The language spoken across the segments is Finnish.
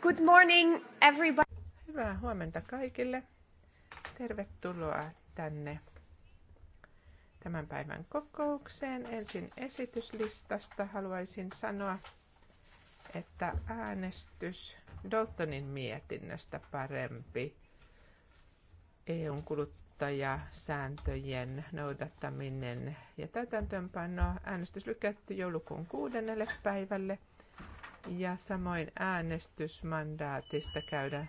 Good morning everybody. Hyvää huomenta kaikille. Tervetuloa tänne tämän päivän kokoukseen. Ensin esityslistasta haluaisin sanoa, että äänestys Daltonin mietinnöstä parempi EUn kuluttajasääntöjen noudattaminen ja täytäntöönpano äänestys lykätty joulukuun kuudennelle päivälle – ja samoin äänestysmandaatista käydä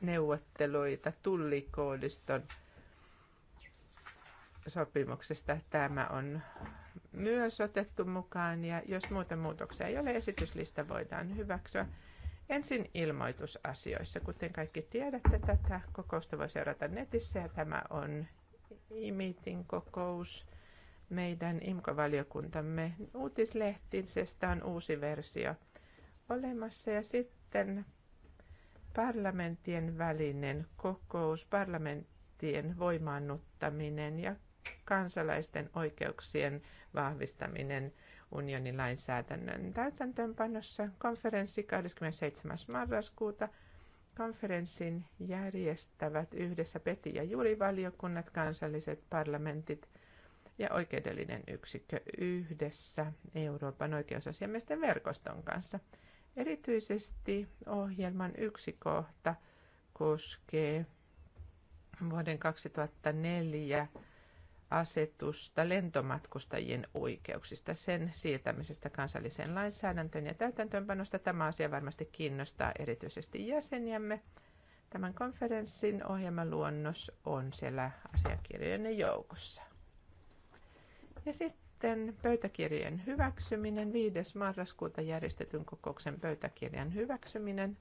neuvotteluita tullikoodiston sopimuksesta. Tämä on myös otettu mukaan ja jos muuta muutoksia ei ole, esityslista voidaan hyväksyä. Ensin ilmoitusasioissa. Kuten kaikki tiedätte, tätä kokousta voi seurata netissä ja tämä on e-meeting kokous meidän imkovaliokuntamme uutislehtisestä on uusi versio olemassa ja sitten parlamenttien välinen kokous, parlamenttien voimaannuttaminen ja kansalaisten oikeuksien vahvistaminen unionin lainsäädännön täytäntöönpanossa. Konferenssi 27. marraskuuta. Konferenssin järjestävät yhdessä PETI- ja valiokunnat kansalliset parlamentit ja oikeudellinen yksikkö yhdessä Euroopan oikeusasiamiesten verkoston kanssa. Erityisesti ohjelman yksi kohta koskee vuoden 2004 asetusta lentomatkustajien oikeuksista, sen siirtämisestä kansalliseen lainsäädäntöön ja täytäntöönpanosta. Tämä asia varmasti kiinnostaa erityisesti jäseniämme. Tämän konferenssin ohjelmaluonnos on siellä asiakirjojen joukossa. Ja sitten pöytäkirjeen hyväksyminen, 5. marraskuuta järjestetyn kokouksen pöytäkirjan hyväksyminen.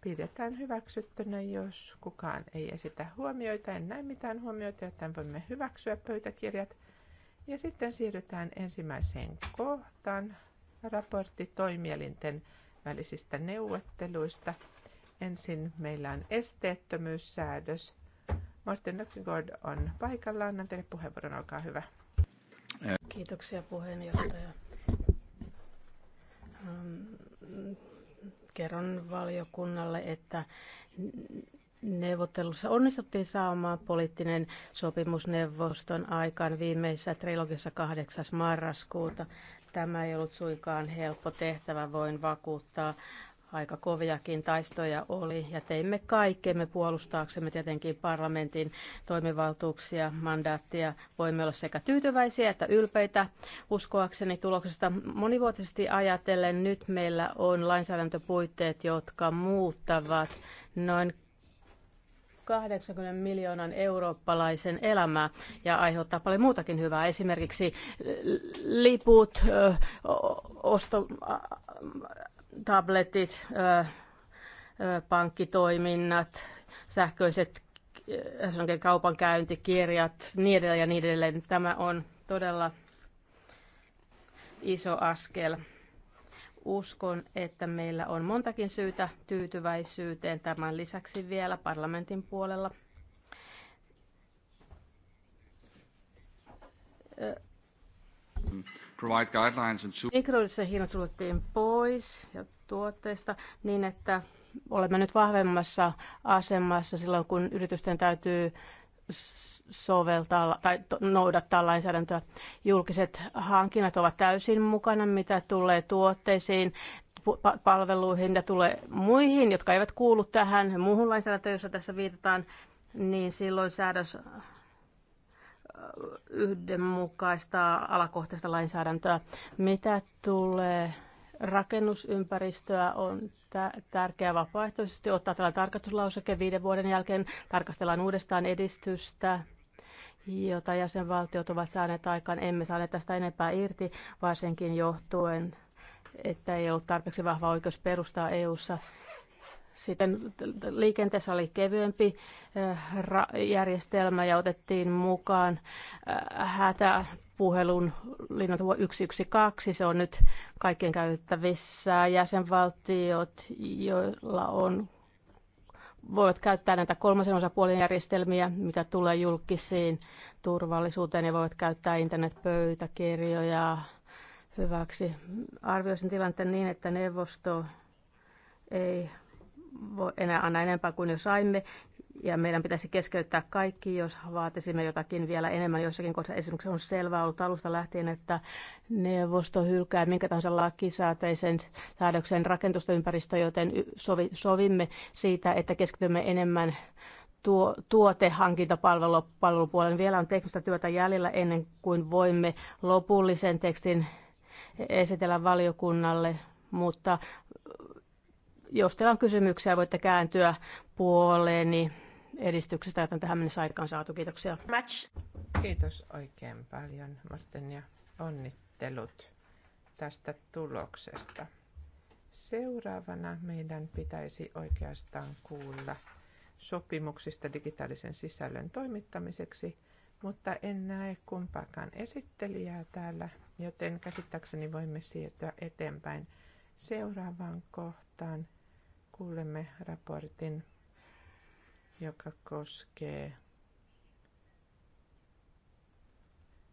Pidetään hyväksyttynä, jos kukaan ei esitä huomioita. En näe mitään huomioita, joten voimme hyväksyä pöytäkirjat. Ja sitten siirrytään ensimmäiseen kohtaan. Raportti toimielinten välisistä neuvotteluista. Ensin meillä on esteettömyyssäädös Martin Lökkegård on paikalla. Annan teille puheenvuoron, olkaa hyvä. Kiitoksia puheenjohtaja. Ähm, kerron valiokunnalle, että neuvottelussa onnistuttiin saamaan poliittinen sopimus neuvoston aikaan viimeisessä trilogissa 8. marraskuuta. Tämä ei ollut suinkaan helppo tehtävä, voin vakuuttaa Aika koviakin taistoja oli ja teimme kaikkemme puolustaaksemme tietenkin parlamentin toimivaltuuksia, mandaattia. Voimme olla sekä tyytyväisiä että ylpeitä uskoakseni tuloksesta. Monivuotisesti ajatellen nyt meillä on lainsäädäntöpuitteet, jotka muuttavat noin 80 miljoonan eurooppalaisen elämää ja aiheuttaa paljon muutakin hyvää. Esimerkiksi liput, osto, tabletit, pankkitoiminnat, sähköiset kaupankäyntikirjat, niin edelleen ja niin edelleen. Tämä on todella iso askel. Uskon, että meillä on montakin syytä tyytyväisyyteen tämän lisäksi vielä parlamentin puolella provide guidelines and... Mikroyrityksen hinnat suljettiin pois ja tuotteista niin, että olemme nyt vahvemmassa asemassa silloin, kun yritysten täytyy soveltaa tai noudattaa lainsäädäntöä. Julkiset hankinnat ovat täysin mukana, mitä tulee tuotteisiin, palveluihin ja tulee muihin, jotka eivät kuulu tähän muuhun lainsäädäntöön, jossa tässä viitataan, niin silloin säädös Yhdenmukaista alakohtaista lainsäädäntöä. Mitä tulee rakennusympäristöä on tärkeää vapaaehtoisesti ottaa tällä tarkastuslauseke viiden vuoden jälkeen. Tarkastellaan uudestaan edistystä, jota jäsenvaltiot ovat saaneet aikaan. Emme saaneet tästä enempää irti, varsinkin johtuen, että ei ollut tarpeeksi vahva oikeus perustaa EU-ssa sitten liikenteessä oli kevyempi eh, järjestelmä ja otettiin mukaan eh, hätäpuhelun linjat 112. Se on nyt kaikkien käytettävissä. Jäsenvaltiot, joilla on voivat käyttää näitä kolmasen osapuolen järjestelmiä, mitä tulee julkisiin turvallisuuteen, ja voivat käyttää internetpöytäkirjoja hyväksi. Arvioisin tilanteen niin, että neuvosto ei enää anna enempää kuin jo saimme, ja meidän pitäisi keskeyttää kaikki, jos vaatisimme jotakin vielä enemmän jossakin kohdassa. Esimerkiksi on selvää ollut alusta lähtien, että neuvosto hylkää minkä tahansa lakisääteisen säädöksen rakentustoympäristö, joten sovimme siitä, että keskitymme enemmän tuo, tuotehankintapalvelupuolen. Vielä on teknistä työtä jäljellä ennen kuin voimme lopullisen tekstin esitellä valiokunnalle, mutta jos teillä on kysymyksiä, voitte kääntyä puoleeni edistyksestä, että on tähän mennessä aikaan saatu. Kiitoksia. Match. Kiitos oikein paljon, Martin, ja onnittelut tästä tuloksesta. Seuraavana meidän pitäisi oikeastaan kuulla sopimuksista digitaalisen sisällön toimittamiseksi, mutta en näe kumpaakaan esittelijää täällä, joten käsittääkseni voimme siirtyä eteenpäin seuraavaan kohtaan, kuulemme raportin, joka koskee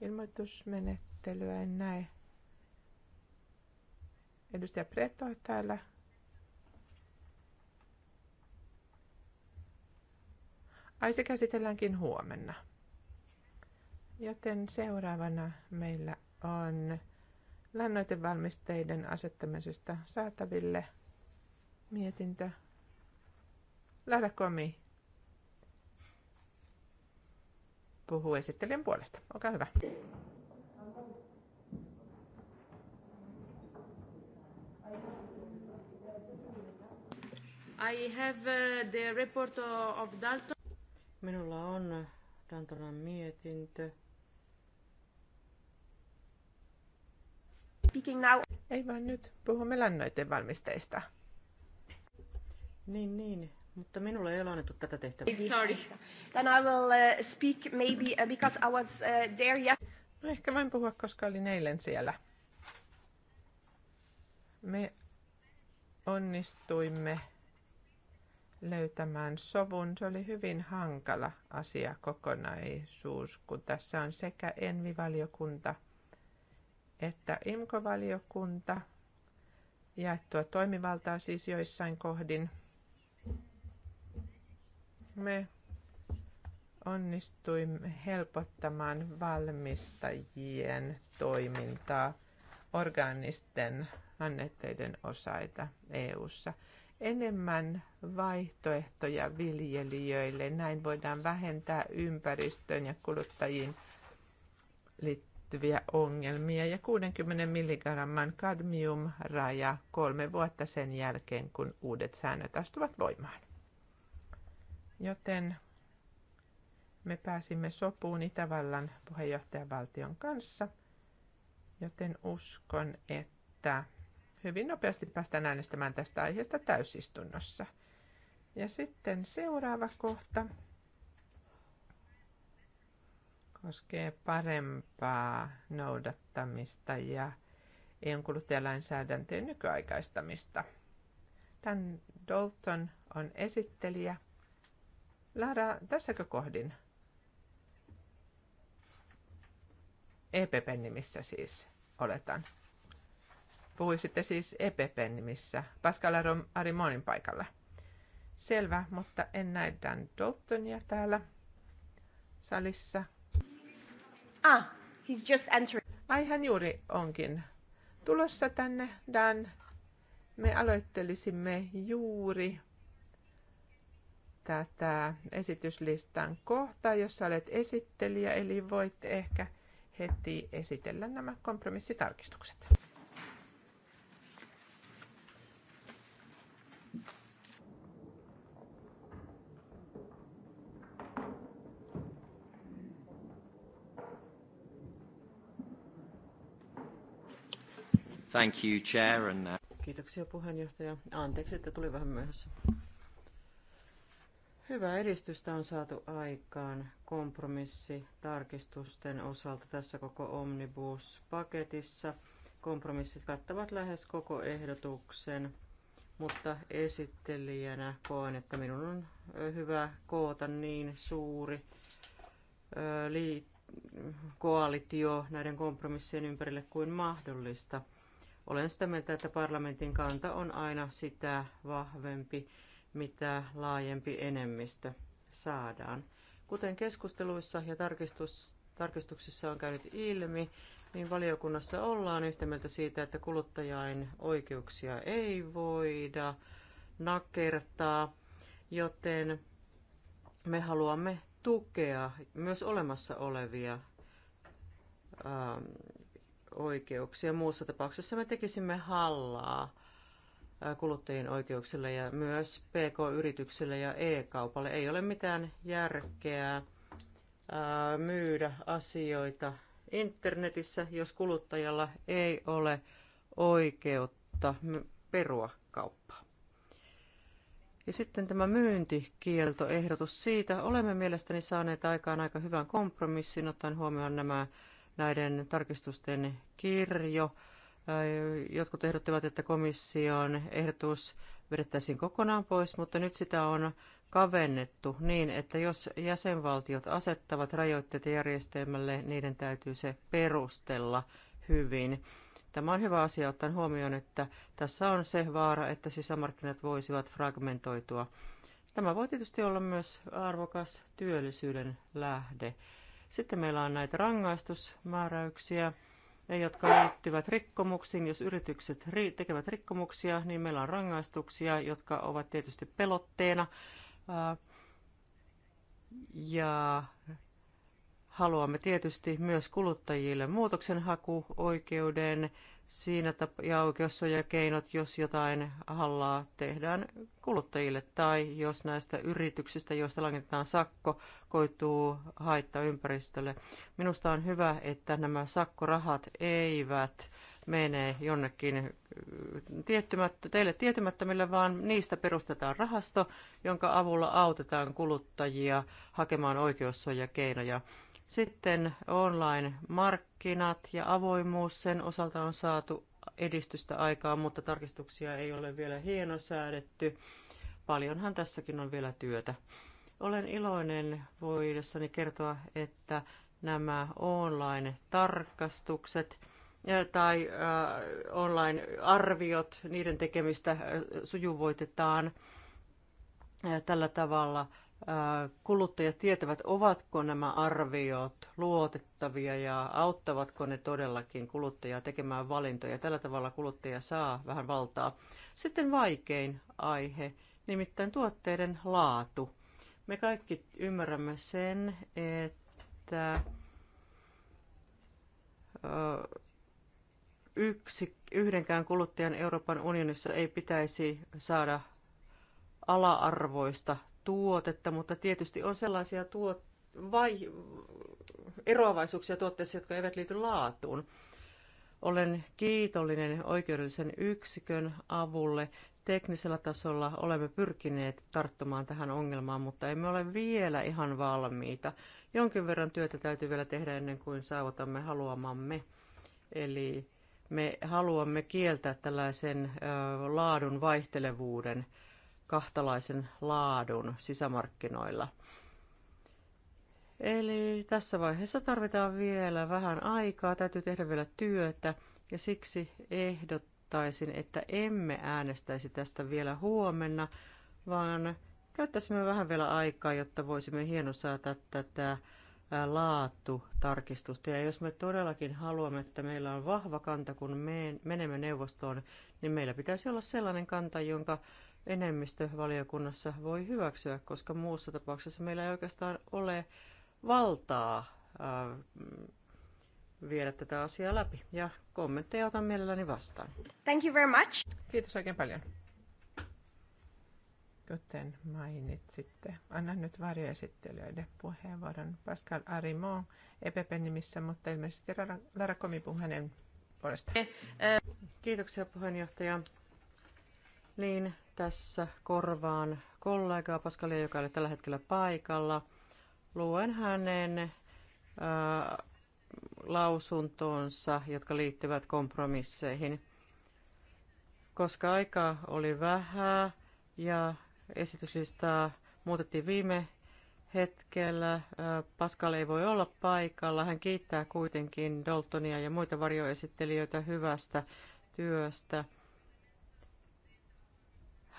ilmoitusmenettelyä. En näe edustaja Preto täällä. Ai se käsitelläänkin huomenna. Joten seuraavana meillä on lannoitevalmisteiden asettamisesta saataville – mietintö. Lähdä komi. Puhuu esittelijän puolesta. Olkaa hyvä. I have uh, the report of Dalton. Minulla on Daltonan mietintö. Speaking now. Ei vaan nyt. Puhumme lannoitteen valmisteista. Niin, niin. Mutta minulle ei ole annettu tätä tehtävää. Sorry. Then I will uh, speak maybe uh, because I was uh, there yet. No ehkä voin puhua, koska olin eilen siellä. Me onnistuimme löytämään sovun. Se oli hyvin hankala asia kokonaisuus, kun tässä on sekä envivaliokunta että imkovaliokunta jaettua toimivaltaa siis joissain kohdin – me onnistuimme helpottamaan valmistajien toimintaa orgaanisten annetteiden osaita EU:ssa. Enemmän vaihtoehtoja viljelijöille, näin voidaan vähentää ympäristöön ja kuluttajiin liittyviä ongelmia ja 60 milligramman kadmiumraja kolme vuotta sen jälkeen, kun uudet säännöt astuvat voimaan. Joten me pääsimme sopuun Itävallan puheenjohtajavaltion kanssa, joten uskon, että hyvin nopeasti päästään äänestämään tästä aiheesta täysistunnossa. Ja sitten seuraava kohta koskee parempaa noudattamista ja EUn kuluttajalainsäädäntöjen nykyaikaistamista. Dan Dalton on esittelijä – Lara, tässäkö kohdin? EPPn nimissä siis, oletan. Puhuisitte siis EPPn nimissä, Pascal Arimonin paikalla. Selvä, mutta en näe Dan Daltonia täällä salissa. Ah, he's just entering. Ai hän juuri onkin tulossa tänne, Dan. Me aloittelisimme juuri tätä esityslistan kohtaa, jossa olet esittelijä, eli voit ehkä heti esitellä nämä kompromissitarkistukset. Thank you, Chair. And... Uh, Kiitoksia puheenjohtaja. Anteeksi, että tuli vähän myöhässä. Hyvää edistystä on saatu aikaan kompromissitarkistusten osalta tässä koko Omnibus-paketissa. Kompromissit kattavat lähes koko ehdotuksen, mutta esittelijänä koen, että minun on hyvä koota niin suuri koalitio näiden kompromissien ympärille kuin mahdollista. Olen sitä mieltä, että parlamentin kanta on aina sitä vahvempi mitä laajempi enemmistö saadaan. Kuten keskusteluissa ja tarkistus, tarkistuksissa on käynyt ilmi, niin valiokunnassa ollaan yhtä mieltä siitä, että kuluttajain oikeuksia ei voida nakertaa, joten me haluamme tukea myös olemassa olevia ähm, oikeuksia. Muussa tapauksessa me tekisimme hallaa kuluttajien oikeuksille ja myös PK-yrityksille ja e-kaupalle. Ei ole mitään järkeä myydä asioita internetissä, jos kuluttajalla ei ole oikeutta perua kauppaa. Ja sitten tämä myyntikieltoehdotus siitä. Olemme mielestäni saaneet aikaan aika hyvän kompromissin, ottaen huomioon nämä näiden tarkistusten kirjo. Äh, jotkut ehdottivat, että komission ehdotus vedettäisiin kokonaan pois, mutta nyt sitä on kavennettu niin, että jos jäsenvaltiot asettavat rajoitteita järjestelmälle, niiden täytyy se perustella hyvin. Tämä on hyvä asia ottaa huomioon, että tässä on se vaara, että sisämarkkinat voisivat fragmentoitua. Tämä voi tietysti olla myös arvokas työllisyyden lähde. Sitten meillä on näitä rangaistusmääräyksiä jotka liittyvät rikkomuksiin. Jos yritykset tekevät rikkomuksia, niin meillä on rangaistuksia, jotka ovat tietysti pelotteena. Ja haluamme tietysti myös kuluttajille muutoksenhakuoikeuden siinä tap- ja oikeussuojakeinot, jos jotain hallaa tehdään kuluttajille tai jos näistä yrityksistä, joista langitetaan sakko, koituu haitta ympäristölle. Minusta on hyvä, että nämä sakkorahat eivät mene jonnekin äh, tiettymättö, teille tietymättömille, vaan niistä perustetaan rahasto, jonka avulla autetaan kuluttajia hakemaan oikeussuojakeinoja. keinoja sitten online-markkinat ja avoimuus sen osalta on saatu edistystä aikaan, mutta tarkistuksia ei ole vielä hieno säädetty. Paljonhan tässäkin on vielä työtä. Olen iloinen voidessani kertoa, että nämä online-tarkastukset tai äh, online-arviot, niiden tekemistä äh, sujuvoitetaan äh, tällä tavalla kuluttajat tietävät, ovatko nämä arviot luotettavia ja auttavatko ne todellakin kuluttajaa tekemään valintoja. Tällä tavalla kuluttaja saa vähän valtaa. Sitten vaikein aihe, nimittäin tuotteiden laatu. Me kaikki ymmärrämme sen, että yksi, yhdenkään kuluttajan Euroopan unionissa ei pitäisi saada ala-arvoista tuotetta, mutta tietysti on sellaisia tuot, vai, eroavaisuuksia tuotteissa, jotka eivät liity laatuun. Olen kiitollinen oikeudellisen yksikön avulle. Teknisellä tasolla olemme pyrkineet tarttumaan tähän ongelmaan, mutta emme ole vielä ihan valmiita. Jonkin verran työtä täytyy vielä tehdä ennen kuin saavutamme haluamamme. Eli me haluamme kieltää tällaisen laadun vaihtelevuuden – kahtalaisen laadun sisämarkkinoilla. Eli tässä vaiheessa tarvitaan vielä vähän aikaa, täytyy tehdä vielä työtä ja siksi ehdottaisin, että emme äänestäisi tästä vielä huomenna, vaan käyttäisimme vähän vielä aikaa, jotta voisimme hienosäätää tätä laatutarkistusta. Ja jos me todellakin haluamme, että meillä on vahva kanta, kun menemme neuvostoon, niin meillä pitäisi olla sellainen kanta, jonka enemmistö valiokunnassa voi hyväksyä, koska muussa tapauksessa meillä ei oikeastaan ole valtaa ää, mm, viedä tätä asiaa läpi. Ja kommentteja otan mielelläni vastaan. Thank you very much. Kiitos oikein paljon. Kuten mainitsitte, annan nyt varjoesittelijöiden puheenvuoron Pascal Arimon EPPn nimissä, mutta ilmeisesti Lara Komi puhuu hänen puolestaan. Kiitoksia puheenjohtaja niin tässä korvaan kollegaa Paskalia, joka oli tällä hetkellä paikalla. Luen hänen ää, lausuntonsa, jotka liittyvät kompromisseihin. Koska aika oli vähää ja esityslistaa muutettiin viime hetkellä. Pascal ei voi olla paikalla. Hän kiittää kuitenkin Daltonia ja muita varjoesittelijöitä hyvästä työstä.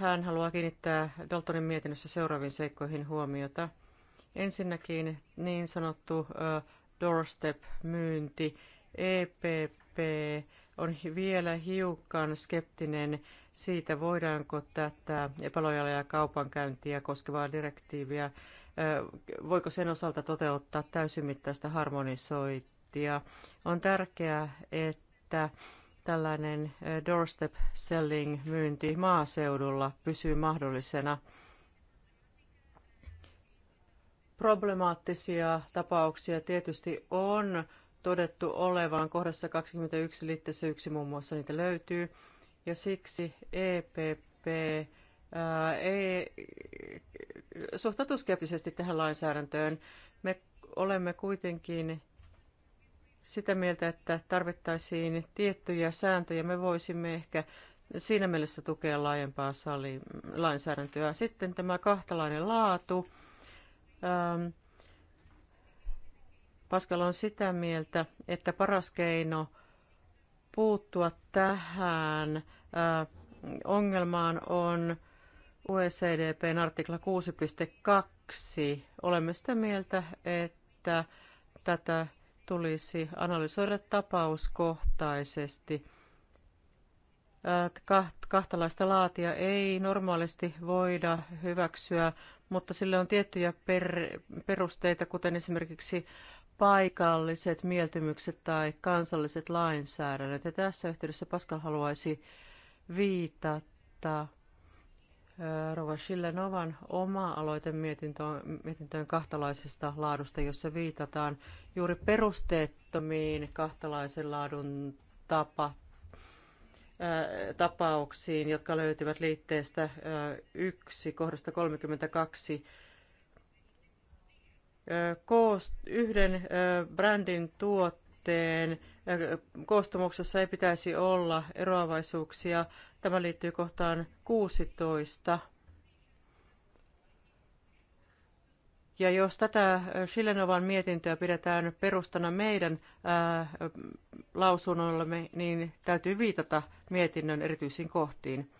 Hän haluaa kiinnittää Daltonin mietinnössä seuraaviin seikkoihin huomiota. Ensinnäkin niin sanottu doorstep-myynti. EPP on vielä hiukan skeptinen siitä, voidaanko tätä epälojalia kaupankäyntiä koskevaa direktiiviä, voiko sen osalta toteuttaa täysimittaista harmonisointia. On tärkeää, että että tällainen doorstep selling myynti maaseudulla pysyy mahdollisena. Problemaattisia tapauksia tietysti on todettu olevan. Kohdassa 21 liitteessä yksi muun muassa niitä löytyy. Ja siksi EPP ää, ei, suhtautu skeptisesti tähän lainsäädäntöön. Me olemme kuitenkin sitä mieltä, että tarvittaisiin tiettyjä sääntöjä. Me voisimme ehkä siinä mielessä tukea laajempaa lainsäädäntöä. Sitten tämä kahtalainen laatu. Ähm, Pascal on sitä mieltä, että paras keino puuttua tähän äh, ongelmaan on USDP:n e artikla 6.2. Olemme sitä mieltä, että tätä tulisi analysoida tapauskohtaisesti. Äh, kahtalaista laatia ei normaalisti voida hyväksyä, mutta sille on tiettyjä per, perusteita, kuten esimerkiksi paikalliset mieltymykset tai kansalliset lainsäädännöt. Ja tässä yhteydessä Pascal haluaisi viitata Rova Shillenovan oma aloite mietintöön kahtalaisesta laadusta, jossa viitataan juuri perusteettomiin kahtalaisen laadun tapa, tapauksiin, jotka löytyvät liitteestä 1 kohdasta 32. Koost, yhden brändin tuotteen koostumuksessa ei pitäisi olla eroavaisuuksia Tämä liittyy kohtaan 16. Ja jos tätä äh, Shilenovan mietintöä pidetään perustana meidän ää, äh, lausunnollamme, niin täytyy viitata mietinnön erityisiin kohtiin.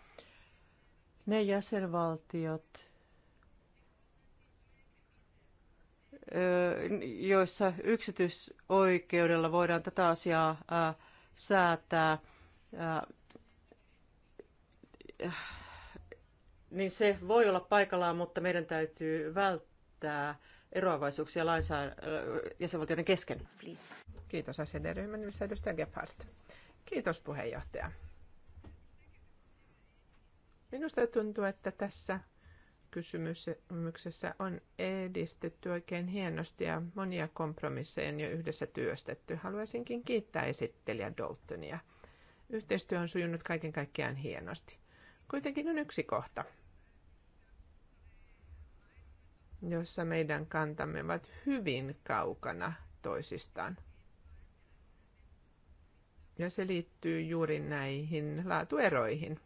Ne jäsenvaltiot, äh, joissa yksityisoikeudella voidaan tätä asiaa ää, säätää, ää, niin se voi olla paikallaan, mutta meidän täytyy välttää eroavaisuuksia lainsäädä, äh, jäsenvaltioiden kesken. Please. Kiitos asianryhmän nimissä edustaja Gebhardt. Kiitos puheenjohtaja. Minusta tuntuu, että tässä kysymyksessä on edistetty oikein hienosti ja monia kompromisseja on jo yhdessä työstetty. Haluaisinkin kiittää esittelijä Daltonia. Yhteistyö on sujunut kaiken kaikkiaan hienosti kuitenkin on yksi kohta, jossa meidän kantamme ovat hyvin kaukana toisistaan. Ja se liittyy juuri näihin laatueroihin.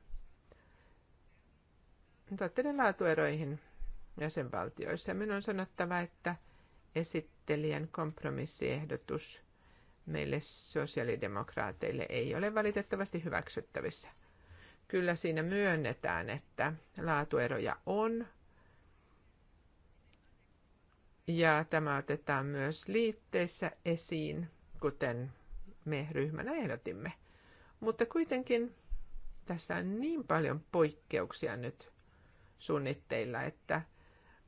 Tuotteiden laatueroihin jäsenvaltioissa. Minun on sanottava, että esittelijän kompromissiehdotus meille sosiaalidemokraateille ei ole valitettavasti hyväksyttävissä – kyllä siinä myönnetään, että laatueroja on. Ja tämä otetaan myös liitteissä esiin, kuten me ryhmänä ehdotimme. Mutta kuitenkin tässä on niin paljon poikkeuksia nyt suunnitteilla, että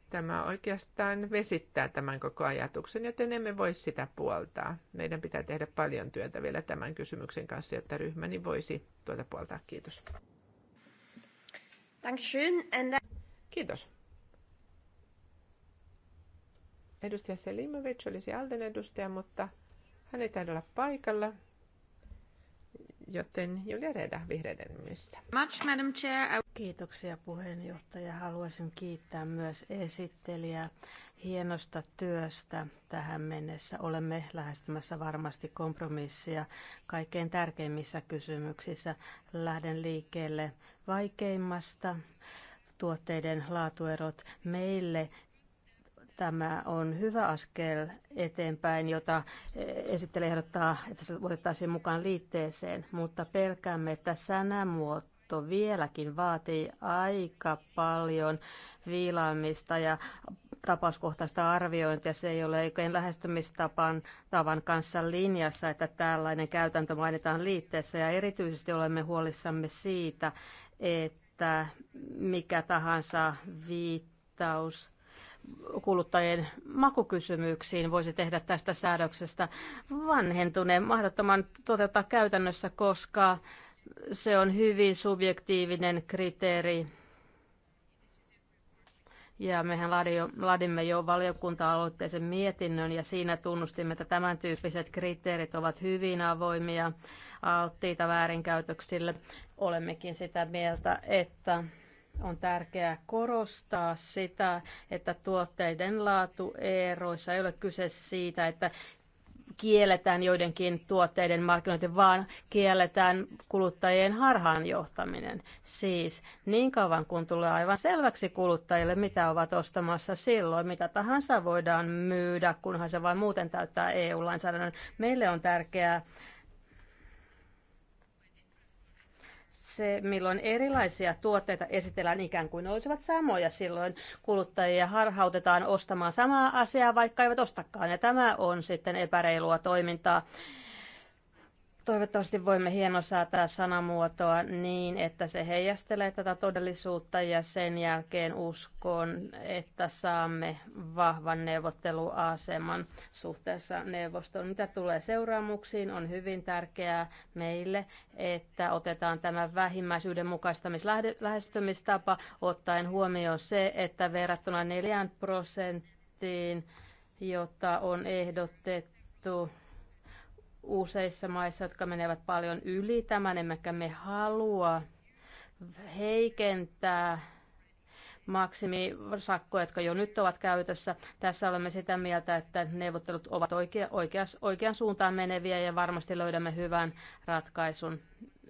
tämä oikeastaan vesittää tämän koko ajatuksen, joten emme voi sitä puoltaa. Meidän pitää tehdä paljon työtä vielä tämän kysymyksen kanssa, jotta ryhmäni voisi tuota puoltaa. Kiitos. Dankeschön. Kiitos. Edustaja Selimovic olisi Alden edustaja, mutta hän ei taida olla paikalla, joten Julia Reda vihreiden nimissä. Much, Madam Chair. Kiitoksia puheenjohtaja. Haluaisin kiittää myös esittelijää hienosta työstä tähän mennessä. Olemme lähestymässä varmasti kompromissia kaikkein tärkeimmissä kysymyksissä. Lähden liikkeelle vaikeimmasta, tuotteiden laatuerot. Meille tämä on hyvä askel eteenpäin, jota esittely ehdottaa, että se otettaisiin mukaan liitteeseen, mutta pelkäämme, että sanamuoto vieläkin vaatii aika paljon viilaamista ja tapauskohtaista arviointia. Se ei ole oikein lähestymistapan tavan kanssa linjassa, että tällainen käytäntö mainitaan liitteessä ja erityisesti olemme huolissamme siitä, että mikä tahansa viittaus kuluttajien makukysymyksiin voisi tehdä tästä säädöksestä vanhentuneen mahdottoman toteuttaa käytännössä, koska se on hyvin subjektiivinen kriteeri. Ja mehän laadimme jo valiokunta-aloitteisen mietinnön ja siinä tunnustimme, että tämän tyyppiset kriteerit ovat hyvin avoimia alttiita väärinkäytöksille. Olemmekin sitä mieltä, että on tärkeää korostaa sitä, että tuotteiden laatueroissa ei ole kyse siitä, että kielletään joidenkin tuotteiden markkinointi, vaan kielletään kuluttajien harhaanjohtaminen. Siis niin kauan kun tulee aivan selväksi kuluttajille, mitä ovat ostamassa silloin, mitä tahansa voidaan myydä, kunhan se vain muuten täyttää EU-lainsäädännön. Meille on tärkeää se, milloin erilaisia tuotteita esitellään ikään kuin ne olisivat samoja. Silloin kuluttajia harhautetaan ostamaan samaa asiaa, vaikka eivät ostakaan. Ja tämä on sitten epäreilua toimintaa Toivottavasti voimme hienosäätää sanamuotoa niin, että se heijastelee tätä todellisuutta ja sen jälkeen uskon, että saamme vahvan neuvotteluaseman suhteessa neuvostoon. Mitä tulee seuraamuksiin, on hyvin tärkeää meille, että otetaan tämä vähimmäisyyden mukaistamislähestymistapa ottaen huomioon se, että verrattuna 4 prosenttiin, jota on ehdotettu useissa maissa, jotka menevät paljon yli tämän, emmekä me halua heikentää maksimisakkoja, jotka jo nyt ovat käytössä. Tässä olemme sitä mieltä, että neuvottelut ovat oikea, oikea, oikean suuntaan meneviä ja varmasti löydämme hyvän ratkaisun.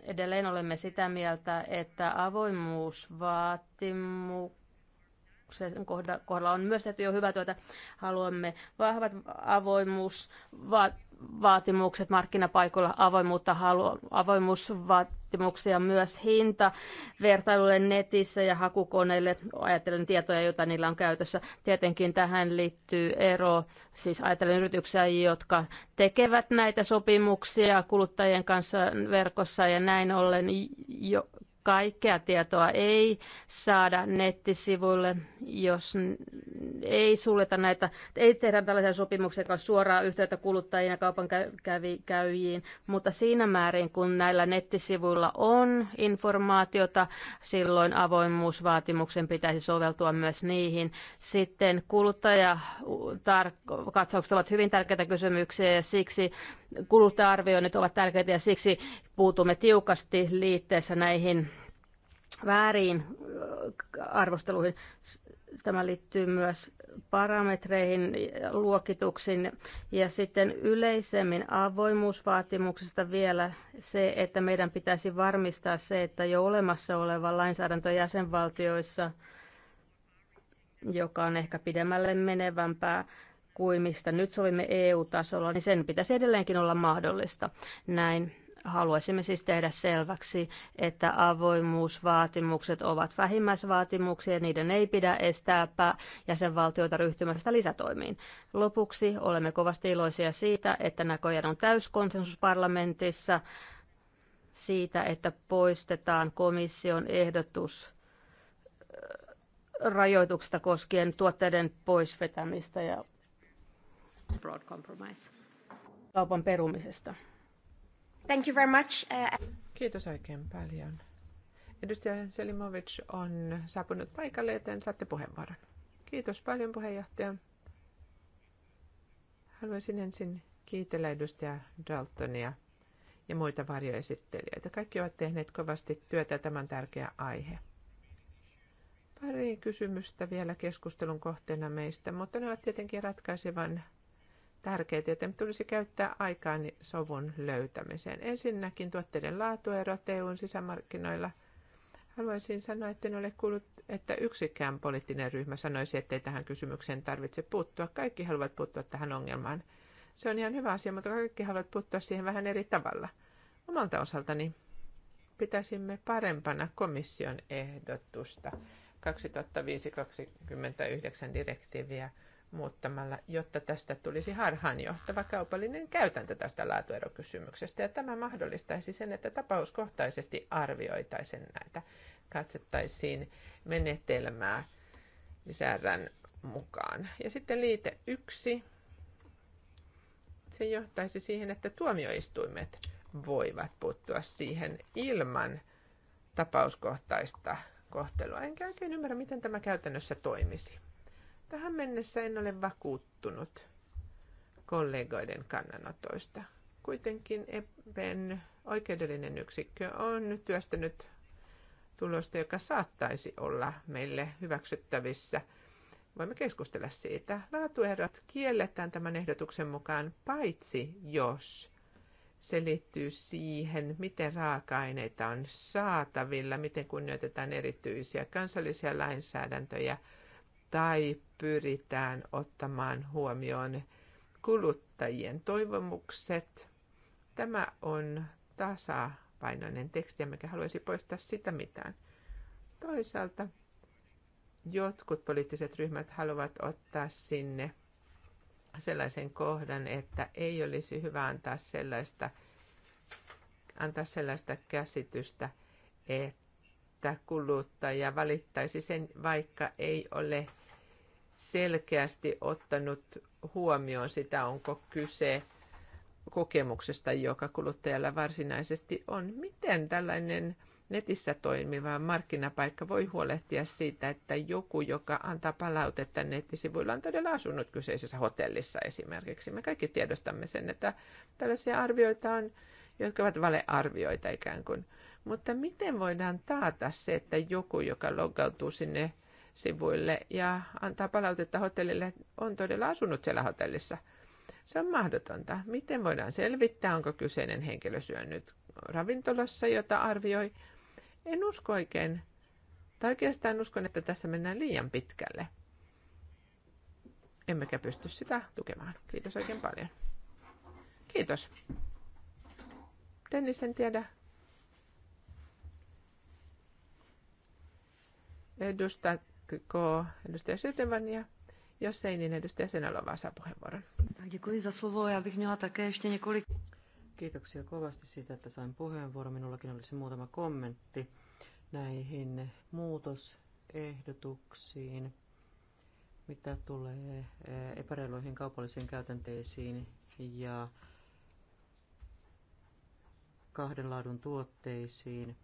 Edelleen olemme sitä mieltä, että avoimuusvaatimuksen kohdalla on myös tehty jo hyvä työtä. Haluamme vahvat avoimuus, vaatimukset markkinapaikoilla, avoimuutta halu, avoimuusvaatimuksia myös hinta vertailulle netissä ja hakukoneille, ajatellen tietoja, joita niillä on käytössä. Tietenkin tähän liittyy ero, siis ajatellen yrityksiä, jotka tekevät näitä sopimuksia kuluttajien kanssa verkossa ja näin ollen jo kaikkea tietoa ei saada nettisivuille, jos ei suljeta näitä, ei tehdä tällaisia sopimuksia, jotka suoraan yhteyttä kuluttajien ja kaupan käyjiin, mutta siinä määrin, kun näillä nettisivuilla on informaatiota, silloin avoimuusvaatimuksen pitäisi soveltua myös niihin. Sitten kuluttajakatsaukset ovat hyvin tärkeitä kysymyksiä ja siksi kuluttaja ovat tärkeitä ja siksi puutumme tiukasti liitteessä näihin vääriin arvosteluihin. Tämä liittyy myös parametreihin, luokituksiin ja sitten yleisemmin avoimuusvaatimuksesta vielä se, että meidän pitäisi varmistaa se, että jo olemassa oleva lainsäädäntö jäsenvaltioissa, joka on ehkä pidemmälle menevämpää kuin mistä nyt sovimme EU-tasolla, niin sen pitäisi edelleenkin olla mahdollista. Näin Haluaisimme siis tehdä selväksi, että avoimuusvaatimukset ovat vähimmäisvaatimuksia ja niiden ei pidä estää jäsenvaltioita ryhtymästä lisätoimiin. Lopuksi olemme kovasti iloisia siitä, että näköjään on täyskonsensus parlamentissa siitä, että poistetaan komission ehdotus äh, rajoituksista koskien tuotteiden poisvetämistä ja kaupan perumisesta. Thank you very much. Uh, Kiitos oikein paljon. Edustaja Selimovic on saapunut paikalle, joten saatte puheenvuoron. Kiitos paljon puheenjohtaja. Haluaisin ensin kiitellä edustaja Daltonia ja muita varjoesittelijöitä. Kaikki ovat tehneet kovasti työtä tämän tärkeä aihe. Pari kysymystä vielä keskustelun kohteena meistä, mutta ne ovat tietenkin ratkaisevan tärkeitä, joten tulisi käyttää aikaa sovun löytämiseen. Ensinnäkin tuotteiden laatuerot EUn sisämarkkinoilla. Haluaisin sanoa, että en ole kuullut, että yksikään poliittinen ryhmä sanoisi, ettei tähän kysymykseen tarvitse puuttua. Kaikki haluavat puuttua tähän ongelmaan. Se on ihan hyvä asia, mutta kaikki haluavat puuttua siihen vähän eri tavalla. Omalta osaltani pitäisimme parempana komission ehdotusta 2005 2029 direktiiviä muuttamalla, jotta tästä tulisi harhaanjohtava kaupallinen käytäntö tästä laatuerokysymyksestä. Ja tämä mahdollistaisi sen, että tapauskohtaisesti arvioitaisiin näitä, katsettaisiin menetelmää sisärän mukaan. Ja sitten liite yksi. Se johtaisi siihen, että tuomioistuimet voivat puuttua siihen ilman tapauskohtaista kohtelua. Enkä oikein ymmärrä, miten tämä käytännössä toimisi. Tähän mennessä en ole vakuuttunut kollegoiden kannanotoista. Kuitenkin EPEN oikeudellinen yksikkö on työstänyt tulosta, joka saattaisi olla meille hyväksyttävissä. Voimme keskustella siitä. Laatuehdot kielletään tämän ehdotuksen mukaan, paitsi jos se liittyy siihen, miten raaka-aineita on saatavilla, miten kunnioitetaan erityisiä kansallisia lainsäädäntöjä – tai pyritään ottamaan huomioon kuluttajien toivomukset. Tämä on tasapainoinen teksti, emmekä haluaisi poistaa sitä mitään. Toisaalta jotkut poliittiset ryhmät haluavat ottaa sinne sellaisen kohdan, että ei olisi hyvä antaa sellaista, antaa sellaista käsitystä, että kuluttaja valittaisi sen, vaikka ei ole selkeästi ottanut huomioon sitä, onko kyse kokemuksesta, joka kuluttajalla varsinaisesti on. Miten tällainen netissä toimiva markkinapaikka voi huolehtia siitä, että joku, joka antaa palautetta nettisivuilla, on todella asunut kyseisessä hotellissa esimerkiksi. Me kaikki tiedostamme sen, että tällaisia arvioita on, jotka ovat valearvioita ikään kuin. Mutta miten voidaan taata se, että joku, joka loggautuu sinne sivuille ja antaa palautetta hotellille, on todella asunut siellä hotellissa. Se on mahdotonta. Miten voidaan selvittää, onko kyseinen henkilö syönyt ravintolassa, jota arvioi? En usko oikein, tai oikeastaan uskon, että tässä mennään liian pitkälle. Emmekä pysty sitä tukemaan. Kiitos oikein paljon. Kiitos. Dennis, en tiedä. Edustat Jatko edustaja Syrdevan ja jos ei, niin edustaja Senalovaa saa puheenvuoron. Děkuji za slovo. Já bych měla také ještě několik... Kiitoksia kovasti siitä, että sain puheenvuoron. Minullakin olisi muutama kommentti näihin muutosehdotuksiin, mitä tulee eh, epäreiluihin kaupallisiin käytänteisiin ja kahden laadun tuotteisiin –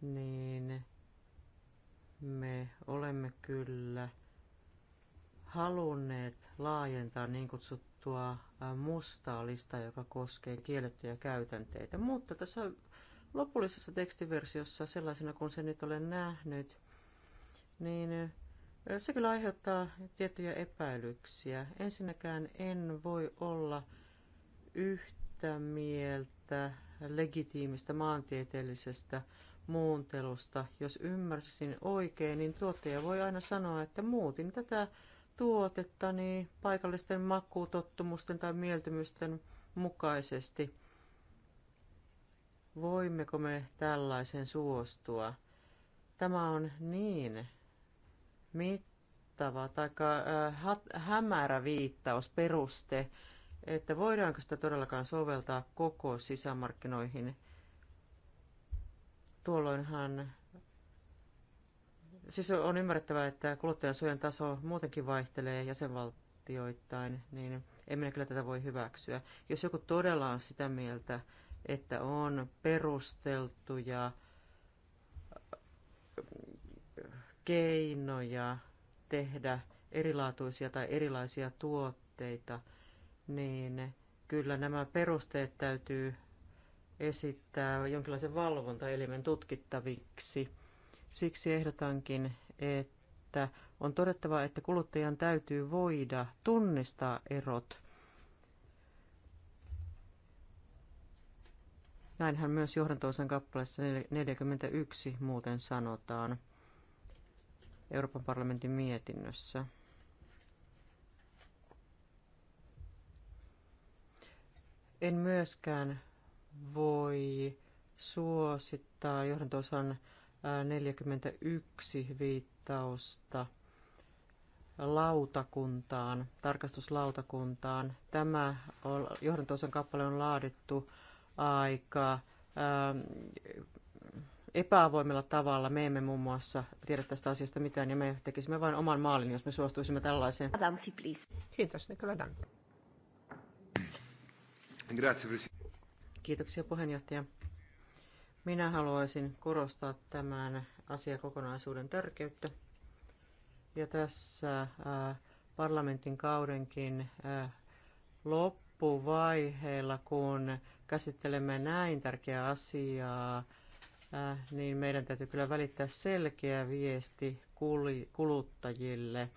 niin me olemme kyllä halunneet laajentaa niin kutsuttua mustaa listaa, joka koskee kiellettyjä käytänteitä. Mutta tässä lopullisessa tekstiversiossa, sellaisena kuin sen nyt olen nähnyt, niin se kyllä aiheuttaa tiettyjä epäilyksiä. Ensinnäkään en voi olla yhtä mieltä legitiimistä maantieteellisestä muuntelusta. Jos ymmärsin oikein, niin tuottaja voi aina sanoa, että muutin tätä tuotettani niin paikallisten makuutottumusten tai mieltymysten mukaisesti. Voimmeko me tällaisen suostua? Tämä on niin mittava tai äh, hämärä viittaus, peruste, että voidaanko sitä todellakaan soveltaa koko sisämarkkinoihin – Tuolloinhan siis on ymmärrettävää, että kuluttajansuojan taso muutenkin vaihtelee jäsenvaltioittain, niin emme kyllä tätä voi hyväksyä. Jos joku todella on sitä mieltä, että on perusteltuja keinoja tehdä erilaatuisia tai erilaisia tuotteita, niin kyllä nämä perusteet täytyy esittää jonkinlaisen valvontaelimen tutkittaviksi. Siksi ehdotankin, että on todettava, että kuluttajan täytyy voida tunnistaa erot. Näinhän myös johdantoisen kappaleessa 41 muuten sanotaan Euroopan parlamentin mietinnössä. En myöskään voi suosittaa johdantoosan 41 viittausta lautakuntaan, tarkastuslautakuntaan. Tämä johdantoosan kappale on laadittu aika epäavoimella tavalla. Me emme muun muassa tiedä tästä asiasta mitään ja me tekisimme vain oman maalin, jos me suostuisimme tällaiseen. please. Kiitos, Nikola Dan. Grazie, Kiitoksia puheenjohtaja. Minä haluaisin korostaa tämän asiakokonaisuuden tärkeyttä. Ja tässä parlamentin kaudenkin loppuvaiheilla, kun käsittelemme näin tärkeää asiaa, niin meidän täytyy kyllä välittää selkeä viesti kuluttajille.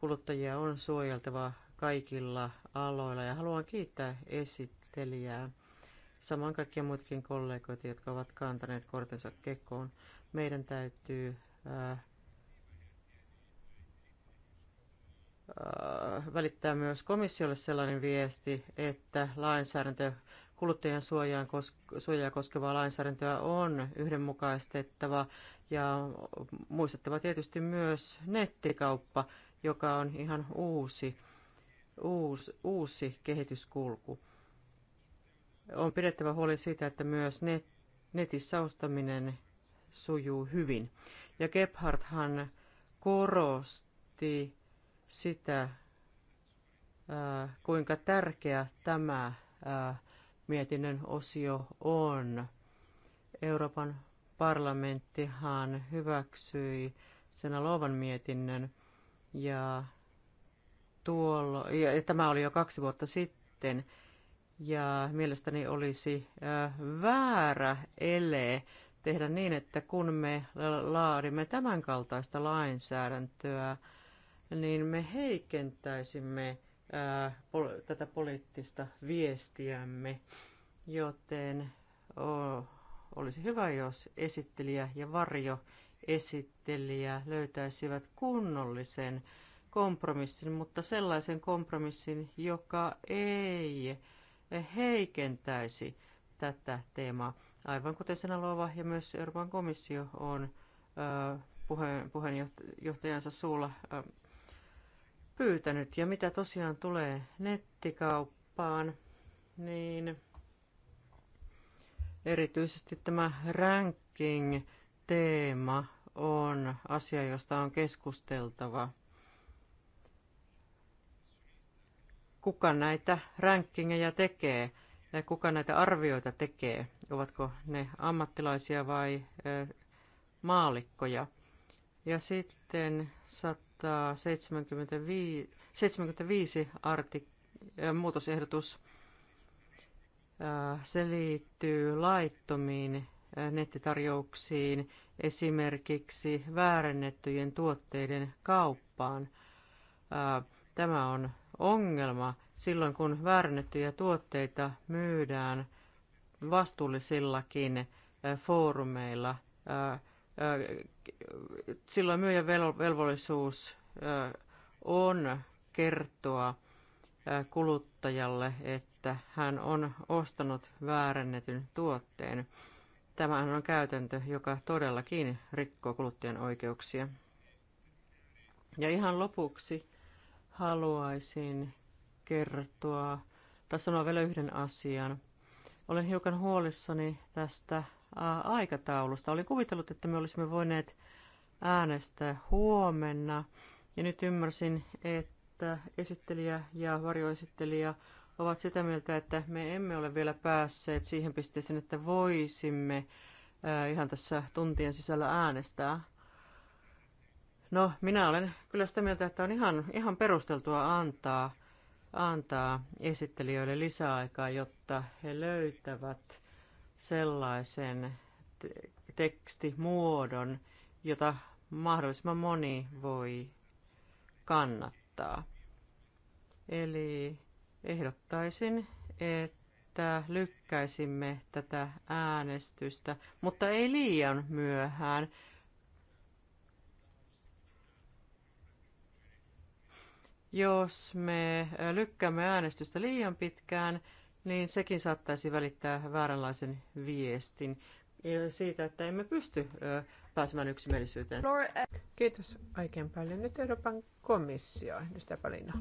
Kuluttajia on suojeltava kaikilla aloilla ja haluan kiittää esittelijää samoin kaikkia muitakin kollegoita, jotka ovat kantaneet kortensa kekoon. Meidän täytyy ää, äh, äh, välittää myös komissiolle sellainen viesti, että lainsäädäntö kuluttajan suojaan suojaa koskevaa lainsäädäntöä on yhdenmukaistettava ja muistettava tietysti myös nettikauppa, joka on ihan uusi, uusi, uusi kehityskulku on pidettävä huoli siitä, että myös net, netissä ostaminen sujuu hyvin. Ja Gebharthan korosti sitä, äh, kuinka tärkeä tämä äh, mietinnön osio on. Euroopan parlamenttihan hyväksyi Senalovan mietinnön ja, tuolla, ja tämä oli jo kaksi vuotta sitten – ja mielestäni olisi väärä ele tehdä niin, että kun me laadimme tämän kaltaista lainsäädäntöä, niin me heikentäisimme tätä poliittista viestiämme, joten olisi hyvä, jos esittelijä ja varjo esittelijä löytäisivät kunnollisen kompromissin, mutta sellaisen kompromissin, joka ei heikentäisi tätä teemaa. Aivan kuten Senalova ja myös Euroopan komissio on puheenjohtajansa suulla pyytänyt. Ja mitä tosiaan tulee nettikauppaan, niin erityisesti tämä ranking-teema on asia, josta on keskusteltava – kuka näitä rankingeja tekee, ja kuka näitä arvioita tekee, ovatko ne ammattilaisia vai maalikkoja. Ja sitten 175, 75 artik, muutosehdotus. Se liittyy laittomiin nettitarjouksiin, esimerkiksi väärennettyjen tuotteiden kauppaan. Tämä on ongelma silloin, kun väärennettyjä tuotteita myydään vastuullisillakin äh, foorumeilla. Äh, äh, silloin myyjän velvollisuus on kertoa kuluttajalle, että hän on ostanut väärennetyn tuotteen. Tämähän on käytäntö, joka todellakin rikkoo kuluttajan oikeuksia. Ja ihan lopuksi haluaisin kertoa tai sanoa vielä yhden asian. Olen hiukan huolissani tästä aikataulusta. Olin kuvitellut, että me olisimme voineet äänestää huomenna. Ja nyt ymmärsin, että esittelijä ja varjoesittelijä ovat sitä mieltä, että me emme ole vielä päässeet siihen pisteeseen, että voisimme ihan tässä tuntien sisällä äänestää. No, minä olen kyllä sitä mieltä, että on ihan, ihan perusteltua antaa, antaa esittelijöille lisäaikaa, jotta he löytävät sellaisen te- tekstimuodon, jota mahdollisimman moni voi kannattaa. Eli ehdottaisin, että lykkäisimme tätä äänestystä, mutta ei liian myöhään. Jos me lykkäämme äänestystä liian pitkään, niin sekin saattaisi välittää vääränlaisen viestin siitä, että emme pysty pääsemään yksimielisyyteen. Kiitos oikein paljon. Nyt Euroopan komissio, edustaja Palino.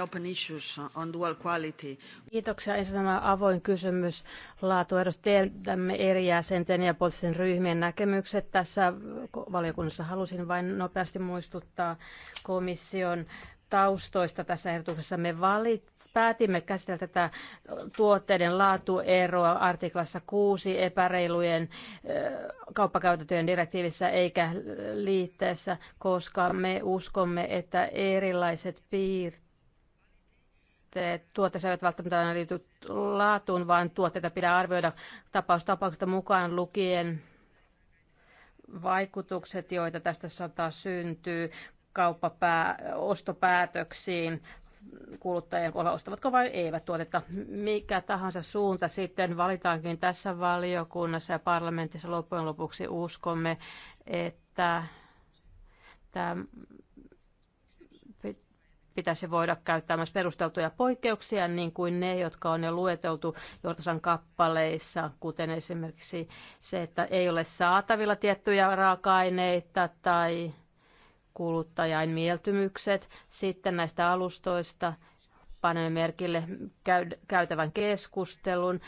Open issues on dual quality. Kiitoksia. Ensin avoin kysymys. Laatuedus tiedämme eri jäsenten ja poliittisen ryhmien näkemykset tässä valiokunnassa. Halusin vain nopeasti muistuttaa komission taustoista tässä ehdotuksessa. Me valit, päätimme käsitellä tätä tuotteiden laatueroa artiklassa 6 epäreilujen kauppakäytäntöjen direktiivissä eikä liitteessä, koska me uskomme, että erilaiset piirteet että tuotteet eivät välttämättä aina liity laatuun, vaan tuotteita pitää arvioida tapaustapauksesta mukaan lukien vaikutukset, joita tästä saattaa syntyä kauppapää, ostopäätöksiin, kuluttajien kohdalla, ostavatko vai eivät tuotetta. Mikä tahansa suunta sitten valitaankin tässä valiokunnassa ja parlamentissa loppujen lopuksi uskomme, että pitäisi voida käyttää myös perusteltuja poikkeuksia, niin kuin ne, jotka on jo lueteltu Jortasan kappaleissa, kuten esimerkiksi se, että ei ole saatavilla tiettyjä raaka-aineita tai kuluttajain mieltymykset. Sitten näistä alustoista panemme merkille käytävän keskustelun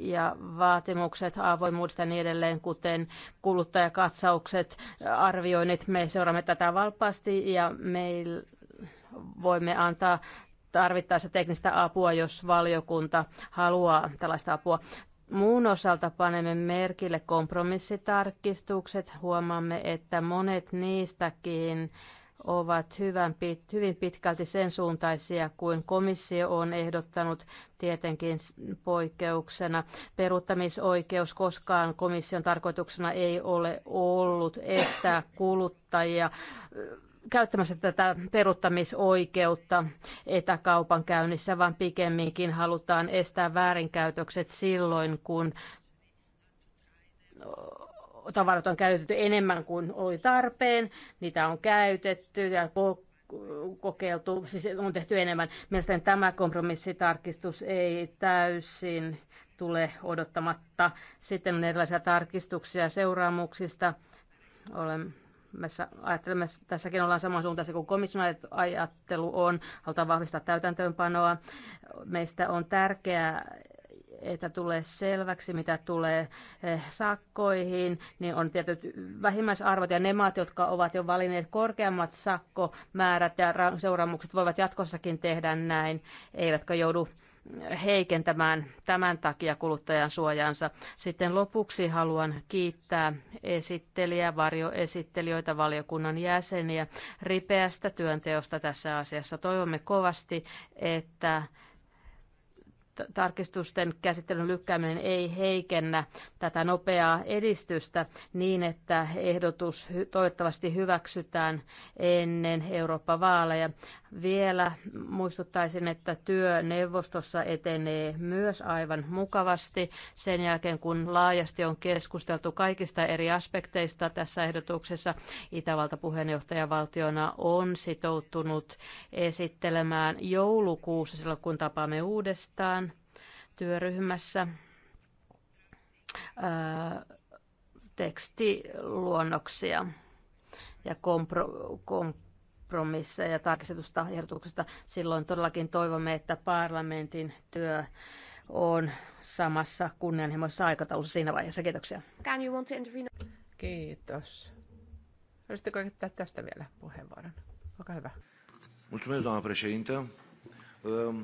ja vaatimukset avoimuudesta ja niin edelleen, kuten kuluttajakatsaukset, arvioinnit. Me seuraamme tätä valpaasti ja meillä voimme antaa tarvittaessa teknistä apua, jos valiokunta haluaa tällaista apua. Muun osalta panemme merkille kompromissitarkistukset. Huomaamme, että monet niistäkin ovat hyvän, hyvin pitkälti sen suuntaisia kuin komissio on ehdottanut tietenkin poikkeuksena. Peruuttamisoikeus koskaan komission tarkoituksena ei ole ollut estää kuluttajia käyttämässä tätä peruuttamisoikeutta etäkaupan käynnissä, vaan pikemminkin halutaan estää väärinkäytökset silloin, kun tavarat on käytetty enemmän kuin oli tarpeen, niitä on käytetty ja kokeiltu, siis on tehty enemmän. Mielestäni tämä kompromissitarkistus ei täysin tule odottamatta. Sitten on erilaisia tarkistuksia seuraamuksista. Olen me ajattelemme, että tässäkin ollaan samansuuntaisia kuin komission ajattelu on. Halutaan vahvistaa täytäntöönpanoa. Meistä on tärkeää, että tulee selväksi, mitä tulee eh, sakkoihin, niin on tietyt vähimmäisarvot ja ne maat, jotka ovat jo valinneet korkeammat sakkomäärät ja seuraamukset voivat jatkossakin tehdä näin, eivätkä joudu heikentämään tämän takia kuluttajan suojaansa. Sitten lopuksi haluan kiittää esittelijä, varjoesittelijöitä, valiokunnan jäseniä ripeästä työnteosta tässä asiassa. Toivomme kovasti, että tarkistusten käsittelyn lykkääminen ei heikennä tätä nopeaa edistystä niin, että ehdotus toivottavasti hyväksytään ennen Eurooppa-vaaleja. Vielä muistuttaisin, että työ neuvostossa etenee myös aivan mukavasti sen jälkeen, kun laajasti on keskusteltu kaikista eri aspekteista tässä ehdotuksessa. Itävalta puheenjohtajavaltiona on sitoutunut esittelemään joulukuussa, silloin kun tapaamme uudestaan työryhmässä. Öö, tekstiluonnoksia ja kompro, kom, kompromisseja tarkistetusta ehdotuksesta. Silloin todellakin toivomme, että parlamentin työ on samassa kunnianhimoisessa aikataulussa siinä vaiheessa. Kiitoksia. Can you want to Kiitos. Haluaisitteko käyttää tästä vielä puheenvuoron? Olkaa hyvä. Mulțumesc, doamna președintă. Ehm,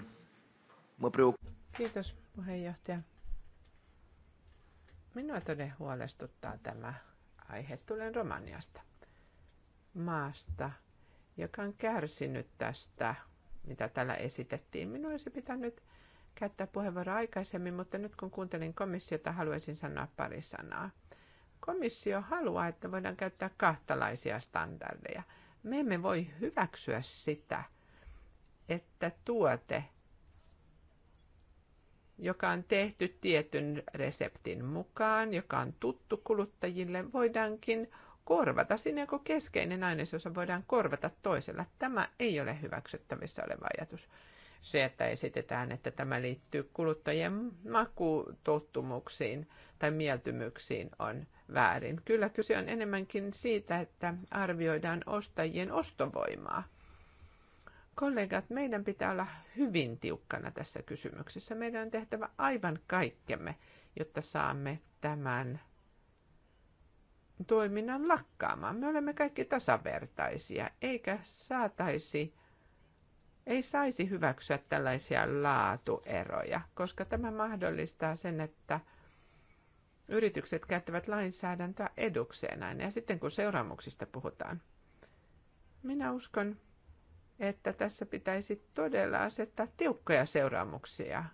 mă preocup... Kiitos, puheenjohtaja. Minua todella huolestuttaa tämä aihe. Tulen Romaniasta, maasta, joka on kärsinyt tästä, mitä täällä esitettiin. Minun olisi pitänyt käyttää puheenvuoro aikaisemmin, mutta nyt kun kuuntelin komissiota, haluaisin sanoa pari sanaa. Komissio haluaa, että voidaan käyttää kahtalaisia standardeja. Me emme voi hyväksyä sitä, että tuote, joka on tehty tietyn reseptin mukaan, joka on tuttu kuluttajille, voidaankin – korvata. Siinä joku keskeinen ainesosa voidaan korvata toisella. Tämä ei ole hyväksyttävissä oleva ajatus. Se, että esitetään, että tämä liittyy kuluttajien makutottumuksiin tai mieltymyksiin, on väärin. Kyllä kyse on enemmänkin siitä, että arvioidaan ostajien ostovoimaa. Kollegat, meidän pitää olla hyvin tiukkana tässä kysymyksessä. Meidän on tehtävä aivan kaikkemme, jotta saamme tämän toiminnan lakkaamaan. Me olemme kaikki tasavertaisia, eikä saataisi, ei saisi hyväksyä tällaisia laatueroja, koska tämä mahdollistaa sen, että yritykset käyttävät lainsäädäntöä edukseen aina. Ja sitten kun seuraamuksista puhutaan, minä uskon, että tässä pitäisi todella asettaa tiukkoja seuraamuksia.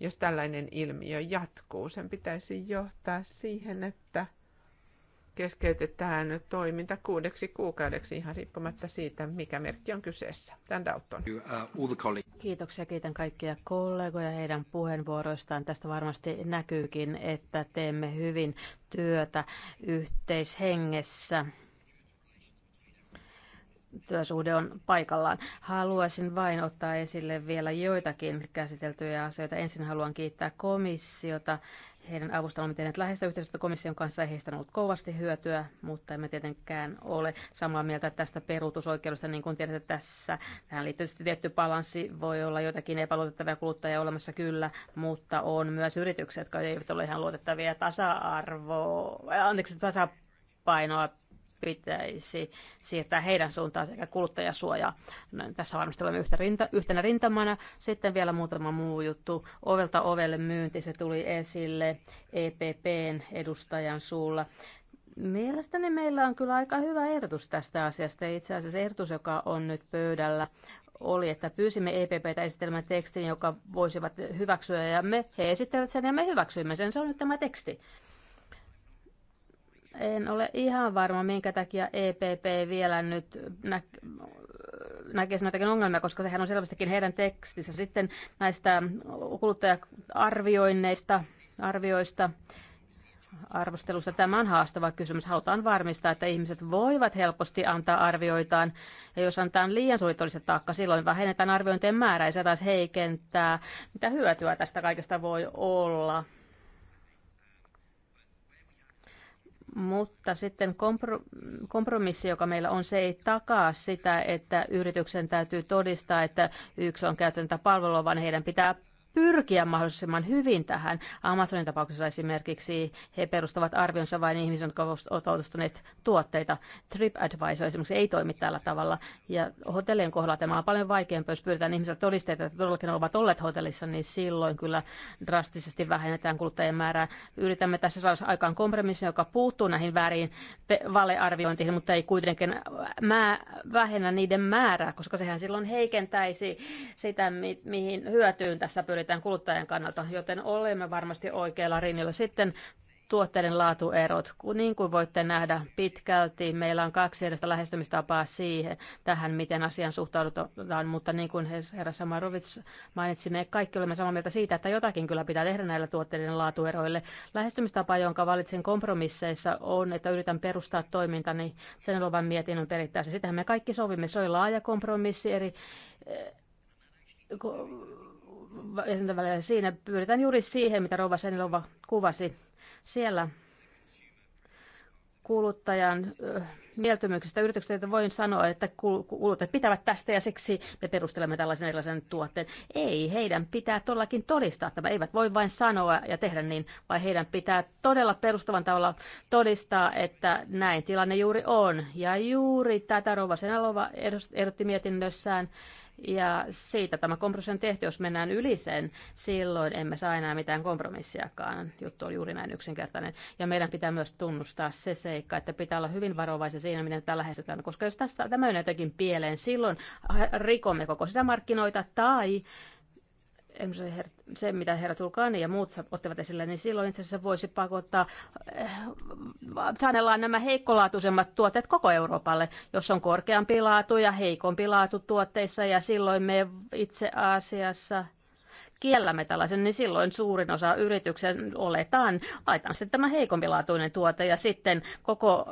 Jos tällainen ilmiö jatkuu, sen pitäisi johtaa siihen, että keskeytetään toiminta kuudeksi kuukaudeksi ihan riippumatta siitä, mikä merkki on kyseessä. Dan Dalton. Uh, Kiitoksia, kiitän kaikkia kollegoja heidän puheenvuoroistaan. Tästä varmasti näkyykin, että teemme hyvin työtä yhteishengessä työsuhde on paikallaan. Haluaisin vain ottaa esille vielä joitakin käsiteltyjä asioita. Ensin haluan kiittää komissiota heidän avustamaan olemme tehneet läheistä yhteistyötä komission kanssa ja heistä on ollut kovasti hyötyä, mutta emme tietenkään ole samaa mieltä tästä peruutusoikeudesta, niin kuin tiedätte tässä. Tähän liittyy tietty balanssi, voi olla jotakin epäluotettavia kuluttajia olemassa kyllä, mutta on myös yrityksiä, jotka eivät ole ihan luotettavia tasa-arvoa, anteeksi, tasapainoa pitäisi siirtää heidän suuntaan sekä kuluttajasuojaa. No, tässä varmasti olemme yhtä rinta, yhtenä rintamana. Sitten vielä muutama muu juttu. Ovelta ovelle myynti, se tuli esille EPPn edustajan suulla. Mielestäni meillä on kyllä aika hyvä ehdotus tästä asiasta. Itse asiassa ehdotus, joka on nyt pöydällä, oli, että pyysimme EPPtä esittelemään tekstin, joka voisivat hyväksyä, ja me, he esittävät sen, ja me hyväksyimme sen. Se on nyt tämä teksti. En ole ihan varma, minkä takia EPP vielä nyt nä- sen jotakin ongelmia, koska sehän on selvästikin heidän tekstissä. Sitten näistä kuluttaja-arvioinneista, arvioista, arvostelusta. Tämä on haastava kysymys. Halutaan varmistaa, että ihmiset voivat helposti antaa arvioitaan. Ja jos antaa liian suuri taakka, silloin vähennetään arviointien määrää ja se taas heikentää. Mitä hyötyä tästä kaikesta voi olla? mutta sitten kompromissi, joka meillä on, se ei takaa sitä, että yrityksen täytyy todistaa, että yksi on käytäntö palvelua, vaan heidän pitää pyrkiä mahdollisimman hyvin tähän. Amazonin tapauksessa esimerkiksi he perustavat arvionsa vain ihmisiä, jotka ovat ostaneet tuotteita. TripAdvisor esimerkiksi ei toimi tällä tavalla. Ja hotellien kohdalla tämä on paljon vaikeampi jos pyydetään ihmisiltä todisteita, että todellakin ovat olleet hotellissa, niin silloin kyllä drastisesti vähennetään kuluttajien määrää. Yritämme tässä saada aikaan kompromissi, joka puuttuu näihin väriin valearviointiin, mutta ei kuitenkin mä vähennä niiden määrää, koska sehän silloin heikentäisi sitä, mi- mihin hyötyyn tässä pyritään mietitään kuluttajan kannalta, joten olemme varmasti oikealla rinnalla. Sitten tuotteiden laatuerot. Niin kuin voitte nähdä pitkälti, meillä on kaksi edestä lähestymistapaa siihen, tähän miten asian suhtaudutaan, mutta niin kuin herra Samarovits mainitsi, me kaikki olemme samaa mieltä siitä, että jotakin kyllä pitää tehdä näillä tuotteiden laatueroille. Lähestymistapa, jonka valitsin kompromisseissa, on, että yritän perustaa toimintani sen luvan mietinnön perittäessä. Sitähän me kaikki sovimme. Se oli laaja kompromissi eri eh, jäsentävälillä. Siinä pyritään juuri siihen, mitä Rova Senilova kuvasi. Siellä kuluttajan mieltymyksestä yrityksestä, voin sanoa, että kuluttajat pitävät tästä ja siksi me perustelemme tällaisen erilaisen tuotteen. Ei, heidän pitää todellakin todistaa tämä. Eivät voi vain sanoa ja tehdä niin, vaan heidän pitää todella perustavan tavalla todistaa, että näin tilanne juuri on. Ja juuri tätä Rova Senalova ehdotti mietinnössään, ja siitä tämä kompromissi on tehty, jos mennään yli sen, silloin emme saa enää mitään kompromissiakaan. Juttu on juuri näin yksinkertainen. Ja meidän pitää myös tunnustaa se seikka, että pitää olla hyvin varovaisia siinä, miten tätä lähestytään. Koska jos tästä, tämä on jotenkin pieleen, silloin rikomme koko markkinoita tai se, mitä herra niin ja muut ottavat esille, niin silloin itse asiassa voisi pakottaa, eh, sanellaan nämä heikkolaatuisemmat tuotteet koko Euroopalle, jos on korkeampi laatu ja heikompi laatu tuotteissa, ja silloin me itse asiassa kiellämme tällaisen, niin silloin suurin osa yrityksiä oletaan, laitetaan sitten tämä heikompilaatuinen tuote ja sitten koko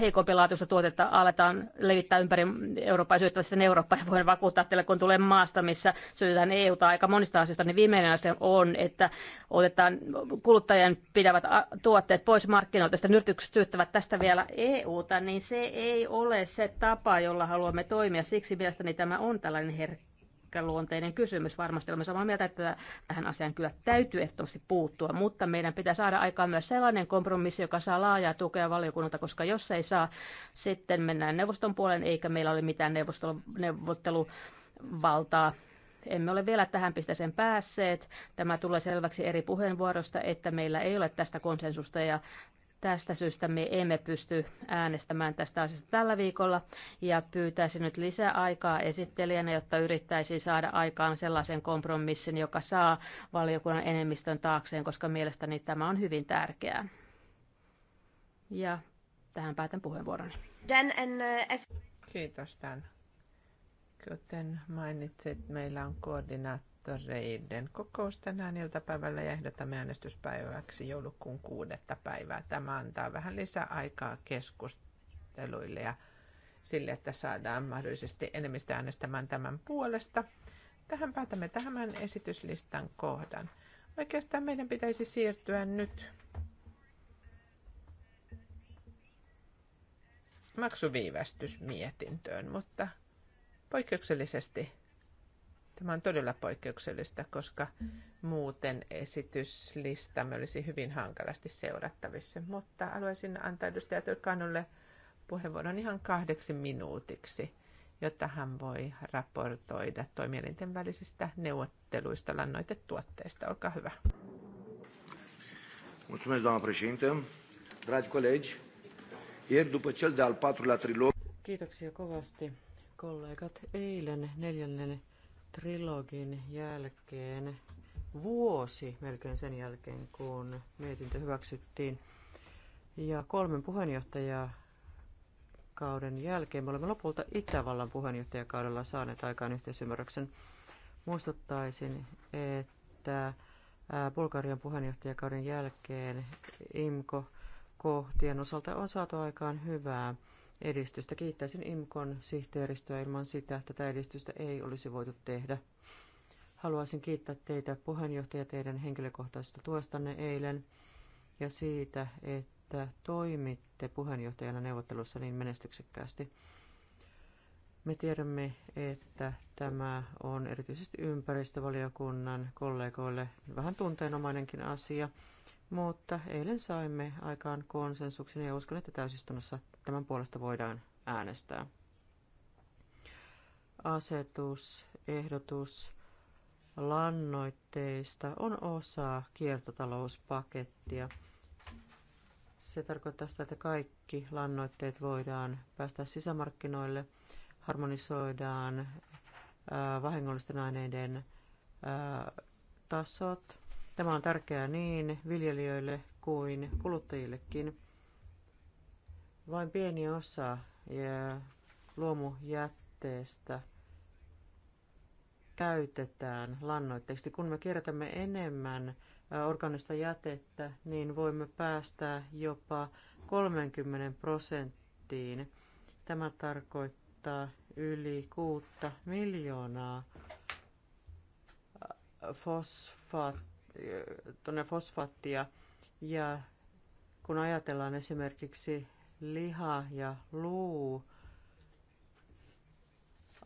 heikompilaatuista tuotetta aletaan levittää ympäri Eurooppaa ja syyttävästi sen Eurooppaa. Ja voin vakuuttaa teille, kun tulee maasta, missä syytetään EUta aika monista asioista, niin viimeinen asia on, että otetaan kuluttajien pidävät tuotteet pois markkinoilta, sitten yritykset syyttävät tästä vielä EUta, niin se ei ole se tapa, jolla haluamme toimia. Siksi mielestäni tämä on tällainen herkki pitkäluonteinen kysymys. Varmasti olemme samaa mieltä, että tähän asiaan kyllä täytyy ehdottomasti puuttua, mutta meidän pitää saada aikaan myös sellainen kompromissi, joka saa laajaa tukea valiokunnalta, koska jos ei saa, sitten mennään neuvoston puoleen, eikä meillä ole mitään neuvotteluvaltaa emme ole vielä tähän pisteeseen päässeet. Tämä tulee selväksi eri puheenvuorosta, että meillä ei ole tästä konsensusta ja Tästä syystä me emme pysty äänestämään tästä asiasta tällä viikolla ja pyytäisin nyt lisää aikaa esittelijänä, jotta yrittäisi saada aikaan sellaisen kompromissin, joka saa valiokunnan enemmistön taakseen, koska mielestäni tämä on hyvin tärkeää. Ja tähän päätän puheenvuoroni. Dan and, uh, Kiitos Dan. Kuten mainitsit, meillä on koordinaatti koordinaattoreiden kokous tänään iltapäivällä ja ehdotamme äänestyspäiväksi joulukuun kuudetta päivää. Tämä antaa vähän lisää aikaa keskusteluille ja sille, että saadaan mahdollisesti enemmistö äänestämään tämän puolesta. Tähän päätämme tämän esityslistan kohdan. Oikeastaan meidän pitäisi siirtyä nyt maksuviivästysmietintöön, mutta poikkeuksellisesti Tämä on todella poikkeuksellista, koska muuten esityslistamme olisi hyvin hankalasti seurattavissa. Mutta haluaisin antaa edustaja Turkanolle puheenvuoron ihan kahdeksi minuutiksi, jotta hän voi raportoida toimielinten välisistä neuvotteluista lannoitetuotteista. Olkaa hyvä. Mulțumesc, doamna președinte. Dragi colegi, ieri după cel de-al patrulea trilog... Kiitoksia kovasti, kollegat. Eilen neljännen trilogin jälkeen, vuosi melkein sen jälkeen, kun mietintö hyväksyttiin. Ja kolmen puheenjohtajakauden jälkeen me olemme lopulta Itävallan puheenjohtajakaudella saaneet aikaan yhteisymmärryksen. Muistuttaisin, että Bulgarian puheenjohtajakauden jälkeen IMKO kohtien osalta on saatu aikaan hyvää edistystä. Kiittäisin IMKON sihteeristöä. Ilman sitä että tätä edistystä ei olisi voitu tehdä. Haluaisin kiittää teitä puheenjohtaja teidän henkilökohtaisesta tuestanne eilen ja siitä, että toimitte puheenjohtajana neuvottelussa niin menestyksekkäästi. Me tiedämme, että tämä on erityisesti ympäristövaliokunnan kollegoille vähän tunteenomainenkin asia mutta eilen saimme aikaan konsensuksen ja uskon, että täysistunnossa tämän puolesta voidaan äänestää. Asetus, ehdotus lannoitteista on osa kiertotalouspakettia. Se tarkoittaa sitä, että kaikki lannoitteet voidaan päästä sisämarkkinoille, harmonisoidaan vahingollisten aineiden tasot – Tämä on tärkeää niin viljelijöille kuin kuluttajillekin. Vain pieni osa luomujätteestä käytetään lannoitteeksi. Kun me kierrätämme enemmän organista jätettä, niin voimme päästä jopa 30 prosenttiin. Tämä tarkoittaa yli 6 miljoonaa fosfaattia tuonne fosfaattia. Ja kun ajatellaan esimerkiksi liha- ja luu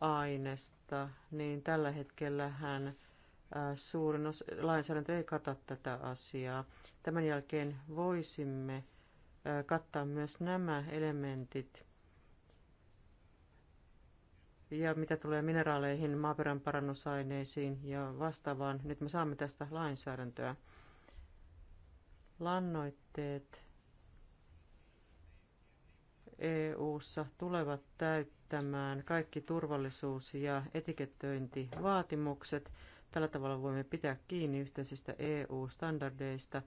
ainesta, niin tällä hetkellä hän äh, suurin osa, lainsäädäntö ei kata tätä asiaa. Tämän jälkeen voisimme äh, kattaa myös nämä elementit ja mitä tulee mineraaleihin, maaperän parannusaineisiin ja vastaavaan, nyt me saamme tästä lainsäädäntöä. Lannoitteet EU-ssa tulevat täyttämään kaikki turvallisuus- ja etikettöintivaatimukset. Tällä tavalla voimme pitää kiinni yhteisistä EU-standardeista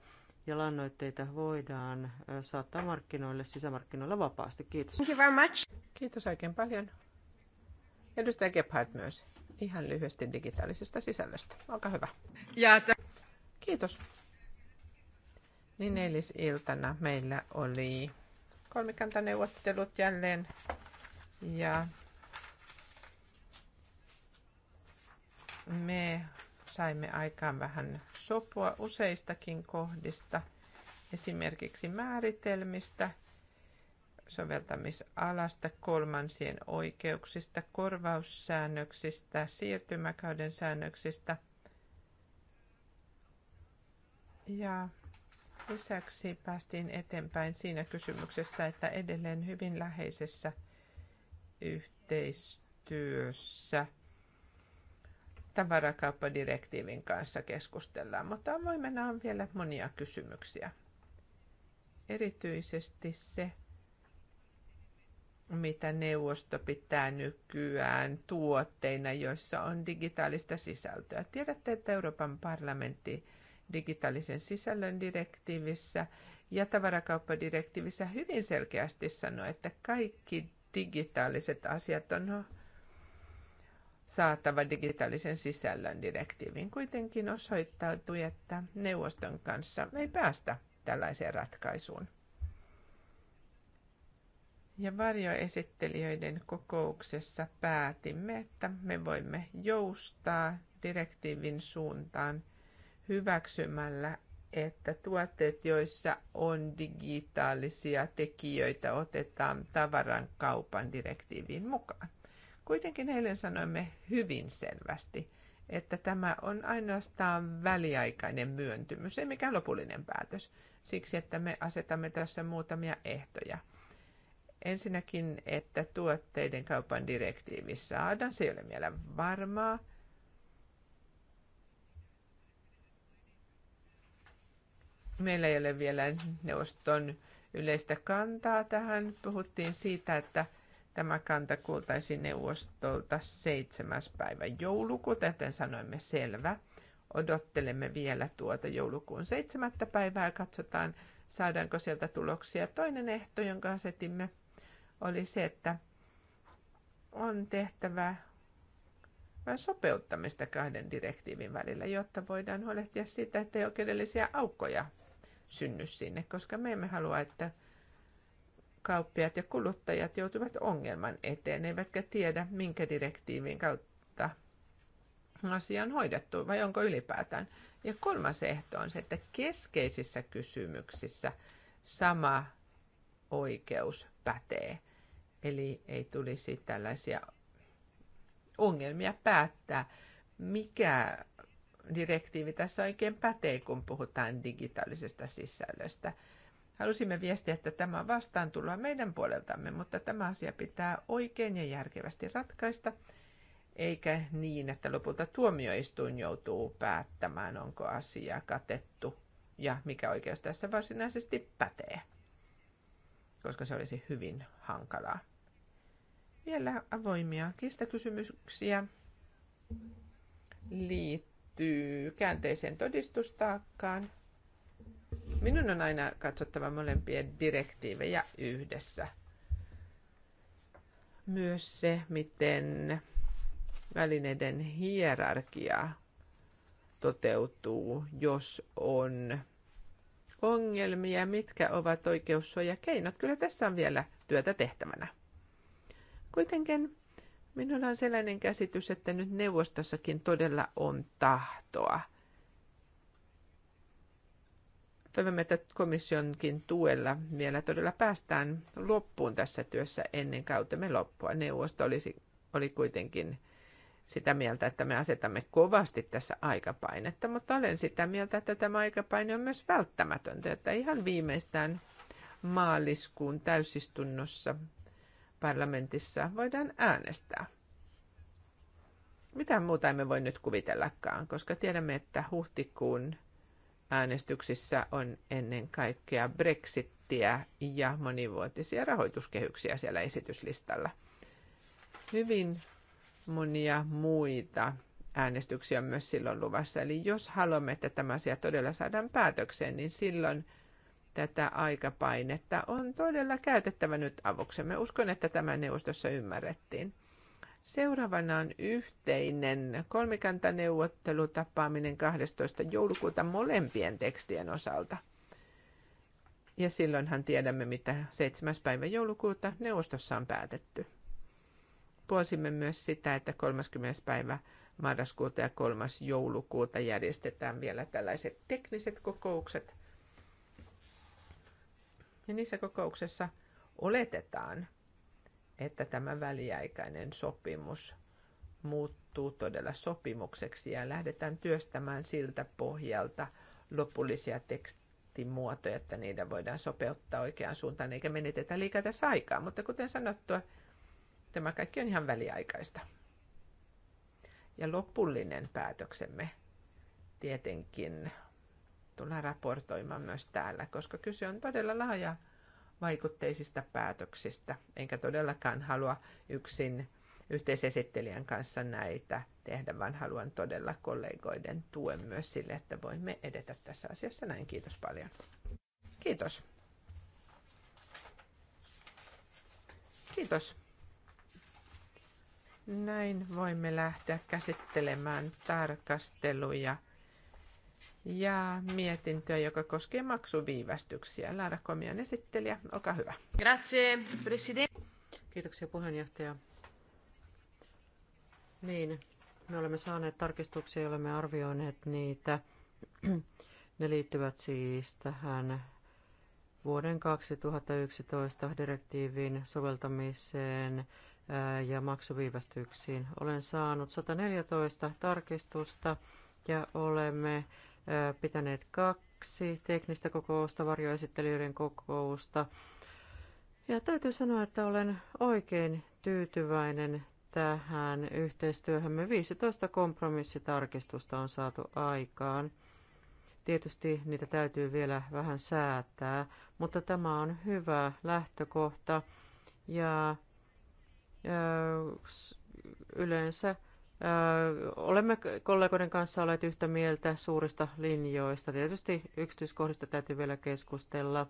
ja lannoitteita voidaan saattaa markkinoille sisämarkkinoilla vapaasti. Kiitos. Thank you very much. Kiitos oikein paljon. Edustaja Gebhardt myös. Ihan lyhyesti digitaalisesta sisällöstä. Olkaa hyvä. Jäätä. Kiitos. Niin eilisiltana meillä oli kolmikantaneuvottelut jälleen ja me saimme aikaan vähän sopua useistakin kohdista, esimerkiksi määritelmistä, soveltamisalasta, kolmansien oikeuksista, korvaussäännöksistä, siirtymäkauden säännöksistä. Ja lisäksi päästiin eteenpäin siinä kysymyksessä, että edelleen hyvin läheisessä yhteistyössä tavarakauppadirektiivin kanssa keskustellaan, mutta avoimena on vielä monia kysymyksiä. Erityisesti se, mitä neuvosto pitää nykyään tuotteina, joissa on digitaalista sisältöä. Tiedätte, että Euroopan parlamentti digitaalisen sisällön direktiivissä ja tavarakauppadirektiivissä hyvin selkeästi sanoo, että kaikki digitaaliset asiat on saatava digitaalisen sisällön direktiiviin. Kuitenkin osoittautui, että neuvoston kanssa ei päästä tällaiseen ratkaisuun. Ja varjoesittelijöiden kokouksessa päätimme, että me voimme joustaa direktiivin suuntaan hyväksymällä, että tuotteet, joissa on digitaalisia tekijöitä, otetaan tavaran kaupan direktiiviin mukaan. Kuitenkin eilen sanoimme hyvin selvästi, että tämä on ainoastaan väliaikainen myöntymys, ei mikään lopullinen päätös, siksi että me asetamme tässä muutamia ehtoja – Ensinnäkin, että tuotteiden kaupan direktiivi saadaan, se ei ole vielä varmaa. Meillä ei ole vielä neuvoston yleistä kantaa tähän. Puhuttiin siitä, että tämä kanta kuultaisiin neuvostolta 7. päivä joulukuuta, joten sanoimme selvä. Odottelemme vielä tuota joulukuun 7. päivää ja katsotaan, saadaanko sieltä tuloksia. Toinen ehto, jonka asetimme, oli se, että on tehtävä vähän sopeuttamista kahden direktiivin välillä, jotta voidaan huolehtia siitä, että ei oikeudellisia aukkoja synny sinne, koska me emme halua, että kauppiat ja kuluttajat joutuvat ongelman eteen, eivätkä tiedä, minkä direktiivin kautta asia on hoidettu vai onko ylipäätään. Ja kolmas ehto on se, että keskeisissä kysymyksissä sama oikeus pätee – Eli ei tulisi tällaisia ongelmia päättää, mikä direktiivi tässä oikein pätee, kun puhutaan digitaalisesta sisällöstä. Halusimme viestiä, että tämä on vastaantuloa meidän puoleltamme, mutta tämä asia pitää oikein ja järkevästi ratkaista, eikä niin, että lopulta tuomioistuin joutuu päättämään, onko asia katettu ja mikä oikeus tässä varsinaisesti pätee, koska se olisi hyvin hankalaa vielä avoimia kistakysymyksiä liittyy käänteiseen todistustaakkaan. Minun on aina katsottava molempia direktiivejä yhdessä. Myös se, miten välineiden hierarkia toteutuu, jos on ongelmia, mitkä ovat oikeussuojakeinot. Kyllä tässä on vielä työtä tehtävänä. Kuitenkin minulla on sellainen käsitys, että nyt neuvostossakin todella on tahtoa. Toivomme, että komissionkin tuella vielä todella päästään loppuun tässä työssä ennen kautemme loppua. Neuvosto olisi, oli kuitenkin sitä mieltä, että me asetamme kovasti tässä aikapainetta, mutta olen sitä mieltä, että tämä aikapaine on myös välttämätöntä, että ihan viimeistään maaliskuun täysistunnossa parlamentissa voidaan äänestää. Mitään muuta emme voi nyt kuvitellakaan, koska tiedämme, että huhtikuun äänestyksissä on ennen kaikkea Brexittiä ja monivuotisia rahoituskehyksiä siellä esityslistalla. Hyvin monia muita äänestyksiä on myös silloin luvassa. Eli jos haluamme, että tämä asia todella saadaan päätökseen, niin silloin – tätä aikapainetta on todella käytettävä nyt avuksemme. Uskon, että tämä neuvostossa ymmärrettiin. Seuraavana on yhteinen kolmikantaneuvottelutapaaminen 12. joulukuuta molempien tekstien osalta. Ja silloinhan tiedämme, mitä 7. päivä joulukuuta neuvostossa on päätetty. Puolsimme myös sitä, että 30. päivä marraskuuta ja 3. joulukuuta järjestetään vielä tällaiset tekniset kokoukset – niin niissä kokouksessa oletetaan, että tämä väliaikainen sopimus muuttuu todella sopimukseksi ja lähdetään työstämään siltä pohjalta lopullisia tekstimuotoja, että niitä voidaan sopeuttaa oikeaan suuntaan eikä menetetä liikaa tässä aikaa. Mutta kuten sanottua, tämä kaikki on ihan väliaikaista. Ja lopullinen päätöksemme tietenkin tullaan raportoimaan myös täällä, koska kyse on todella laaja vaikutteisista päätöksistä, enkä todellakaan halua yksin yhteisesittelijän kanssa näitä tehdä, vaan haluan todella kollegoiden tuen myös sille, että voimme edetä tässä asiassa näin. Kiitos paljon. Kiitos. Kiitos. Näin voimme lähteä käsittelemään tarkasteluja ja mietintöä, joka koskee maksuviivästyksiä. Laara Komion esittelijä, olkaa hyvä. Grazie, president. Kiitoksia puheenjohtaja. Niin, me olemme saaneet tarkistuksia ja olemme arvioineet niitä. Ne liittyvät siis tähän vuoden 2011 direktiivin soveltamiseen ja maksuviivästyksiin. Olen saanut 114 tarkistusta ja olemme pitäneet kaksi teknistä kokousta, varjoesittelijöiden kokousta. Ja täytyy sanoa, että olen oikein tyytyväinen tähän yhteistyöhömme. 15 kompromissitarkistusta on saatu aikaan. Tietysti niitä täytyy vielä vähän säätää, mutta tämä on hyvä lähtökohta ja yleensä Olemme kollegoiden kanssa olleet yhtä mieltä suurista linjoista. Tietysti yksityiskohdista täytyy vielä keskustella.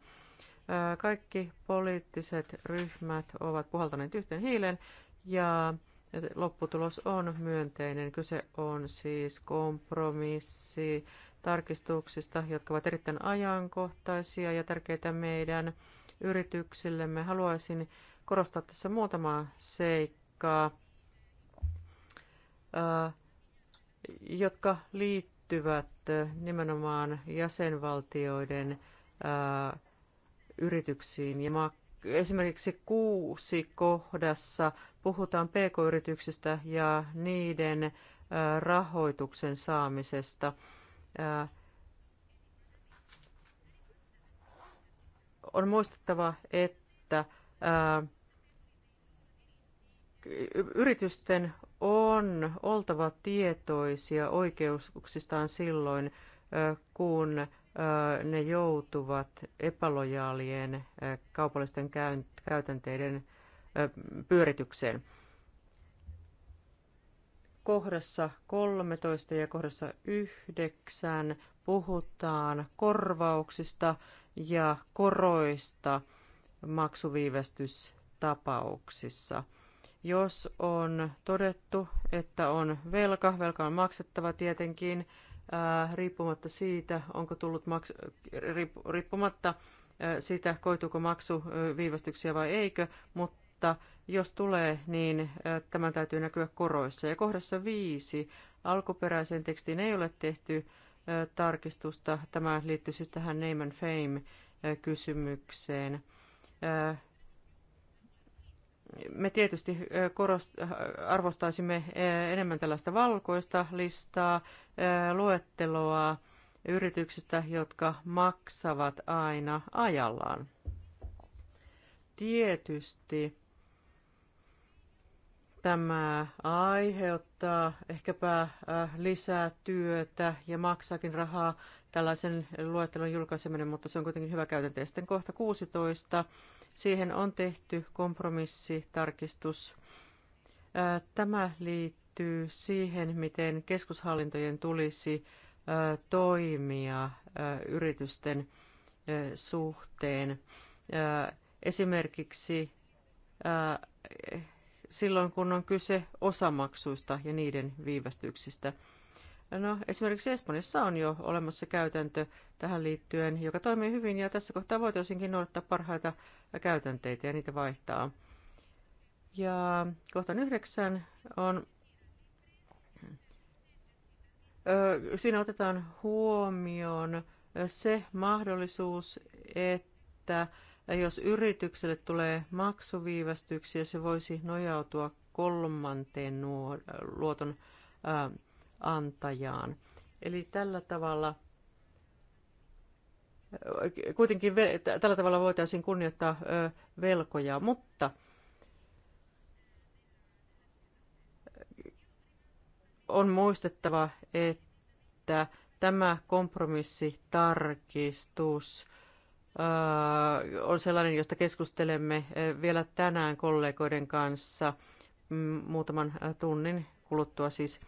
Kaikki poliittiset ryhmät ovat puhaltaneet yhteen hiilen ja lopputulos on myönteinen. Kyse on siis kompromissi tarkistuksista, jotka ovat erittäin ajankohtaisia ja tärkeitä meidän yrityksillemme. Haluaisin korostaa tässä muutamaa seikkaa jotka liittyvät nimenomaan jäsenvaltioiden yrityksiin. Ja esimerkiksi kuusi kohdassa puhutaan pk-yrityksistä ja niiden rahoituksen saamisesta. On muistettava, että yritysten on oltava tietoisia oikeuksistaan silloin, kun ne joutuvat epälojaalien kaupallisten käytänteiden pyöritykseen. Kohdassa 13 ja kohdassa 9 puhutaan korvauksista ja koroista maksuviivästystapauksissa – jos on todettu, että on velka, velka on maksettava tietenkin, äh, riippumatta siitä, onko tullut maksu, riippumatta äh, siitä, koituuko maksu äh, viivästyksiä vai eikö, mutta jos tulee, niin tämän täytyy näkyä koroissa. Ja kohdassa viisi alkuperäiseen tekstiin ei ole tehty tarkistusta. Tämä liittyy siis tähän Name and Fame-kysymykseen me tietysti korost, arvostaisimme enemmän tällaista valkoista listaa, luetteloa yrityksistä, jotka maksavat aina ajallaan. Tietysti tämä aiheuttaa ehkäpä lisää työtä ja maksaakin rahaa tällaisen luettelon julkaiseminen, mutta se on kuitenkin hyvä käytäntö. Sitten kohta 16 Siihen on tehty kompromissitarkistus. Tämä liittyy siihen, miten keskushallintojen tulisi toimia yritysten suhteen. Esimerkiksi silloin, kun on kyse osamaksuista ja niiden viivästyksistä – No, esimerkiksi Espanjassa on jo olemassa käytäntö tähän liittyen, joka toimii hyvin ja tässä kohtaa voitaisiinkin noudattaa parhaita käytänteitä ja niitä vaihtaa. Ja kohta yhdeksän on, siinä otetaan huomioon se mahdollisuus, että jos yritykselle tulee maksuviivästyksiä, se voisi nojautua kolmanteen luoton antajaan. Eli tällä tavalla kuitenkin tällä tavalla voitaisiin kunnioittaa velkoja, mutta on muistettava, että tämä kompromissitarkistus on sellainen, josta keskustelemme vielä tänään kollegoiden kanssa muutaman tunnin kuluttua siis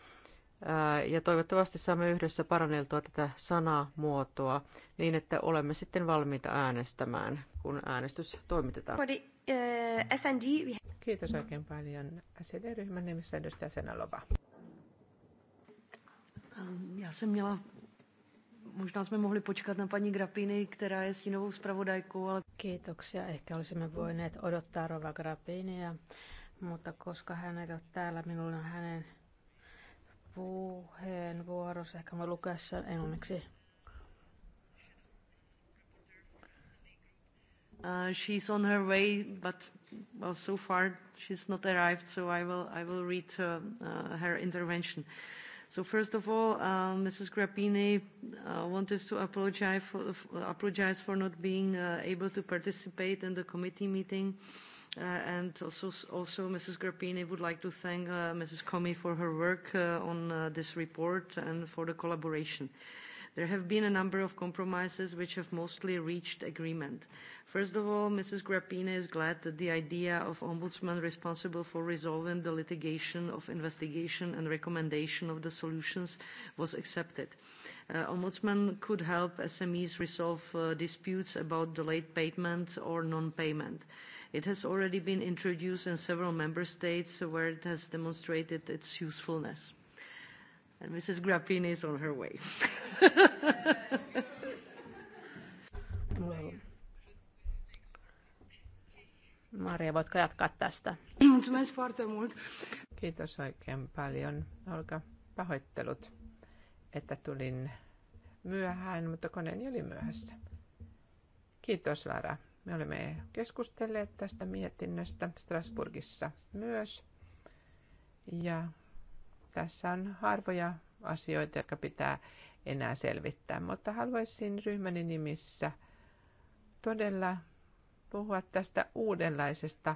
ja toivottavasti saamme yhdessä paranneltua tätä sanamuotoa niin, että olemme sitten valmiita äänestämään, kun äänestys toimitetaan. Kiitos oikein paljon SED-ryhmän nimissä edustaja Senalova. Ehm, já jsem měla, možná jsme mohli počkat na paní Grapiny, která je stínovou zpravodajkou, ale... Kiitoksia. Ehkä olisimme voineet odottaa Rova Grapinia, mutta koska hän ei ole täällä, minulla on hänen puheenvuorossa. Ehkä mä lukea sen englanniksi. Uh, she's on her way, but well, so far she's not arrived, so I will, I will read uh, uh, her intervention. So first of all, uh, Mrs. Grappini uh, wanted to apologize for, uh, apologize for not being uh, able to participate in the committee meeting. Uh, Uh, and also, also Mrs. Grappini would like to thank uh, Mrs. Comey for her work uh, on uh, this report and for the collaboration. There have been a number of compromises which have mostly reached agreement. First of all, Mrs. Grappini is glad that the idea of ombudsman responsible for resolving the litigation of investigation and recommendation of the solutions was accepted. Uh, ombudsman could help SMEs resolve uh, disputes about delayed payment or non-payment. Uh, It has already been introduced in several member states where it has demonstrated its usefulness. And Mrs. Grappini is on her way. Maria, voitko jatkaa tästä? Mulțumesc foarte mult. Kiitos oikein paljon. Olkaa pahoittelut, että tulin myöhään, mutta koneeni oli myöhässä. Kiitos Lara me olemme keskustelleet tästä mietinnöstä Strasburgissa myös. Ja tässä on harvoja asioita, jotka pitää enää selvittää, mutta haluaisin ryhmäni nimissä todella puhua tästä uudenlaisesta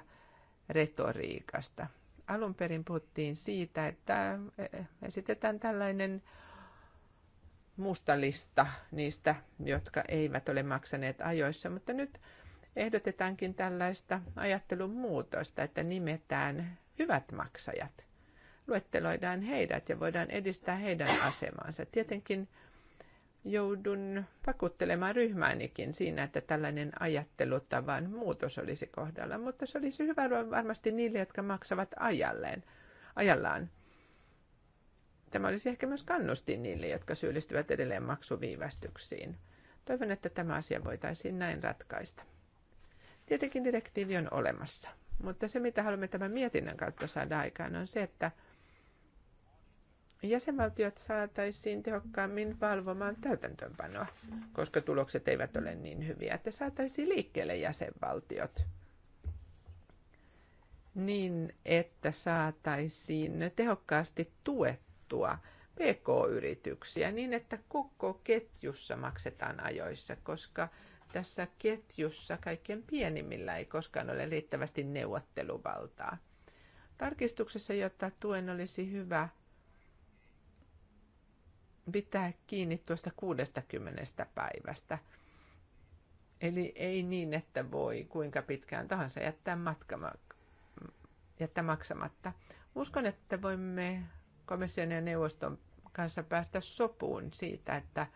retoriikasta. Alun perin puhuttiin siitä, että esitetään tällainen musta lista niistä, jotka eivät ole maksaneet ajoissa, mutta nyt Ehdotetaankin tällaista ajattelun muutosta, että nimetään hyvät maksajat. Luetteloidaan heidät ja voidaan edistää heidän asemaansa. Tietenkin joudun vakuuttelemaan ryhmäänikin siinä, että tällainen ajattelutavan muutos olisi kohdalla, mutta se olisi hyvä varmasti niille, jotka maksavat ajalleen, ajallaan. Tämä olisi ehkä myös kannustin niille, jotka syyllistyvät edelleen maksuviivästyksiin. Toivon, että tämä asia voitaisiin näin ratkaista. Tietenkin direktiivi on olemassa, mutta se mitä haluamme tämän mietinnän kautta saada aikaan on se, että jäsenvaltiot saataisiin tehokkaammin valvomaan täytäntöönpanoa, koska tulokset eivät ole niin hyviä, että saataisiin liikkeelle jäsenvaltiot niin, että saataisiin tehokkaasti tuettua PK-yrityksiä niin, että koko ketjussa maksetaan ajoissa, koska tässä ketjussa kaikkein pienimmillä ei koskaan ole riittävästi neuvotteluvaltaa. Tarkistuksessa, jotta tuen olisi hyvä pitää kiinni tuosta 60 päivästä. Eli ei niin, että voi kuinka pitkään tahansa jättää, matkama, jättää maksamatta. Uskon, että voimme komission ja neuvoston kanssa päästä sopuun siitä, että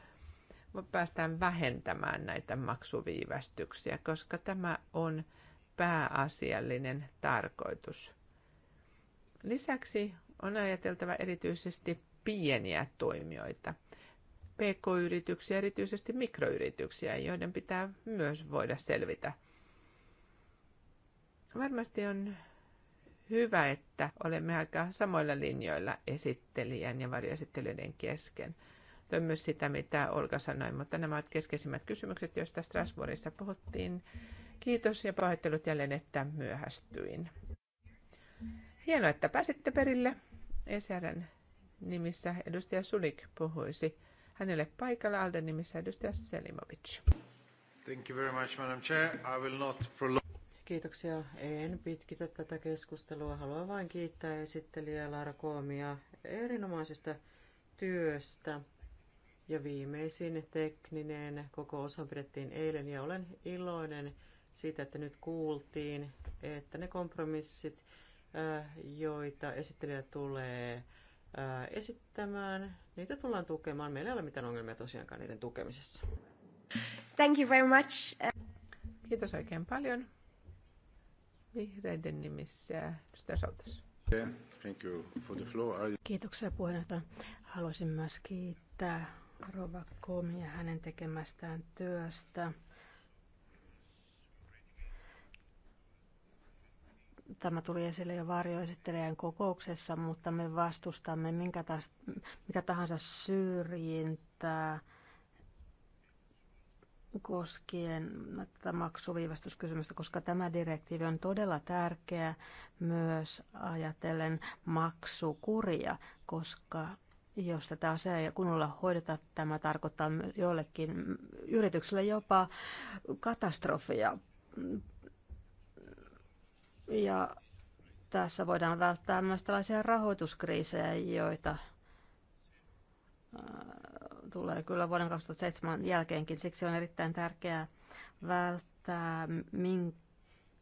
päästään vähentämään näitä maksuviivästyksiä, koska tämä on pääasiallinen tarkoitus. Lisäksi on ajateltava erityisesti pieniä toimijoita, pk-yrityksiä, erityisesti mikroyrityksiä, joiden pitää myös voida selvitä. Varmasti on hyvä, että olemme aika samoilla linjoilla esittelijän ja varjoesittelijöiden kesken on myös sitä, mitä Olga sanoi, mutta nämä ovat keskeisimmät kysymykset, joista Strasbourgissa puhuttiin. Kiitos ja pahoittelut jälleen, että myöhästyin. Hienoa, että pääsitte perille. ESRn nimissä edustaja Sulik puhuisi. Hänelle paikalla Alden nimissä edustaja Selimovic. Thank you very much, Madam Chair. I will not prolong... Kiitoksia. En pitkitä tätä keskustelua. Haluan vain kiittää esittelijä Lara Koomia erinomaisesta työstä. Ja viimeisin tekninen kokous on pidettiin eilen ja olen iloinen siitä, että nyt kuultiin, että ne kompromissit, äh, joita esittelijä tulee äh, esittämään, niitä tullaan tukemaan. Meillä ei ole mitään ongelmia tosiaankaan niiden tukemisessa. Thank you very much. Kiitos oikein paljon. Vihreiden nimissä edustaja Sautas. Thank you for the floor. Kiitoksia puheenjohtaja. Haluaisin myös kiittää Rova ja hänen tekemästään työstä. Tämä tuli esille jo varjoesittelijän kokouksessa, mutta me vastustamme minkä taas, mikä tahansa syrjintää koskien tätä maksuviivastuskysymystä. koska tämä direktiivi on todella tärkeä myös ajatellen maksukuria, koska jos tätä asiaa ei kunnolla hoideta, tämä tarkoittaa joillekin yrityksille jopa katastrofia. Ja tässä voidaan välttää myös tällaisia rahoituskriisejä, joita äh, tulee kyllä vuoden 2007 jälkeenkin. Siksi on erittäin tärkeää välttää min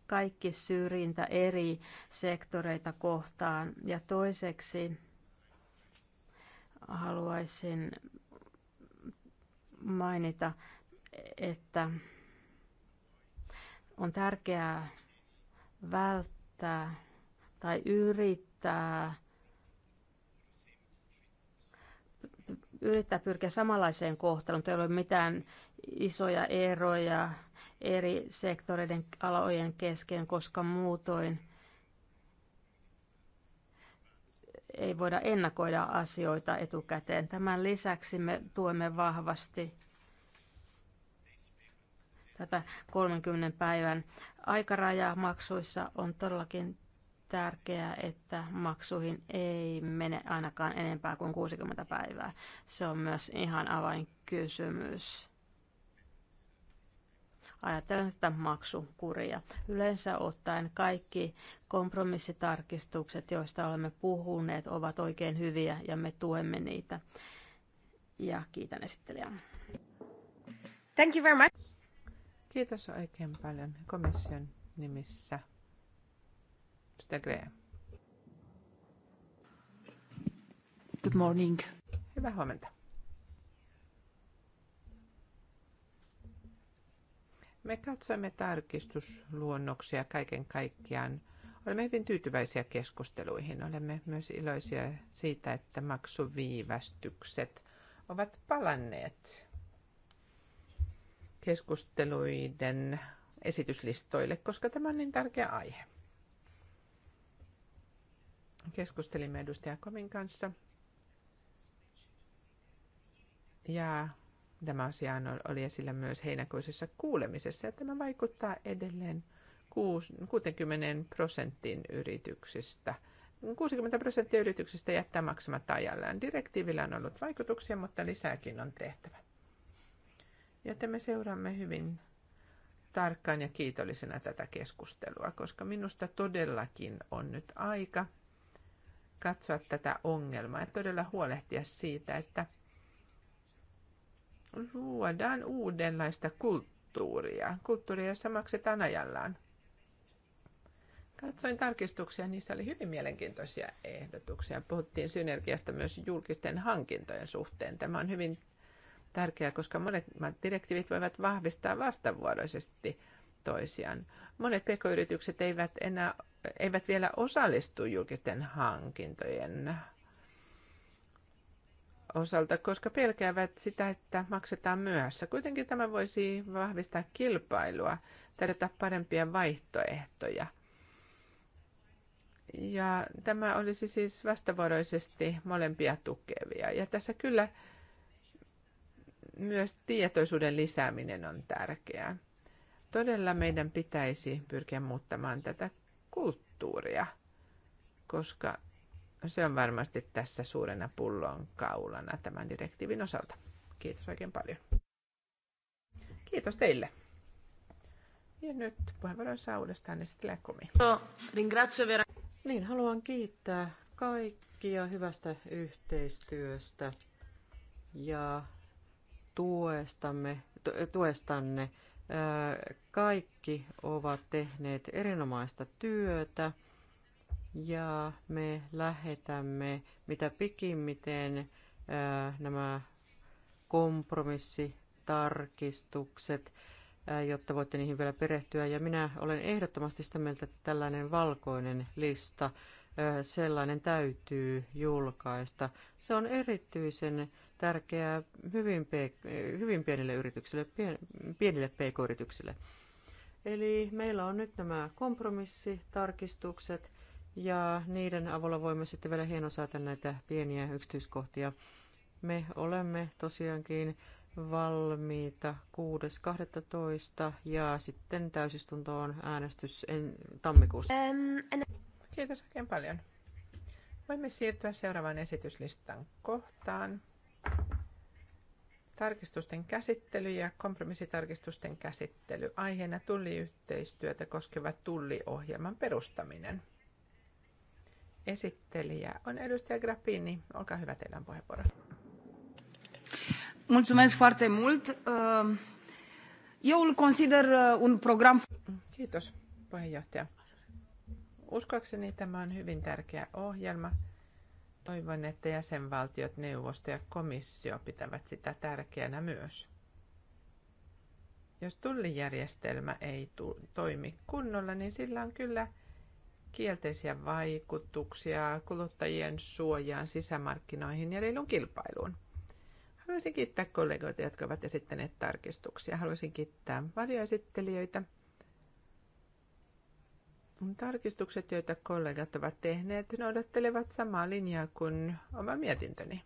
kaikki syrjintä eri sektoreita kohtaan. Ja toiseksi haluaisin mainita, että on tärkeää välttää tai yrittää yrittää pyrkiä samanlaiseen kohteluun. Ei ole mitään isoja eroja eri sektoreiden alojen kesken, koska muutoin ei voida ennakoida asioita etukäteen. Tämän lisäksi me tuemme vahvasti tätä 30 päivän aikarajaa maksuissa. On todellakin tärkeää, että maksuihin ei mene ainakaan enempää kuin 60 päivää. Se on myös ihan avainkysymys Ajatellen että maksukuria. Yleensä ottaen kaikki kompromissitarkistukset, joista olemme puhuneet, ovat oikein hyviä ja me tuemme niitä. Ja kiitän esittelijää. Thank you very much. Kiitos oikein paljon komission nimissä. Sitä Good morning. Hyvää huomenta. Me katsoimme tarkistusluonnoksia kaiken kaikkiaan. Olemme hyvin tyytyväisiä keskusteluihin. Olemme myös iloisia siitä, että maksuviivästykset ovat palanneet keskusteluiden esityslistoille, koska tämä on niin tärkeä aihe. Keskustelimme edustaja Komin kanssa ja Tämä asia oli esillä myös heinäkuisessa kuulemisessa ja tämä vaikuttaa edelleen 60 prosenttiin yrityksistä. 60 prosenttia yrityksistä jättää maksamatta ajallaan. Direktiivillä on ollut vaikutuksia, mutta lisääkin on tehtävä. Joten me seuraamme hyvin tarkkaan ja kiitollisena tätä keskustelua, koska minusta todellakin on nyt aika katsoa tätä ongelmaa ja todella huolehtia siitä, että – luodaan uudenlaista kulttuuria, kulttuuria, jossa maksetaan ajallaan. Katsoin tarkistuksia, niissä oli hyvin mielenkiintoisia ehdotuksia. Puhuttiin synergiasta myös julkisten hankintojen suhteen. Tämä on hyvin tärkeää, koska monet direktiivit voivat vahvistaa vastavuoroisesti toisiaan. Monet pk-yritykset eivät enää eivät vielä osallistu julkisten hankintojen osalta, koska pelkäävät sitä, että maksetaan myöhässä. Kuitenkin tämä voisi vahvistaa kilpailua, tarjota parempia vaihtoehtoja. Ja tämä olisi siis vastavuoroisesti molempia tukevia. Ja tässä kyllä myös tietoisuuden lisääminen on tärkeää. Todella meidän pitäisi pyrkiä muuttamaan tätä kulttuuria, koska se on varmasti tässä suurena pullon kaulana tämän direktiivin osalta. Kiitos oikein paljon. Kiitos teille. Ja nyt puheenvuoron saa uudestaan esitellä komi. No, niin, haluan kiittää kaikkia hyvästä yhteistyöstä ja tuestamme, tuestanne. Kaikki ovat tehneet erinomaista työtä ja me lähetämme mitä pikimmiten äh, nämä kompromissitarkistukset, äh, jotta voitte niihin vielä perehtyä. Ja minä olen ehdottomasti sitä mieltä, että tällainen valkoinen lista, äh, sellainen täytyy julkaista. Se on erityisen tärkeää hyvin, hyvin pienille yrityksille, pien, pienille pk-yrityksille. Eli meillä on nyt nämä kompromissitarkistukset, ja niiden avulla voimme sitten vielä hienosäätä näitä pieniä yksityiskohtia. Me olemme tosiaankin valmiita 6.12. ja sitten täysistuntoon äänestys en, tammikuussa. Kiitos oikein paljon. Voimme siirtyä seuraavaan esityslistan kohtaan. Tarkistusten käsittely ja kompromissitarkistusten käsittely. Aiheena tulliyhteistyötä koskeva tulliohjelman perustaminen esittelijä on edustaja Grappini. Olkaa hyvä, teidän puheenvuoro. Mulțumesc foarte mult. Eu îl consider uh, un program... Kiitos, puheenjohtaja. Uskoakseni tämä on hyvin tärkeä ohjelma. Toivon, että jäsenvaltiot, neuvosto ja komissio pitävät sitä tärkeänä myös. Jos tullijärjestelmä ei toimi kunnolla, niin sillä on kyllä – kielteisiä vaikutuksia kuluttajien suojaan, sisämarkkinoihin ja reilun kilpailuun. Haluaisin kiittää kollegoita, jotka ovat esittäneet tarkistuksia. Haluaisin kiittää varjoesittelijöitä. Tarkistukset, joita kollegat ovat tehneet, noudattelevat samaa linjaa kuin oma mietintöni.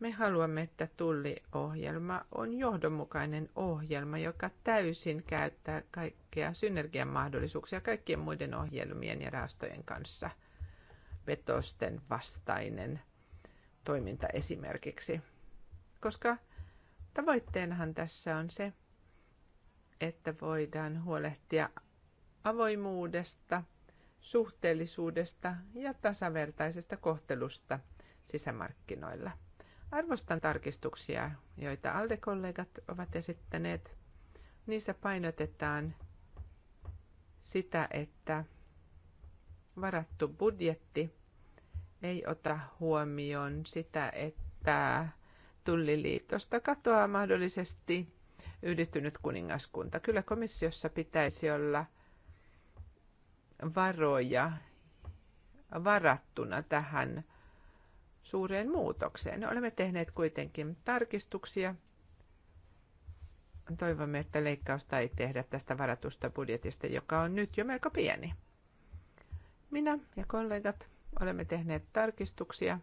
Me haluamme, että tulliohjelma on johdonmukainen ohjelma, joka täysin käyttää kaikkea synergian mahdollisuuksia kaikkien muiden ohjelmien ja rahastojen kanssa. Petosten vastainen toiminta esimerkiksi. Koska tavoitteenahan tässä on se, että voidaan huolehtia avoimuudesta, suhteellisuudesta ja tasavertaisesta kohtelusta sisämarkkinoilla – Arvostan tarkistuksia, joita ALDE-kollegat ovat esittäneet. Niissä painotetaan sitä, että varattu budjetti ei ota huomioon sitä, että tulliliitosta katoaa mahdollisesti yhdistynyt kuningaskunta. Kyllä komissiossa pitäisi olla varoja varattuna tähän suureen muutokseen. No, olemme tehneet kuitenkin tarkistuksia. Toivomme, että leikkausta ei tehdä tästä varatusta budjetista, joka on nyt jo melko pieni. Minä ja kollegat olemme tehneet tarkistuksia,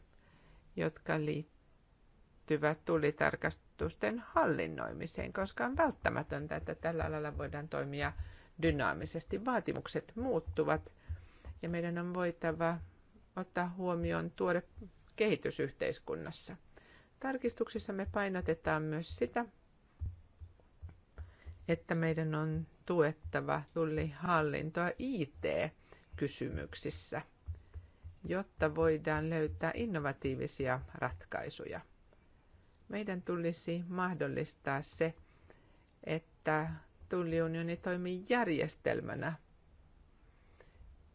jotka liittyvät tulitarkastusten hallinnoimiseen, koska on välttämätöntä, että tällä alalla voidaan toimia dynaamisesti. Vaatimukset muuttuvat ja meidän on voitava ottaa huomioon tuore kehitysyhteiskunnassa. Tarkistuksissa me painotetaan myös sitä, että meidän on tuettava tullihallintoa IT-kysymyksissä, jotta voidaan löytää innovatiivisia ratkaisuja. Meidän tulisi mahdollistaa se, että tulliunioni toimii järjestelmänä,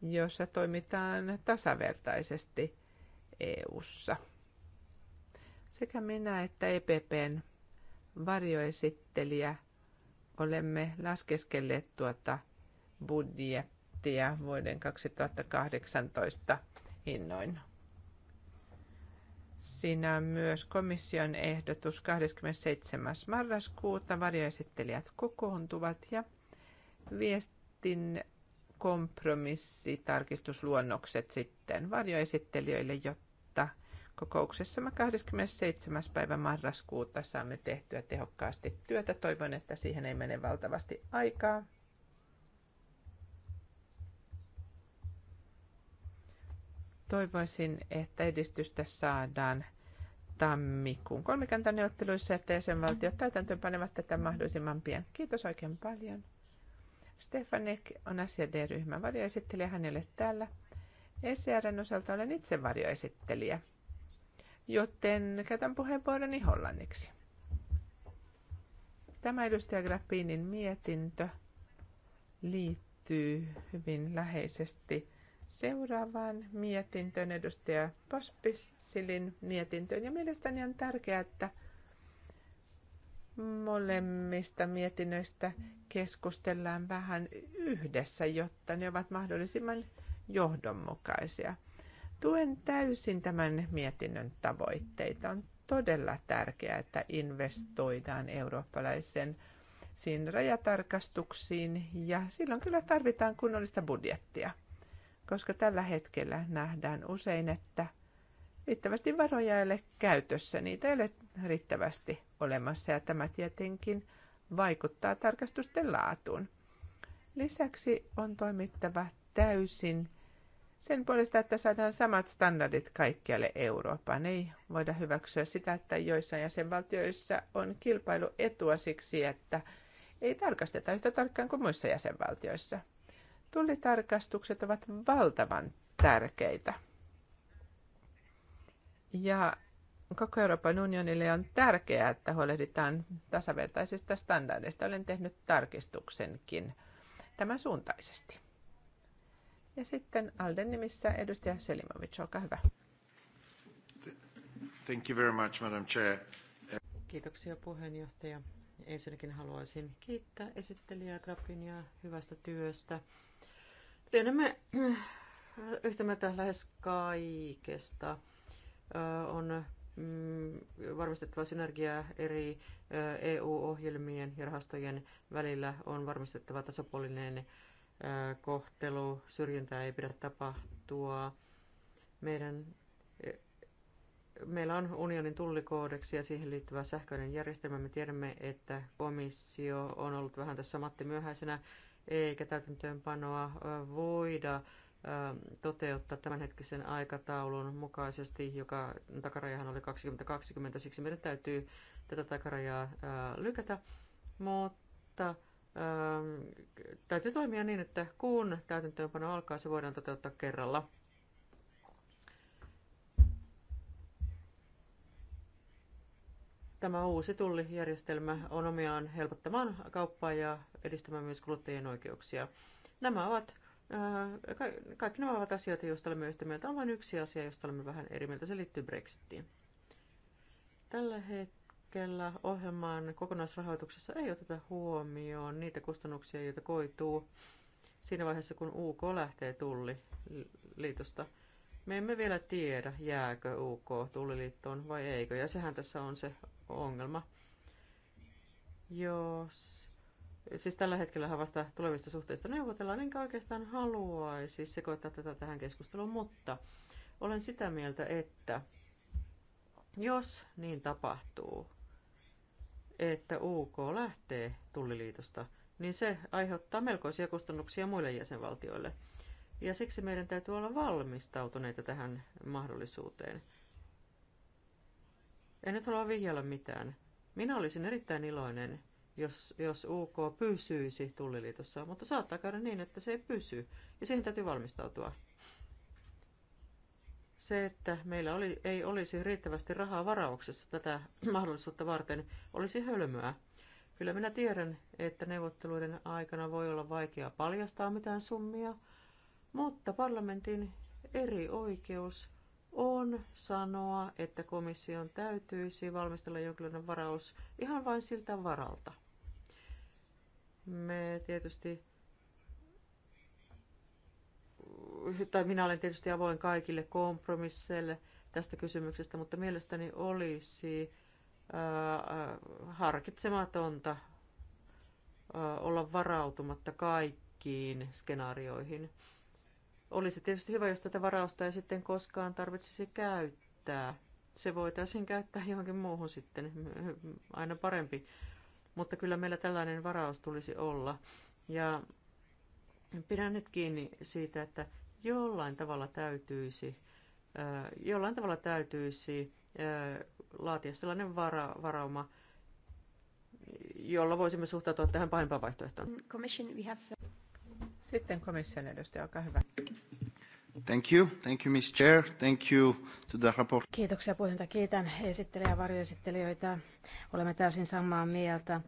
jossa toimitaan tasavertaisesti EU:ssa. Sekä minä että EPPn varjoesittelijä olemme laskeskelleet tuota budjettia vuoden 2018 hinnoin. Siinä on myös komission ehdotus 27. marraskuuta. Varjoesittelijät kokoontuvat ja viestin kompromissitarkistusluonnokset sitten varjoesittelijöille, jotta kokouksessamme 27. päivä marraskuuta saamme tehtyä tehokkaasti työtä. Toivon, että siihen ei mene valtavasti aikaa. Toivoisin, että edistystä saadaan tammikuun kolmikantaneuvotteluissa, että jäsenvaltiot panevat tätä mahdollisimman pian. Kiitos oikein paljon. Stefanek on SJD-ryhmän varjoesittelijä, hänelle täällä. ECRn osalta olen itse varjoesittelijä, joten käytän puheenvuoroni hollanniksi. Tämä edustaja Grappinin mietintö liittyy hyvin läheisesti seuraavaan mietintöön, edustaja Pospisilin Silin mietintöön. Ja mielestäni on tärkeää, että molemmista mietinnöistä keskustellaan vähän yhdessä, jotta ne ovat mahdollisimman johdonmukaisia. Tuen täysin tämän mietinnön tavoitteita. On todella tärkeää, että investoidaan eurooppalaisen siinä rajatarkastuksiin ja silloin kyllä tarvitaan kunnollista budjettia, koska tällä hetkellä nähdään usein, että riittävästi varoja ei ole käytössä, niitä ei ole riittävästi olemassa ja tämä tietenkin vaikuttaa tarkastusten laatuun. Lisäksi on toimittava täysin sen puolesta, että saadaan samat standardit kaikkialle Eurooppaan. Ei voida hyväksyä sitä, että joissain jäsenvaltioissa on kilpailuetua siksi, että ei tarkasteta yhtä tarkkaan kuin muissa jäsenvaltioissa. Tullitarkastukset ovat valtavan tärkeitä. Ja koko Euroopan unionille on tärkeää, että huolehditaan tasavertaisista standardeista. Olen tehnyt tarkistuksenkin tämän suuntaisesti. Ja sitten Alden nimissä edustaja Selimovic, olkaa hyvä. Thank you very much, Madam Chair. Kiitoksia puheenjohtaja. Ensinnäkin haluaisin kiittää esittelijä Grapinia hyvästä työstä. Lienemme yhtä lähes kaikesta. On Mm, varmistettava synergiaa eri EU-ohjelmien ja rahastojen välillä, on varmistettava tasapuolinen kohtelu, syrjintää ei pidä tapahtua. Meidän, meillä on unionin tullikoodeksi ja siihen liittyvä sähköinen järjestelmä. Me tiedämme, että komissio on ollut vähän tässä Matti myöhäisenä, eikä täytäntöönpanoa voida Ähm, toteuttaa tämänhetkisen aikataulun mukaisesti, joka takarajahan oli 2020, siksi meidän täytyy tätä takarajaa äh, lykätä, mutta ähm, täytyy toimia niin, että kun täytäntöönpano alkaa, se voidaan toteuttaa kerralla. Tämä uusi tullijärjestelmä on omiaan helpottamaan kauppaa ja edistämään myös kuluttajien oikeuksia. Nämä ovat Äh, kaikki nämä ovat asioita, joista olemme yhtä mieltä. On vain yksi asia, josta olemme vähän eri mieltä. Se liittyy Brexitiin. Tällä hetkellä ohjelman kokonaisrahoituksessa ei oteta huomioon niitä kustannuksia, joita koituu siinä vaiheessa, kun UK lähtee tulliliitosta. Me emme vielä tiedä, jääkö UK tulliliittoon vai eikö, ja sehän tässä on se ongelma. Jos siis tällä hetkellä vasta tulevista suhteista neuvotellaan, enkä oikeastaan haluaisi sekoittaa tätä tähän keskusteluun, mutta olen sitä mieltä, että jos niin tapahtuu, että UK lähtee tulliliitosta, niin se aiheuttaa melkoisia kustannuksia muille jäsenvaltioille. Ja siksi meidän täytyy olla valmistautuneita tähän mahdollisuuteen. En nyt halua vihjailla mitään. Minä olisin erittäin iloinen, jos, jos UK pysyisi tulliliitossa, mutta saattaa käydä niin, että se ei pysy, ja siihen täytyy valmistautua. Se, että meillä oli, ei olisi riittävästi rahaa varauksessa tätä mahdollisuutta varten, olisi hölmöä. Kyllä minä tiedän, että neuvotteluiden aikana voi olla vaikea paljastaa mitään summia, mutta parlamentin eri oikeus on sanoa, että komission täytyisi valmistella jonkinlainen varaus ihan vain siltä varalta. Me tietysti, tai minä olen tietysti avoin kaikille kompromisseille tästä kysymyksestä, mutta mielestäni olisi äh, äh, harkitsematonta äh, olla varautumatta kaikkiin skenaarioihin. Olisi tietysti hyvä, jos tätä varausta ei sitten koskaan tarvitsisi käyttää. Se voitaisiin käyttää johonkin muuhun sitten, aina parempi mutta kyllä meillä tällainen varaus tulisi olla. Ja pidän nyt kiinni siitä, että jollain tavalla täytyisi, jollain tavalla täytyisi laatia sellainen vara, varauma, jolla voisimme suhtautua tähän pahempaan vaihtoehtoon. Sitten komission edustaja, olkaa hyvä. Thank you. Thank you, Ms. Chair. Thank you to the Kiitoksia puheenjohtaja. Kiitän esittelijä ja varjoesittelijöitä. Olemme täysin samaa mieltä.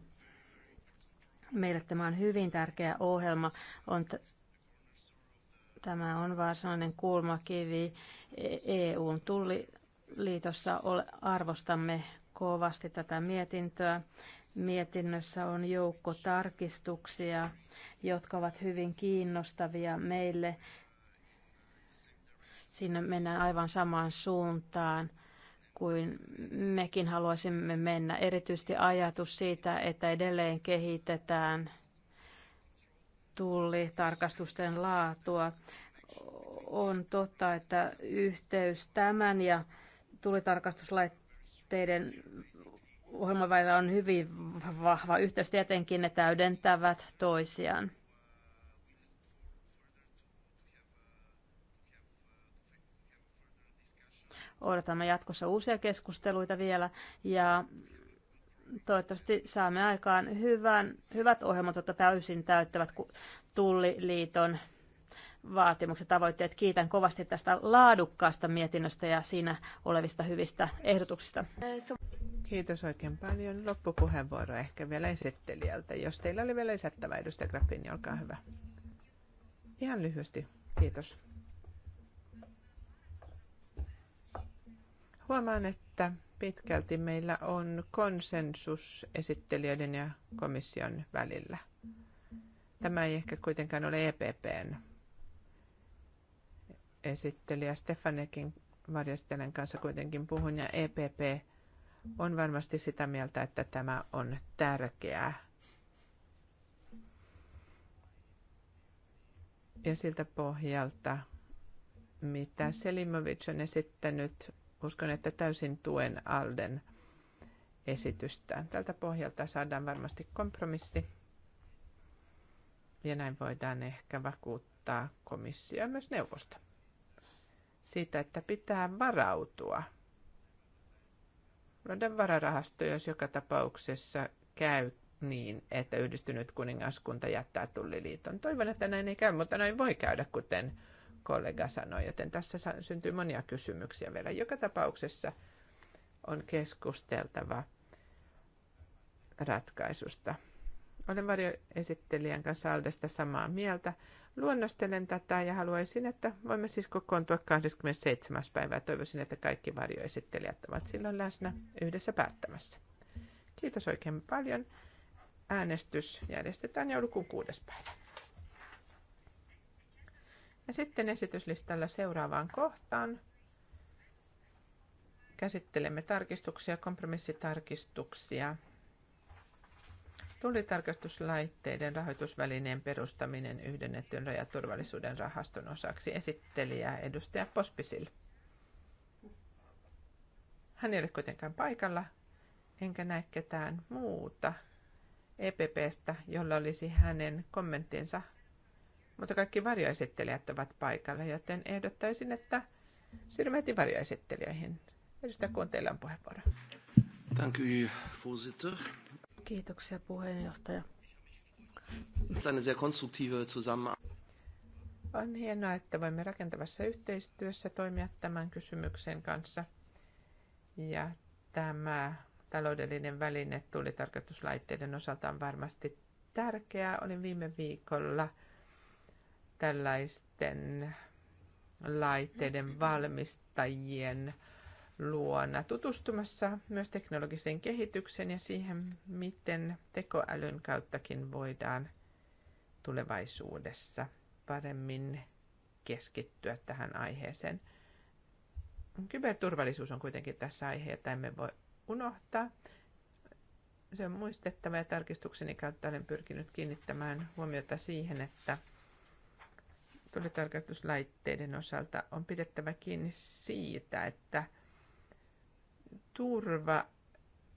Meille tämä on hyvin tärkeä ohjelma. On tämä on varsinainen kulmakivi EUn e tulliliitossa. Arvostamme kovasti tätä mietintöä. Mietinnössä on joukko tarkistuksia, jotka ovat hyvin kiinnostavia meille Sinne mennään aivan samaan suuntaan kuin mekin haluaisimme mennä. Erityisesti ajatus siitä, että edelleen kehitetään tullitarkastusten laatua. On totta, että yhteys tämän ja tullitarkastuslaitteiden ohjelman välillä on hyvin vahva yhteys tietenkin, ne täydentävät toisiaan. Odotamme jatkossa uusia keskusteluita vielä ja toivottavasti saamme aikaan hyvän, hyvät ohjelmat, jotka täysin täyttävät Tulliliiton vaatimukset, tavoitteet. Kiitän kovasti tästä laadukkaasta mietinnöstä ja siinä olevista hyvistä ehdotuksista. Kiitos oikein paljon. Loppupuheenvuoro ehkä vielä esittelijältä. Jos teillä oli vielä lisättävä edustaja niin olkaa hyvä. Ihan lyhyesti. Kiitos. Huomaan, että pitkälti meillä on konsensus esittelijöiden ja komission välillä. Tämä ei ehkä kuitenkaan ole EPPn esittelijä Stefanekin varjastelen kanssa kuitenkin puhun ja EPP on varmasti sitä mieltä, että tämä on tärkeää. Ja siltä pohjalta, mitä Selimovic on esittänyt, uskon, että täysin tuen Alden esitystä. Tältä pohjalta saadaan varmasti kompromissi. Ja näin voidaan ehkä vakuuttaa komissio ja myös neuvosto siitä, että pitää varautua. Luoda vararahasto, jos joka tapauksessa käy niin, että yhdistynyt kuningaskunta jättää tulliliiton. Toivon, että näin ei käy, mutta näin voi käydä, kuten kollega sanoi, joten tässä syntyy monia kysymyksiä vielä. Joka tapauksessa on keskusteltava ratkaisusta. Olen varjoesittelijän kanssa Aldesta samaa mieltä. Luonnostelen tätä ja haluaisin, että voimme siis kokoontua 27. päivää. Toivoisin, että kaikki varjoesittelijät ovat silloin läsnä yhdessä päättämässä. Kiitos oikein paljon. Äänestys järjestetään joulukuun kuudes päivä. Ja sitten esityslistalla seuraavaan kohtaan. Käsittelemme tarkistuksia, kompromissitarkistuksia. Tulitarkastuslaitteiden rahoitusvälineen perustaminen yhdennetyn rajaturvallisuuden rahaston osaksi esittelijä edustaja Pospisil. Hän ei ole kuitenkaan paikalla, enkä näe ketään muuta EPPstä, jolla olisi hänen kommenttinsa mutta kaikki varjoesittelijät ovat paikalla, joten ehdottaisin, että siirrymme heti varjoesittelijöihin. Edustaja Kuon, teillä on puheenvuoro. Thank you, Kiitoksia puheenjohtaja. Seine sehr konstruktive On hienoa, että voimme rakentavassa yhteistyössä toimia tämän kysymyksen kanssa. Ja tämä taloudellinen väline tulitarkastuslaitteiden osalta on varmasti tärkeää. Olin viime viikolla – tällaisten laitteiden valmistajien luona tutustumassa myös teknologiseen kehitykseen ja siihen, miten tekoälyn kauttakin voidaan tulevaisuudessa paremmin keskittyä tähän aiheeseen. Kyberturvallisuus on kuitenkin tässä aihe, jota emme voi unohtaa. Se on muistettava ja tarkistukseni kautta olen pyrkinyt kiinnittämään huomiota siihen, että – tullitarkastuslaitteiden osalta on pidettävä kiinni siitä, että turva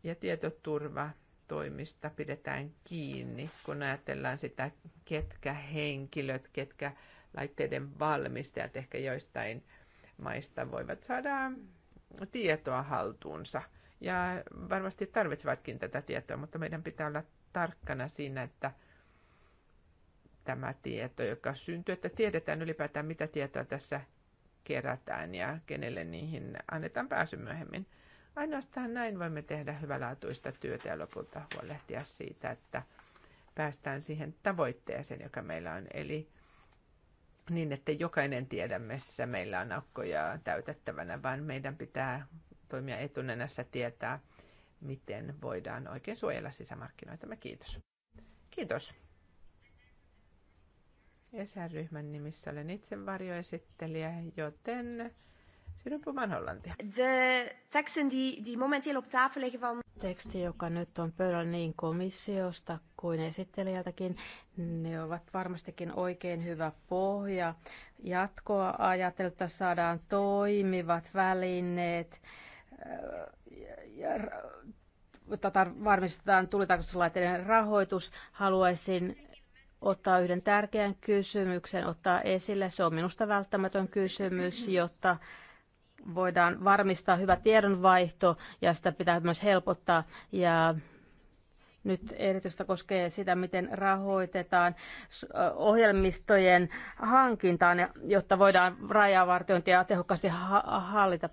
ja tietoturva toimista pidetään kiinni, kun ajatellaan sitä, ketkä henkilöt, ketkä laitteiden valmistajat ehkä joistain maista voivat saada tietoa haltuunsa. Ja varmasti tarvitsevatkin tätä tietoa, mutta meidän pitää olla tarkkana siinä, että – tämä tieto, joka syntyy, että tiedetään ylipäätään, mitä tietoa tässä kerätään ja kenelle niihin annetaan pääsy myöhemmin. Ainoastaan näin voimme tehdä hyvälaatuista työtä ja lopulta huolehtia siitä, että päästään siihen tavoitteeseen, joka meillä on. Eli niin, että jokainen tiedä, missä meillä on aukkoja täytettävänä, vaan meidän pitää toimia etunenässä tietää, miten voidaan oikein suojella sisämarkkinoitamme. Kiitos. Kiitos. ESR-ryhmän nimissä olen itse varjoesittelijä, joten siirryn puhumaan hollantia. De teksten die, die momenteel op tafel liggen van... Teksti, joka nyt on pöydällä niin komissiosta kuin esittelijältäkin, ne ovat varmastikin oikein hyvä pohja. Jatkoa ajatelta saadaan toimivat välineet äh, ja, ja, varmistetaan tulitarkastuslaitteiden rahoitus. Haluaisin ottaa yhden tärkeän kysymyksen, ottaa esille. Se on minusta välttämätön kysymys, jotta voidaan varmistaa hyvä tiedonvaihto ja sitä pitää myös helpottaa. Ja nyt erityistä koskee sitä, miten rahoitetaan ohjelmistojen hankintaan, jotta voidaan rajavartiointia tehokkaasti hallita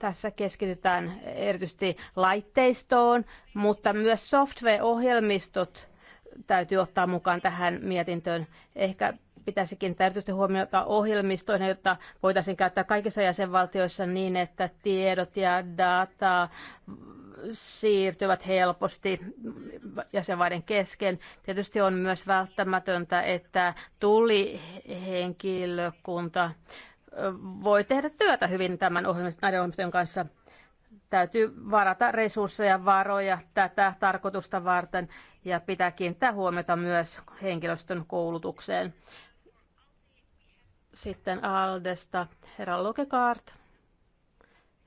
tässä keskitytään erityisesti laitteistoon, mutta myös software-ohjelmistot täytyy ottaa mukaan tähän mietintöön. Ehkä pitäisikin täytyy erityisesti huomiota ohjelmistoihin, jotta voitaisiin käyttää kaikissa jäsenvaltioissa niin, että tiedot ja data siirtyvät helposti jäsenvaiden kesken. Tietysti on myös välttämätöntä, että tuli henkilökunta voi tehdä työtä hyvin tämän ohjelmiston, näiden kanssa. Täytyy varata resursseja, varoja tätä tarkoitusta varten ja pitää kiinnittää huomiota myös henkilöstön koulutukseen. Sitten Aldesta, herra Lokekaart.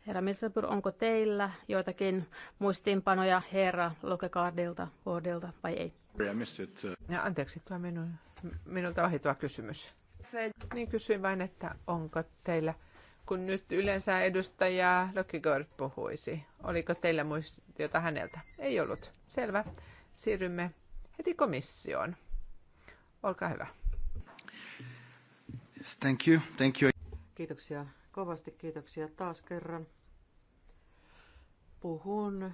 Herra Misselbyr, onko teillä joitakin muistiinpanoja herra Lokekaardilta, Bordilta vai ei? Ja anteeksi, tuo minu, minulta ohi kysymys. Niin kysyin vain, että onko teillä, kun nyt yleensä edustaja Lokigord puhuisi, oliko teillä muistiota häneltä? Ei ollut. Selvä. Siirrymme heti komissioon. Olkaa hyvä. Thank you. Thank you. Kiitoksia kovasti, kiitoksia taas kerran. Puhun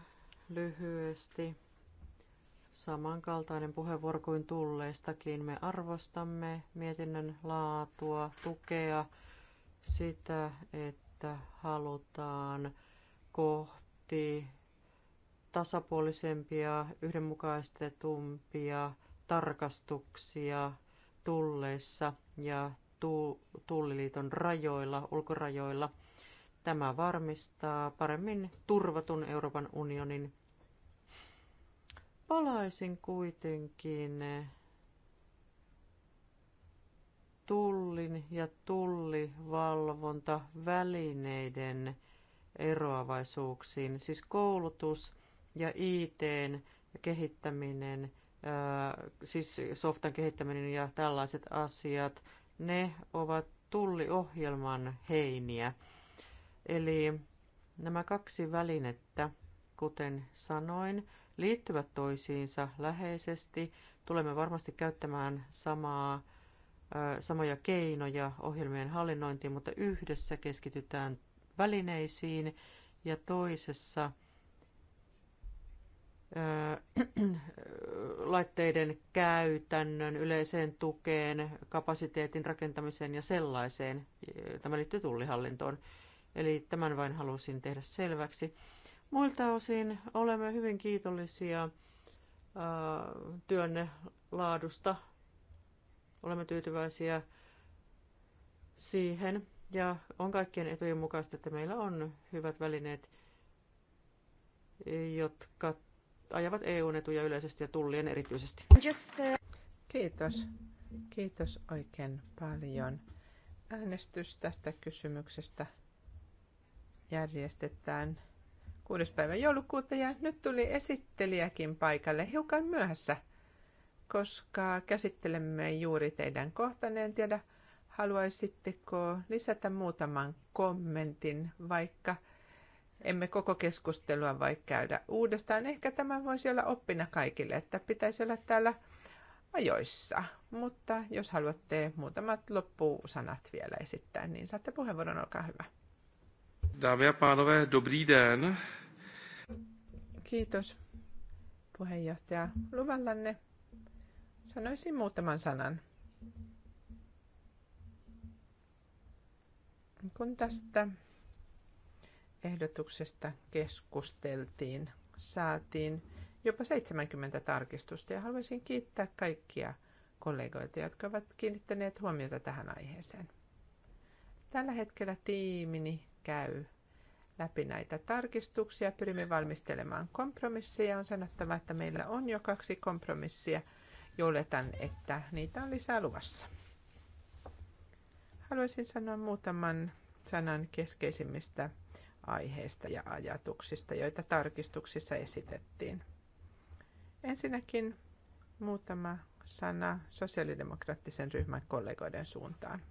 lyhyesti Samankaltainen puheenvuoro kuin tulleistakin. Me arvostamme mietinnön laatua, tukea, sitä, että halutaan kohti tasapuolisempia, yhdenmukaistetumpia tarkastuksia tulleissa ja tulliliiton rajoilla, ulkorajoilla. Tämä varmistaa paremmin turvatun Euroopan unionin Palaisin kuitenkin tullin ja tullivalvonta välineiden eroavaisuuksiin, siis koulutus ja ITn kehittäminen, siis softan kehittäminen ja tällaiset asiat, ne ovat tulliohjelman heiniä. Eli nämä kaksi välinettä, kuten sanoin, liittyvät toisiinsa läheisesti. Tulemme varmasti käyttämään samaa, samoja keinoja ohjelmien hallinnointiin, mutta yhdessä keskitytään välineisiin ja toisessa laitteiden käytännön, yleiseen tukeen, kapasiteetin rakentamiseen ja sellaiseen. Tämä liittyy tullihallintoon. Eli tämän vain halusin tehdä selväksi. Muilta osin olemme hyvin kiitollisia äh, työnne laadusta. Olemme tyytyväisiä siihen ja on kaikkien etujen mukaista, että meillä on hyvät välineet, jotka ajavat EUn etuja yleisesti ja tullien erityisesti. Äh, Kiitos. Kiitos oikein paljon. Äänestys tästä kysymyksestä järjestetään 6. päivä joulukuuta ja nyt tuli esittelijäkin paikalle hiukan myöhässä, koska käsittelemme juuri teidän kohtanne. En tiedä, haluaisitteko lisätä muutaman kommentin, vaikka emme koko keskustelua voi käydä uudestaan. Ehkä tämä voisi olla oppina kaikille, että pitäisi olla täällä ajoissa. Mutta jos haluatte muutamat loppusanat vielä esittää, niin saatte puheenvuoron, olkaa hyvä. Dámy a pánové, dobrý den. Kiitos puheenjohtaja. Luvallanne sanoisin muutaman sanan. Kun tästä ehdotuksesta keskusteltiin, saatiin jopa 70 tarkistusta ja haluaisin kiittää kaikkia kollegoita, jotka ovat kiinnittäneet huomiota tähän aiheeseen. Tällä hetkellä tiimini käy läpi näitä tarkistuksia. Pyrimme valmistelemaan kompromisseja. On sanottava, että meillä on jo kaksi kompromissia. Joletan, että niitä on lisää luvassa. Haluaisin sanoa muutaman sanan keskeisimmistä aiheista ja ajatuksista, joita tarkistuksissa esitettiin. Ensinnäkin muutama sana sosiaalidemokraattisen ryhmän kollegoiden suuntaan.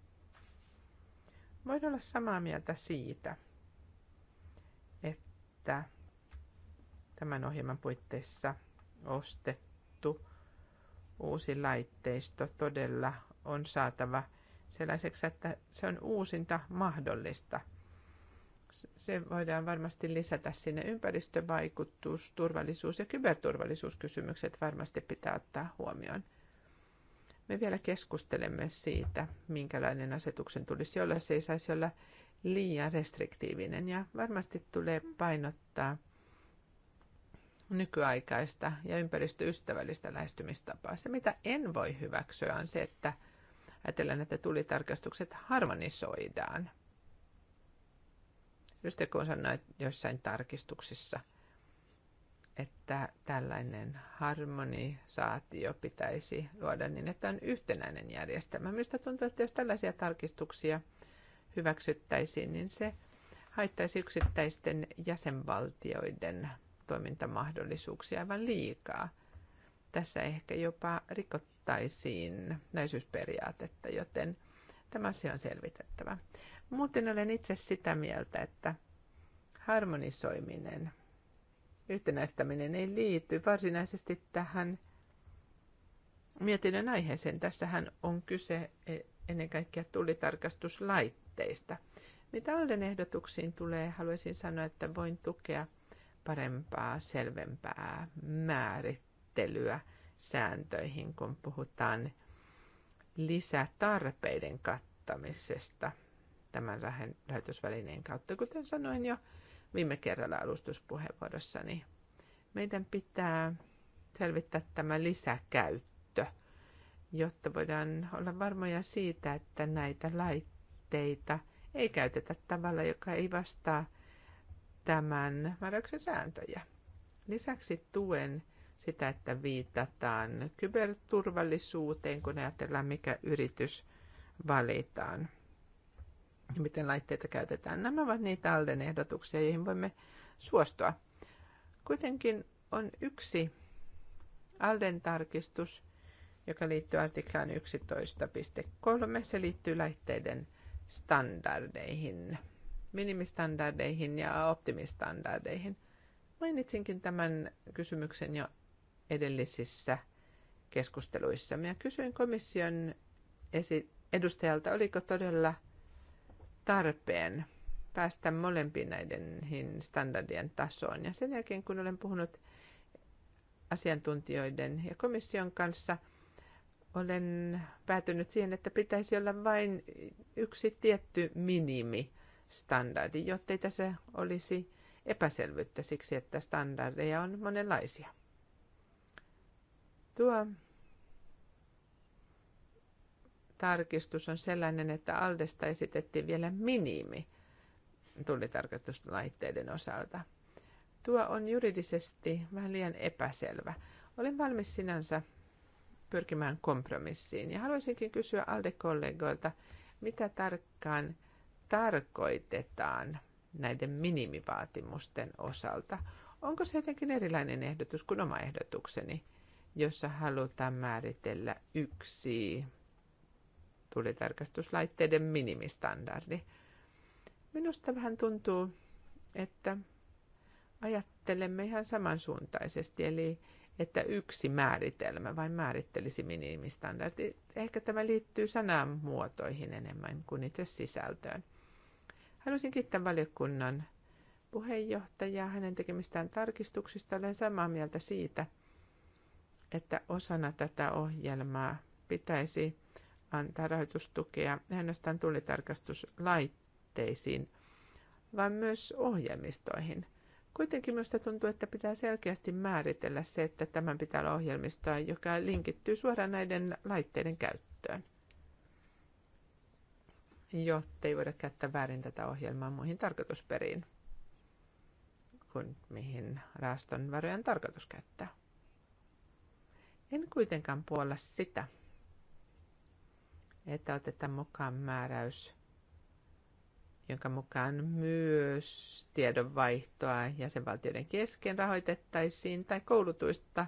Voin olla samaa mieltä siitä, että tämän ohjelman puitteissa ostettu uusi laitteisto todella on saatava sellaiseksi, että se on uusinta mahdollista. Se voidaan varmasti lisätä sinne ympäristövaikutus, turvallisuus ja kyberturvallisuuskysymykset varmasti pitää ottaa huomioon – me vielä keskustelemme siitä, minkälainen asetuksen tulisi olla. Se ei saisi olla liian restriktiivinen ja varmasti tulee painottaa nykyaikaista ja ympäristöystävällistä lähestymistapaa. Se, mitä en voi hyväksyä, on se, että ajatellaan, että tulitarkastukset harmonisoidaan. Just kun sanoit jossain tarkistuksissa – että tällainen harmonisaatio pitäisi luoda niin, että on yhtenäinen järjestelmä. Minusta tuntuu, että jos tällaisia tarkistuksia hyväksyttäisiin, niin se haittaisi yksittäisten jäsenvaltioiden toimintamahdollisuuksia aivan liikaa. Tässä ehkä jopa rikottaisiin näisyysperiaatetta, joten tämä asia on selvitettävä. Muuten olen itse sitä mieltä, että harmonisoiminen – yhtenäistäminen ei liity varsinaisesti tähän mietinnön aiheeseen. Tässähän on kyse e, ennen kaikkea tullitarkastuslaitteista. Mitä Alden ehdotuksiin tulee, haluaisin sanoa, että voin tukea parempaa, selvempää määrittelyä sääntöihin, kun puhutaan lisätarpeiden kattamisesta tämän rahoitusvälineen kautta. Kuten sanoin jo, viime kerralla niin Meidän pitää selvittää tämä lisäkäyttö, jotta voidaan olla varmoja siitä, että näitä laitteita ei käytetä tavalla, joka ei vastaa tämän määräyksen sääntöjä. Lisäksi tuen sitä, että viitataan kyberturvallisuuteen, kun ajatellaan, mikä yritys valitaan ja miten laitteita käytetään. Nämä ovat niitä Alden ehdotuksia, joihin voimme suostua. Kuitenkin on yksi Alden tarkistus, joka liittyy artiklaan 11.3. Se liittyy laitteiden standardeihin, minimistandardeihin ja optimistandardeihin. Mainitsinkin tämän kysymyksen jo edellisissä keskusteluissa. Minä kysyin komission esi- edustajalta, oliko todella – tarpeen päästä molempiin näiden standardien tasoon. Ja sen jälkeen, kun olen puhunut asiantuntijoiden ja komission kanssa, olen päätynyt siihen, että pitäisi olla vain yksi tietty minimistandardi, ei tässä olisi epäselvyyttä siksi, että standardeja on monenlaisia. Tuo tarkistus on sellainen, että Aldesta esitettiin vielä minimi tullitarkastuslaitteiden osalta. Tuo on juridisesti vähän liian epäselvä. Olen valmis sinänsä pyrkimään kompromissiin ja haluaisinkin kysyä Alde-kollegoilta, mitä tarkkaan tarkoitetaan näiden minimivaatimusten osalta. Onko se jotenkin erilainen ehdotus kuin oma ehdotukseni, jossa halutaan määritellä yksi tulitarkastuslaitteiden minimistandardi. Minusta vähän tuntuu, että ajattelemme ihan samansuuntaisesti, eli että yksi määritelmä vai määrittelisi minimistandardi. Ehkä tämä liittyy sanamuotoihin enemmän kuin itse sisältöön. Haluaisin kiittää valiokunnan puheenjohtajaa hänen tekemistään tarkistuksista. Olen samaa mieltä siitä, että osana tätä ohjelmaa pitäisi antaa rahoitustukea ainoastaan tulitarkastuslaitteisiin, vaan myös ohjelmistoihin. Kuitenkin minusta tuntuu, että pitää selkeästi määritellä se, että tämän pitää olla ohjelmistoa, joka linkittyy suoraan näiden laitteiden käyttöön, jotta ei voida käyttää väärin tätä ohjelmaa muihin tarkoitusperiin kuin mihin rahaston varojen tarkoitus käyttää. En kuitenkaan puolla sitä, että otetaan mukaan määräys, jonka mukaan myös tiedonvaihtoa jäsenvaltioiden kesken rahoitettaisiin tai koulutuista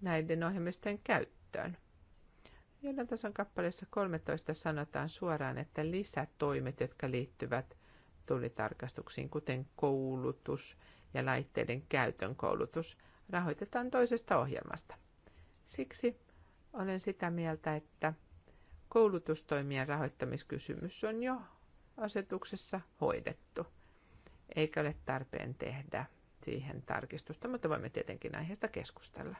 näiden ohjelmistojen käyttöön. Jollain tason kappaleessa 13 sanotaan suoraan, että lisätoimet, jotka liittyvät tulitarkastuksiin, kuten koulutus ja laitteiden käytön koulutus, rahoitetaan toisesta ohjelmasta. Siksi olen sitä mieltä, että koulutustoimien rahoittamiskysymys on jo asetuksessa hoidettu, eikä ole tarpeen tehdä siihen tarkistusta, mutta voimme tietenkin aiheesta keskustella.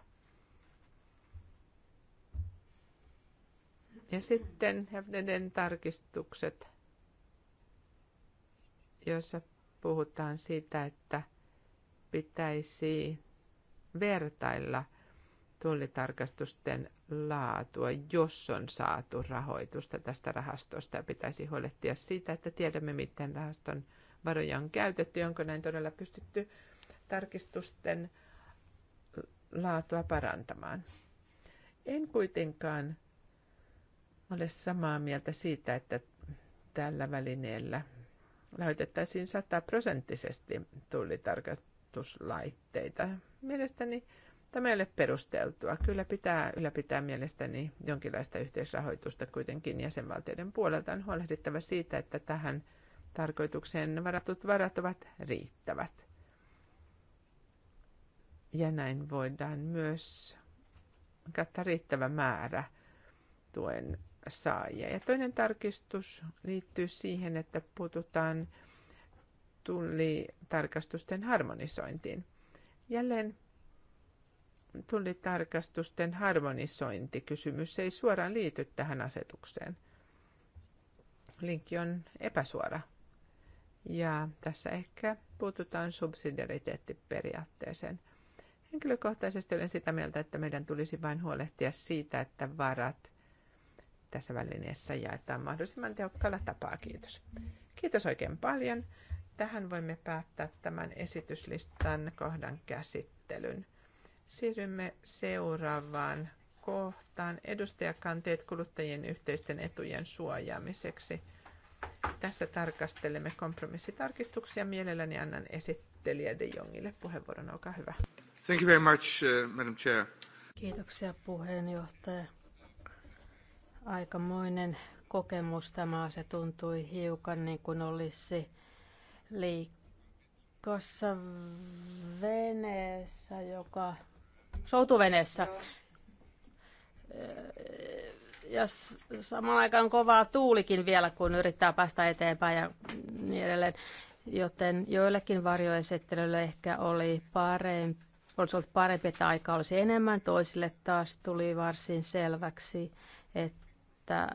Ja sitten FDDn tarkistukset, joissa puhutaan siitä, että pitäisi vertailla – tullitarkastusten laatua, jos on saatu rahoitusta tästä rahastosta. Ja pitäisi huolehtia siitä, että tiedämme, miten rahaston varoja on käytetty, onko näin todella pystytty tarkistusten laatua parantamaan. En kuitenkaan ole samaa mieltä siitä, että tällä välineellä lähetettäisiin sataprosenttisesti tullitarkastuslaitteita. Mielestäni Tämä ei ole perusteltua. Kyllä pitää ylläpitää mielestäni jonkinlaista yhteisrahoitusta kuitenkin jäsenvaltioiden puolelta. On huolehdittava siitä, että tähän tarkoitukseen varatut varat ovat riittävät. Ja näin voidaan myös kattaa riittävä määrä tuen saajia. Ja toinen tarkistus liittyy siihen, että puututaan tullitarkastusten harmonisointiin. Jälleen tullitarkastusten harmonisointikysymys ei suoraan liity tähän asetukseen. Linkki on epäsuora. Ja tässä ehkä puututaan subsidiariteettiperiaatteeseen. Henkilökohtaisesti olen sitä mieltä, että meidän tulisi vain huolehtia siitä, että varat tässä välineessä jaetaan mahdollisimman tehokkaalla tapaa. Kiitos. Kiitos oikein paljon. Tähän voimme päättää tämän esityslistan kohdan käsittelyn. Siirrymme seuraavaan kohtaan. Edustajakanteet kuluttajien yhteisten etujen suojaamiseksi. Tässä tarkastelemme kompromissitarkistuksia. Mielelläni annan esittelijä De Jongille puheenvuoron. Olkaa hyvä. Thank you very much, uh, Madam Chair. Kiitoksia puheenjohtaja. Aikamoinen kokemus tämä. Se tuntui hiukan niin kuin olisi liikkeessä veneessä, joka soutuveneessä. Ja samaan aikaan kovaa tuulikin vielä, kun yrittää päästä eteenpäin ja niin edelleen. Joten joillekin varjoesittelyille ehkä oli parempi, olisi ollut parempi, että aikaa olisi enemmän. Toisille taas tuli varsin selväksi, että että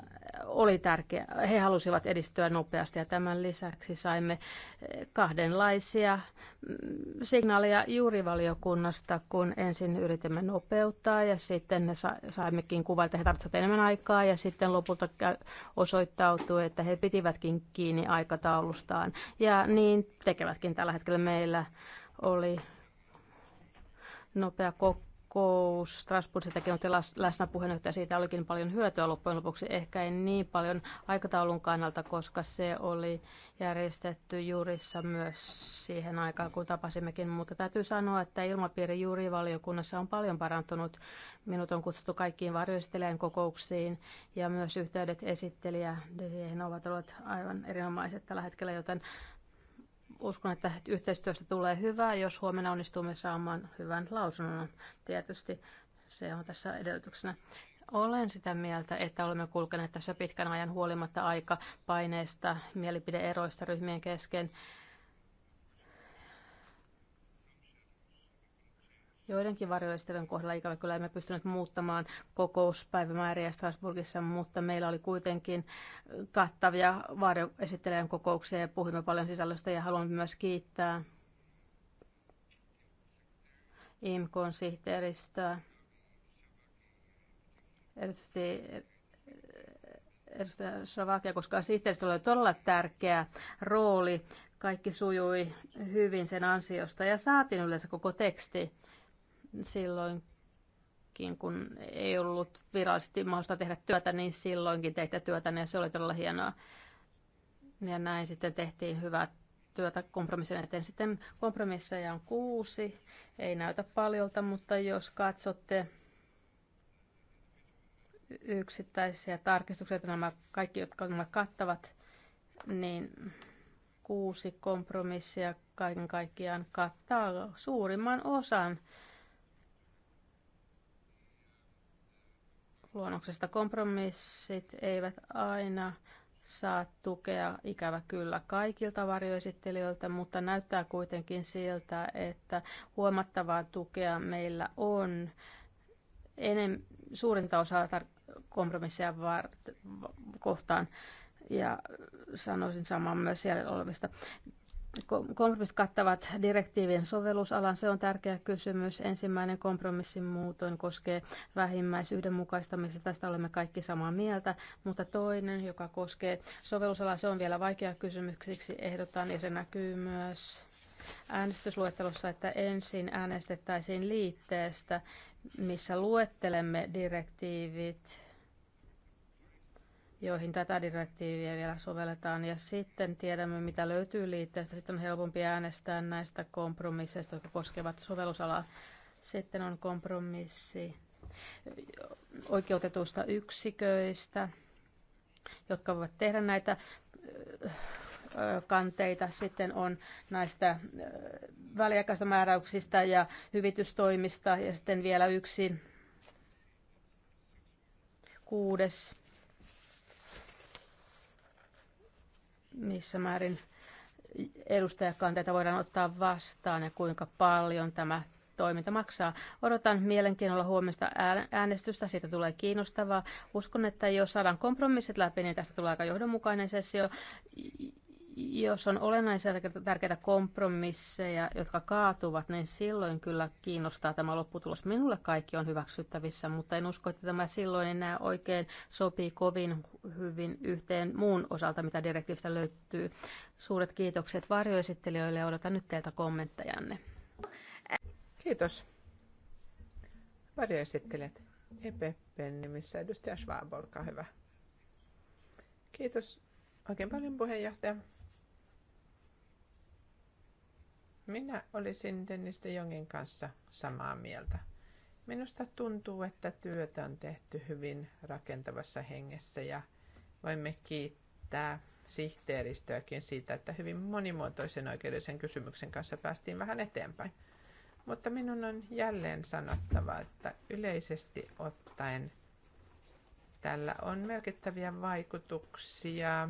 oli tärkeä. He halusivat edistyä nopeasti ja tämän lisäksi saimme eh, kahdenlaisia mm, signaaleja juurivaliokunnasta, kun ensin yritimme nopeuttaa ja sitten ne saimmekin kuvan, että he tarvitsevat enemmän aikaa ja sitten lopulta osoittautui, että he pitivätkin kiinni aikataulustaan ja niin tekevätkin tällä hetkellä meillä oli nopea kokku kokous Strasbourgistakin on läsnä puheenjohtaja. Siitä olikin paljon hyötyä loppujen lopuksi, ehkä ei niin paljon aikataulun kannalta, koska se oli järjestetty juurissa myös siihen aikaan, kun tapasimmekin. Mutta täytyy sanoa, että ilmapiiri juurivaliokunnassa on paljon parantunut. Minut on kutsuttu kaikkiin varjoistelijan kokouksiin ja myös yhteydet esittelijä siihen ovat olleet aivan erinomaiset tällä hetkellä, joten uskon, että yhteistyöstä tulee hyvää, jos huomenna onnistumme saamaan hyvän lausunnon. Tietysti se on tässä edellytyksenä. Olen sitä mieltä, että olemme kulkeneet tässä pitkän ajan huolimatta aika paineista, mielipideeroista ryhmien kesken. Joidenkin varjoistelijan kohdalla ikävä kyllä emme pystyneet muuttamaan kokouspäivämääriä Strasbourgissa, mutta meillä oli kuitenkin kattavia varjoesittelijän kokouksia ja puhuimme paljon sisällöstä ja haluan myös kiittää IMKon sihteeristöä, erityisesti edustaja Savakia, koska sihteeristöllä oli todella tärkeä rooli. Kaikki sujui hyvin sen ansiosta ja saatiin yleensä koko teksti silloinkin, kun ei ollut virallisesti mahdollista tehdä työtä, niin silloinkin teitä työtä, niin se oli todella hienoa. Ja näin sitten tehtiin hyvää työtä kompromissin eteen. Sitten kompromisseja on kuusi, ei näytä paljolta, mutta jos katsotte yksittäisiä tarkistuksia, että nämä kaikki, jotka nämä kattavat, niin kuusi kompromissia kaiken kaikkiaan kattaa suurimman osan luonnoksesta. Kompromissit eivät aina saa tukea ikävä kyllä kaikilta varjoesittelijöiltä, mutta näyttää kuitenkin siltä, että huomattavaa tukea meillä on enem, suurinta osaa tar- kompromisseja var- kohtaan ja sanoisin saman myös siellä olevista. Kompromissit kattavat direktiivien sovellusalan. Se on tärkeä kysymys. Ensimmäinen kompromissin muutoin koskee vähimmäisyhdenmukaistamista. Tästä olemme kaikki samaa mieltä. Mutta toinen, joka koskee sovellusalaa, se on vielä vaikea kysymyksiksi ehdotan ja se näkyy myös äänestysluettelossa, että ensin äänestettäisiin liitteestä, missä luettelemme direktiivit joihin tätä direktiiviä vielä sovelletaan. Ja sitten tiedämme, mitä löytyy liitteestä. Sitten on helpompi äänestää näistä kompromisseista, jotka koskevat sovellusalaa. Sitten on kompromissi oikeutetuista yksiköistä, jotka voivat tehdä näitä kanteita. Sitten on näistä väliaikaista määräyksistä ja hyvitystoimista ja sitten vielä yksi kuudes missä määrin edustajakanteita voidaan ottaa vastaan ja kuinka paljon tämä toiminta maksaa. Odotan mielenkiinnolla huomista äänestystä, siitä tulee kiinnostavaa. Uskon, että jos saadaan kompromissit läpi, niin tästä tulee aika johdonmukainen sessio, jos on olennaisia tärkeitä kompromisseja, jotka kaatuvat, niin silloin kyllä kiinnostaa tämä lopputulos. Minulle kaikki on hyväksyttävissä, mutta en usko, että tämä silloin enää oikein sopii kovin hyvin yhteen muun osalta, mitä direktiivistä löytyy. Suuret kiitokset varjoesittelijöille ja odotan nyt teiltä kommenttejanne. Kiitos. Varjoesittelijät. EPPn nimissä edustaja Schwab, olkaa hyvä. Kiitos oikein paljon puheenjohtaja. Minä olisin Dennistä jonkin Jongin kanssa samaa mieltä. Minusta tuntuu, että työtä on tehty hyvin rakentavassa hengessä ja voimme kiittää sihteeristöäkin siitä, että hyvin monimuotoisen oikeudellisen kysymyksen kanssa päästiin vähän eteenpäin. Mutta minun on jälleen sanottava, että yleisesti ottaen tällä on merkittäviä vaikutuksia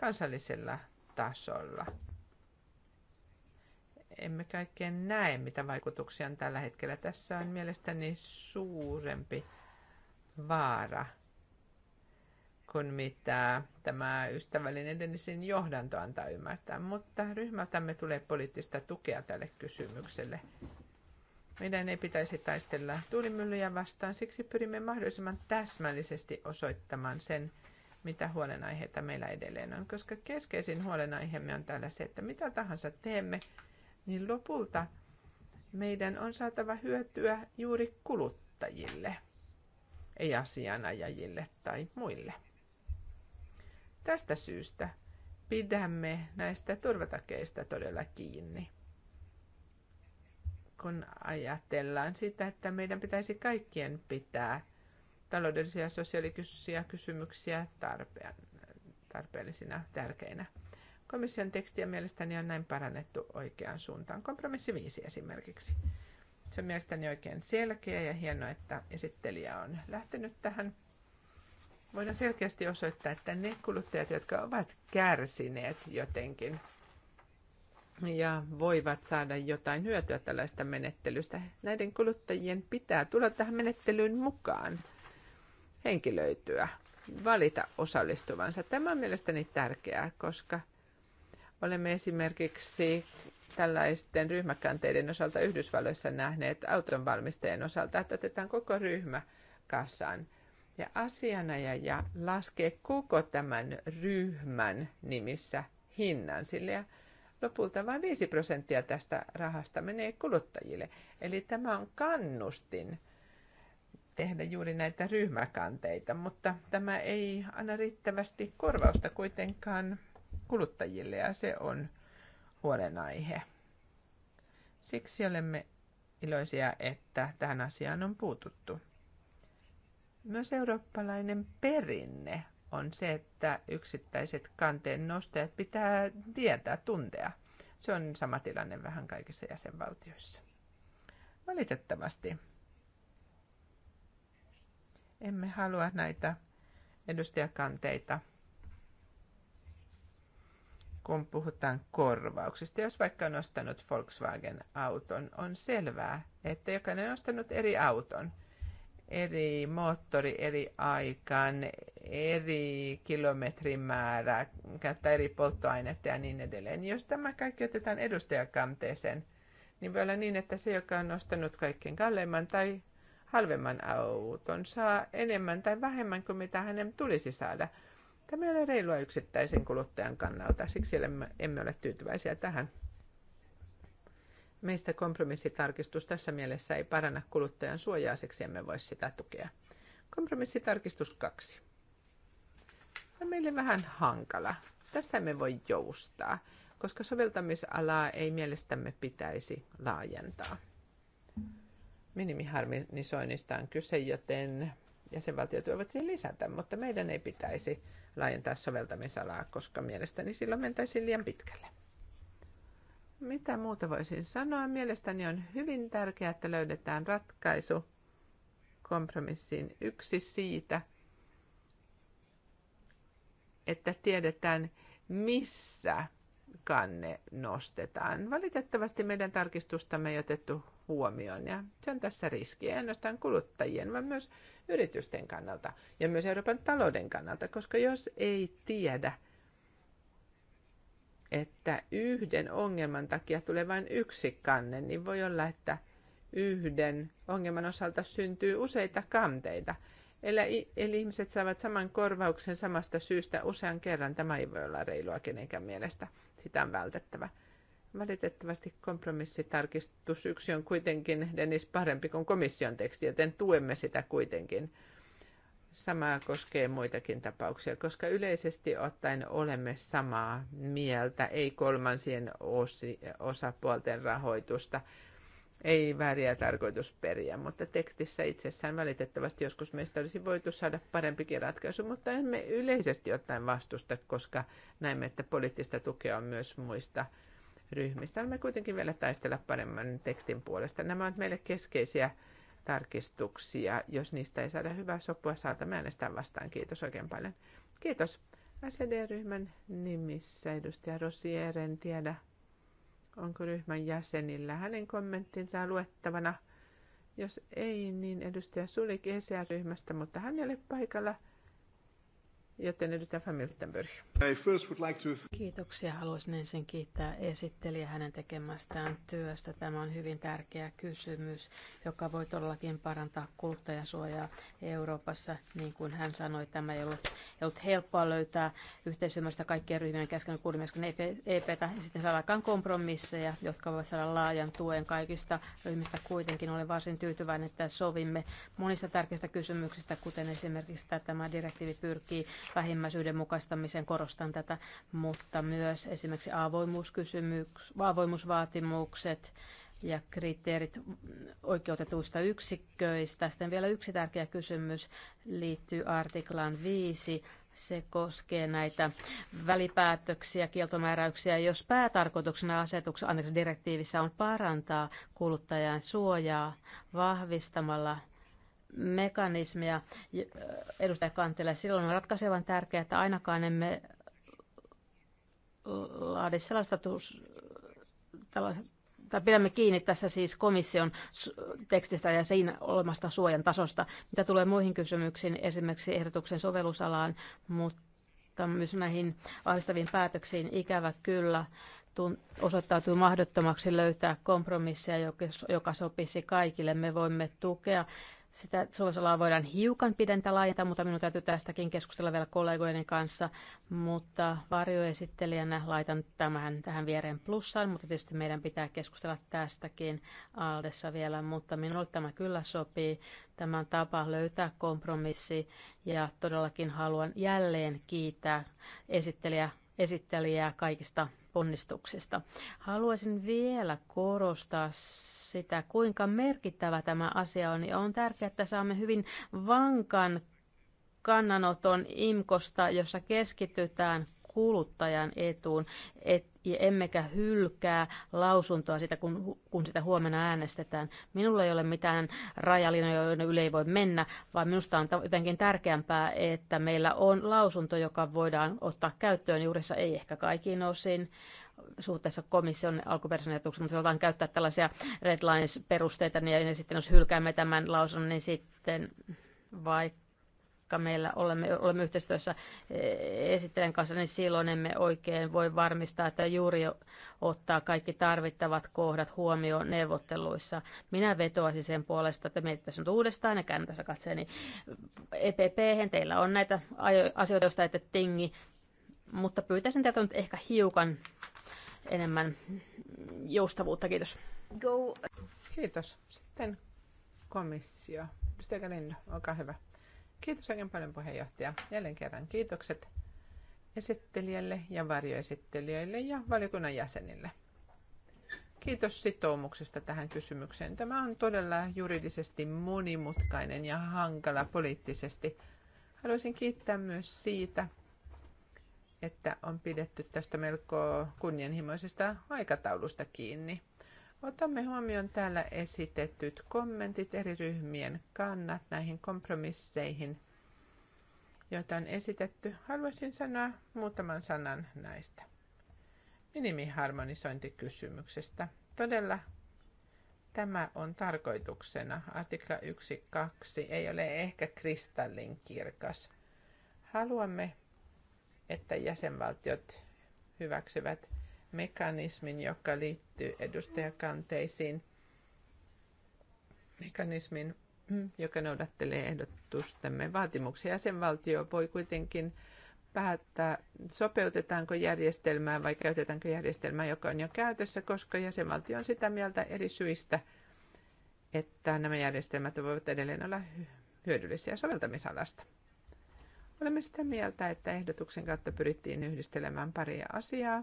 kansallisella tasolla – emme kaikkeen näe, mitä vaikutuksia on tällä hetkellä. Tässä on mielestäni suurempi vaara kuin mitä tämä ystävällinen Denisin johdanto antaa ymmärtää. Mutta ryhmältämme tulee poliittista tukea tälle kysymykselle. Meidän ei pitäisi taistella tuulimyllyjä vastaan, siksi pyrimme mahdollisimman täsmällisesti osoittamaan sen, mitä huolenaiheita meillä edelleen on, koska keskeisin huolenaiheemme on täällä se, että mitä tahansa teemme, niin lopulta meidän on saatava hyötyä juuri kuluttajille, ei asianajajille tai muille. Tästä syystä pidämme näistä turvatakeista todella kiinni. Kun ajatellaan sitä, että meidän pitäisi kaikkien pitää taloudellisia ja sosiaalisia kysymyksiä tarpeen, tarpeellisina, tärkeinä. Komission tekstiä mielestäni on näin parannettu oikeaan suuntaan. Kompromissi 5 esimerkiksi. Se on mielestäni oikein selkeä ja hienoa, että esittelijä on lähtenyt tähän. Voidaan selkeästi osoittaa, että ne kuluttajat, jotka ovat kärsineet jotenkin ja voivat saada jotain hyötyä tällaista menettelystä, näiden kuluttajien pitää tulla tähän menettelyyn mukaan henkilöityä, valita osallistuvansa. Tämä on mielestäni tärkeää, koska Olemme esimerkiksi tällaisten ryhmäkanteiden osalta Yhdysvalloissa nähneet auton valmistajien osalta, että otetaan koko ryhmä kasaan. Ja asianajaja laskee koko tämän ryhmän nimissä hinnan sille ja lopulta vain 5 prosenttia tästä rahasta menee kuluttajille. Eli tämä on kannustin tehdä juuri näitä ryhmäkanteita, mutta tämä ei anna riittävästi korvausta kuitenkaan kuluttajille ja se on huolenaihe. Siksi olemme iloisia, että tähän asiaan on puututtu. Myös eurooppalainen perinne on se, että yksittäiset kanteen nostajat pitää tietää, tuntea. Se on sama tilanne vähän kaikissa jäsenvaltioissa. Valitettavasti emme halua näitä edustajakanteita kun puhutaan korvauksista. Jos vaikka on ostanut Volkswagen-auton, on selvää, että jokainen on ostanut eri auton. Eri moottori, eri aikaan, eri kilometrimäärä, käyttää eri polttoainetta ja niin edelleen. Jos tämä kaikki otetaan edustajakanteeseen, niin voi olla niin, että se, joka on ostanut kaikkein kalleimman tai halvemman auton, saa enemmän tai vähemmän kuin mitä hänen tulisi saada – Tämä ei ole reilua yksittäisen kuluttajan kannalta, siksi emme ole tyytyväisiä tähän. Meistä kompromissitarkistus tässä mielessä ei paranna kuluttajan suojaa, siksi emme voi sitä tukea. Kompromissitarkistus 2. Tämä on meille vähän hankala. Tässä emme voi joustaa, koska soveltamisalaa ei mielestämme pitäisi laajentaa. Minimiharmonisoinnista on kyse, joten jäsenvaltiot voivat siihen lisätä, mutta meidän ei pitäisi laajentaa soveltamisalaa, koska mielestäni silloin mentäisiin liian pitkälle. Mitä muuta voisin sanoa? Mielestäni on hyvin tärkeää, että löydetään ratkaisu kompromissiin yksi siitä, että tiedetään, missä kanne nostetaan. Valitettavasti meidän tarkistustamme ei otettu huomioon ja se on tässä riski ei ainoastaan kuluttajien, vaan myös yritysten kannalta ja myös Euroopan talouden kannalta, koska jos ei tiedä, että yhden ongelman takia tulee vain yksi kanne, niin voi olla, että yhden ongelman osalta syntyy useita kanteita. Eli, eli ihmiset saavat saman korvauksen samasta syystä usean kerran. Tämä ei voi olla reilua kenenkään mielestä. Sitä on vältettävä. Valitettavasti kompromissitarkistus yksi on kuitenkin, Dennis, parempi kuin komission teksti, joten tuemme sitä kuitenkin. Samaa koskee muitakin tapauksia, koska yleisesti ottaen olemme samaa mieltä, ei kolmansien osi, osapuolten rahoitusta, ei väriä tarkoitusperiä, mutta tekstissä itsessään valitettavasti joskus meistä olisi voitu saada parempikin ratkaisu, mutta emme yleisesti ottaen vastusta, koska näemme, että poliittista tukea on myös muista ryhmistä. me kuitenkin vielä taistella paremman tekstin puolesta. Nämä ovat meille keskeisiä tarkistuksia. Jos niistä ei saada hyvää sopua, saatamme äänestää vastaan. Kiitos oikein paljon. Kiitos. SED-ryhmän nimissä edustaja Rosier, en tiedä, onko ryhmän jäsenillä hänen kommenttinsa luettavana. Jos ei, niin edustaja Sulik ECR-ryhmästä, mutta hän ei ole paikalla, joten edustaja Van Kiitoksia. Haluaisin ensin kiittää esittelijä hänen tekemästään työstä. Tämä on hyvin tärkeä kysymys, joka voi todellakin parantaa kuluttajasuojaa Euroopassa. Niin kuin hän sanoi, tämä ei ollut, ei ollut helppoa löytää yhteisymmärrystä kaikkien ryhmien kesken kuulimisen EPtä. E sitten saadaan kompromisseja, jotka voivat saada laajan tuen kaikista ryhmistä. Kuitenkin olen varsin tyytyväinen, että sovimme monista tärkeistä kysymyksistä, kuten esimerkiksi tämä direktiivi pyrkii vähimmäisyyden mukaistamisen korostamiseen korostan tätä, mutta myös esimerkiksi avoimuuskysymyks, avoimuusvaatimukset ja kriteerit oikeutetuista yksiköistä. Sitten vielä yksi tärkeä kysymys liittyy artiklaan 5. Se koskee näitä välipäätöksiä, kieltomääräyksiä. Jos päätarkoituksena asetuksessa, anteeksi direktiivissä on parantaa kuluttajan suojaa vahvistamalla mekanismia edustaja Kantele, Silloin on ratkaisevan tärkeää, että ainakaan emme laadi sellaista tuus, tällaista, tai pidämme kiinni tässä siis komission tekstistä ja siinä olemasta suojan tasosta, mitä tulee muihin kysymyksiin, esimerkiksi ehdotuksen sovellusalaan, mutta myös näihin ahdistaviin päätöksiin ikävä kyllä osoittautuu mahdottomaksi löytää kompromissia, joka sopisi kaikille. Me voimme tukea sitä sovellusalaa voidaan hiukan pidentää laajentaa, mutta minun täytyy tästäkin keskustella vielä kollegoiden kanssa. Mutta varjoesittelijänä laitan tämän tähän viereen plussaan, mutta tietysti meidän pitää keskustella tästäkin Aaldessa vielä. Mutta minulle tämä kyllä sopii. Tämä on tapa löytää kompromissi ja todellakin haluan jälleen kiittää esittelijä esittelijää kaikista ponnistuksista. Haluaisin vielä korostaa sitä, kuinka merkittävä tämä asia on. Ja on tärkeää, että saamme hyvin vankan kannanoton IMKosta, jossa keskitytään kuluttajan etuun, et, ja emmekä hylkää lausuntoa sitä, kun, kun sitä huomenna äänestetään. Minulla ei ole mitään rajalinjoja, joiden yli ei voi mennä, vaan minusta on jotenkin tärkeämpää, että meillä on lausunto, joka voidaan ottaa käyttöön juurissa, ei ehkä kaikkiin osin suhteessa komission alkuperäisen ajatuksen, mutta halutaan käyttää tällaisia red lines-perusteita, niin ja sitten jos hylkäämme tämän lausunnon, niin sitten vai vaikka meillä olemme, olemme yhteistyössä eh, esittelen kanssa, niin silloin emme oikein voi varmistaa, että juuri ottaa kaikki tarvittavat kohdat huomioon neuvotteluissa. Minä vetoaisin sen puolesta, että mietittäisiin on uudestaan ja käännän tässä katseeni epp Teillä on näitä asioita, joista ette tingi, mutta pyytäisin teiltä nyt ehkä hiukan enemmän joustavuutta. Kiitos. Go. Kiitos. Sitten komissio. Edustaja Galindo, olkaa hyvä. Kiitos oikein paljon puheenjohtaja. Jälleen kerran kiitokset esittelijälle ja varjoesittelijöille ja valiokunnan jäsenille. Kiitos sitoumuksesta tähän kysymykseen. Tämä on todella juridisesti monimutkainen ja hankala poliittisesti. Haluaisin kiittää myös siitä, että on pidetty tästä melko kunnianhimoisesta aikataulusta kiinni. Otamme huomioon täällä esitetyt kommentit eri ryhmien kannat näihin kompromisseihin, joita on esitetty. Haluaisin sanoa muutaman sanan näistä. Minimiharmonisointikysymyksestä. Todella tämä on tarkoituksena. Artikla 1.2 ei ole ehkä kristallin kirkas. Haluamme, että jäsenvaltiot hyväksyvät mekanismin, joka liittyy edustajakanteisiin, mekanismin, mm, joka noudattelee ehdotustemme vaatimuksia. Jäsenvaltio voi kuitenkin päättää, sopeutetaanko järjestelmää vai käytetäänkö järjestelmää, joka on jo käytössä, koska jäsenvaltio on sitä mieltä eri syistä, että nämä järjestelmät voivat edelleen olla hyödyllisiä soveltamisalasta. Olemme sitä mieltä, että ehdotuksen kautta pyrittiin yhdistelemään paria asiaa.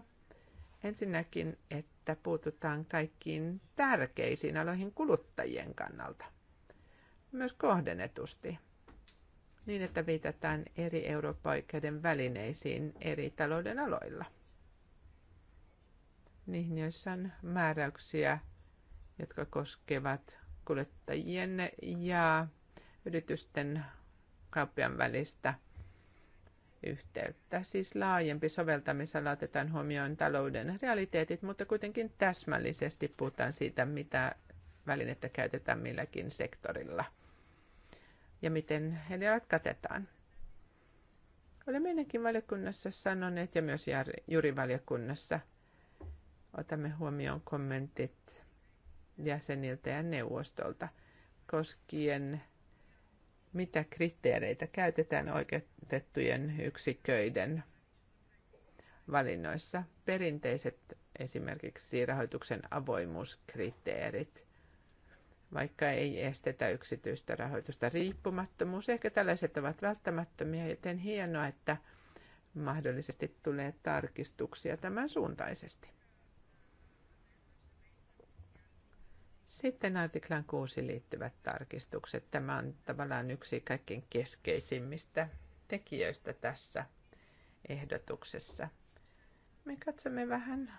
Ensinnäkin, että puututaan kaikkiin tärkeisiin aloihin kuluttajien kannalta, myös kohdennetusti, niin että viitataan eri eurooppa-oikeuden välineisiin eri talouden aloilla. Niihin, joissa on määräyksiä, jotka koskevat kuluttajien ja yritysten kauppian välistä – yhteyttä. Siis laajempi soveltamisala otetaan huomioon talouden realiteetit, mutta kuitenkin täsmällisesti puhutaan siitä, mitä välinettä käytetään milläkin sektorilla ja miten heidät katetaan. Olemme ennenkin valiokunnassa sanoneet ja myös jurivaliokunnassa otamme huomioon kommentit jäseniltä ja neuvostolta koskien mitä kriteereitä käytetään oikeutettujen yksiköiden valinnoissa. Perinteiset esimerkiksi rahoituksen avoimuuskriteerit, vaikka ei estetä yksityistä rahoitusta. Riippumattomuus, ehkä tällaiset ovat välttämättömiä, joten hienoa, että mahdollisesti tulee tarkistuksia tämän suuntaisesti. Sitten artiklan 6 liittyvät tarkistukset. Tämä on tavallaan yksi kaikkein keskeisimmistä tekijöistä tässä ehdotuksessa. Me katsomme vähän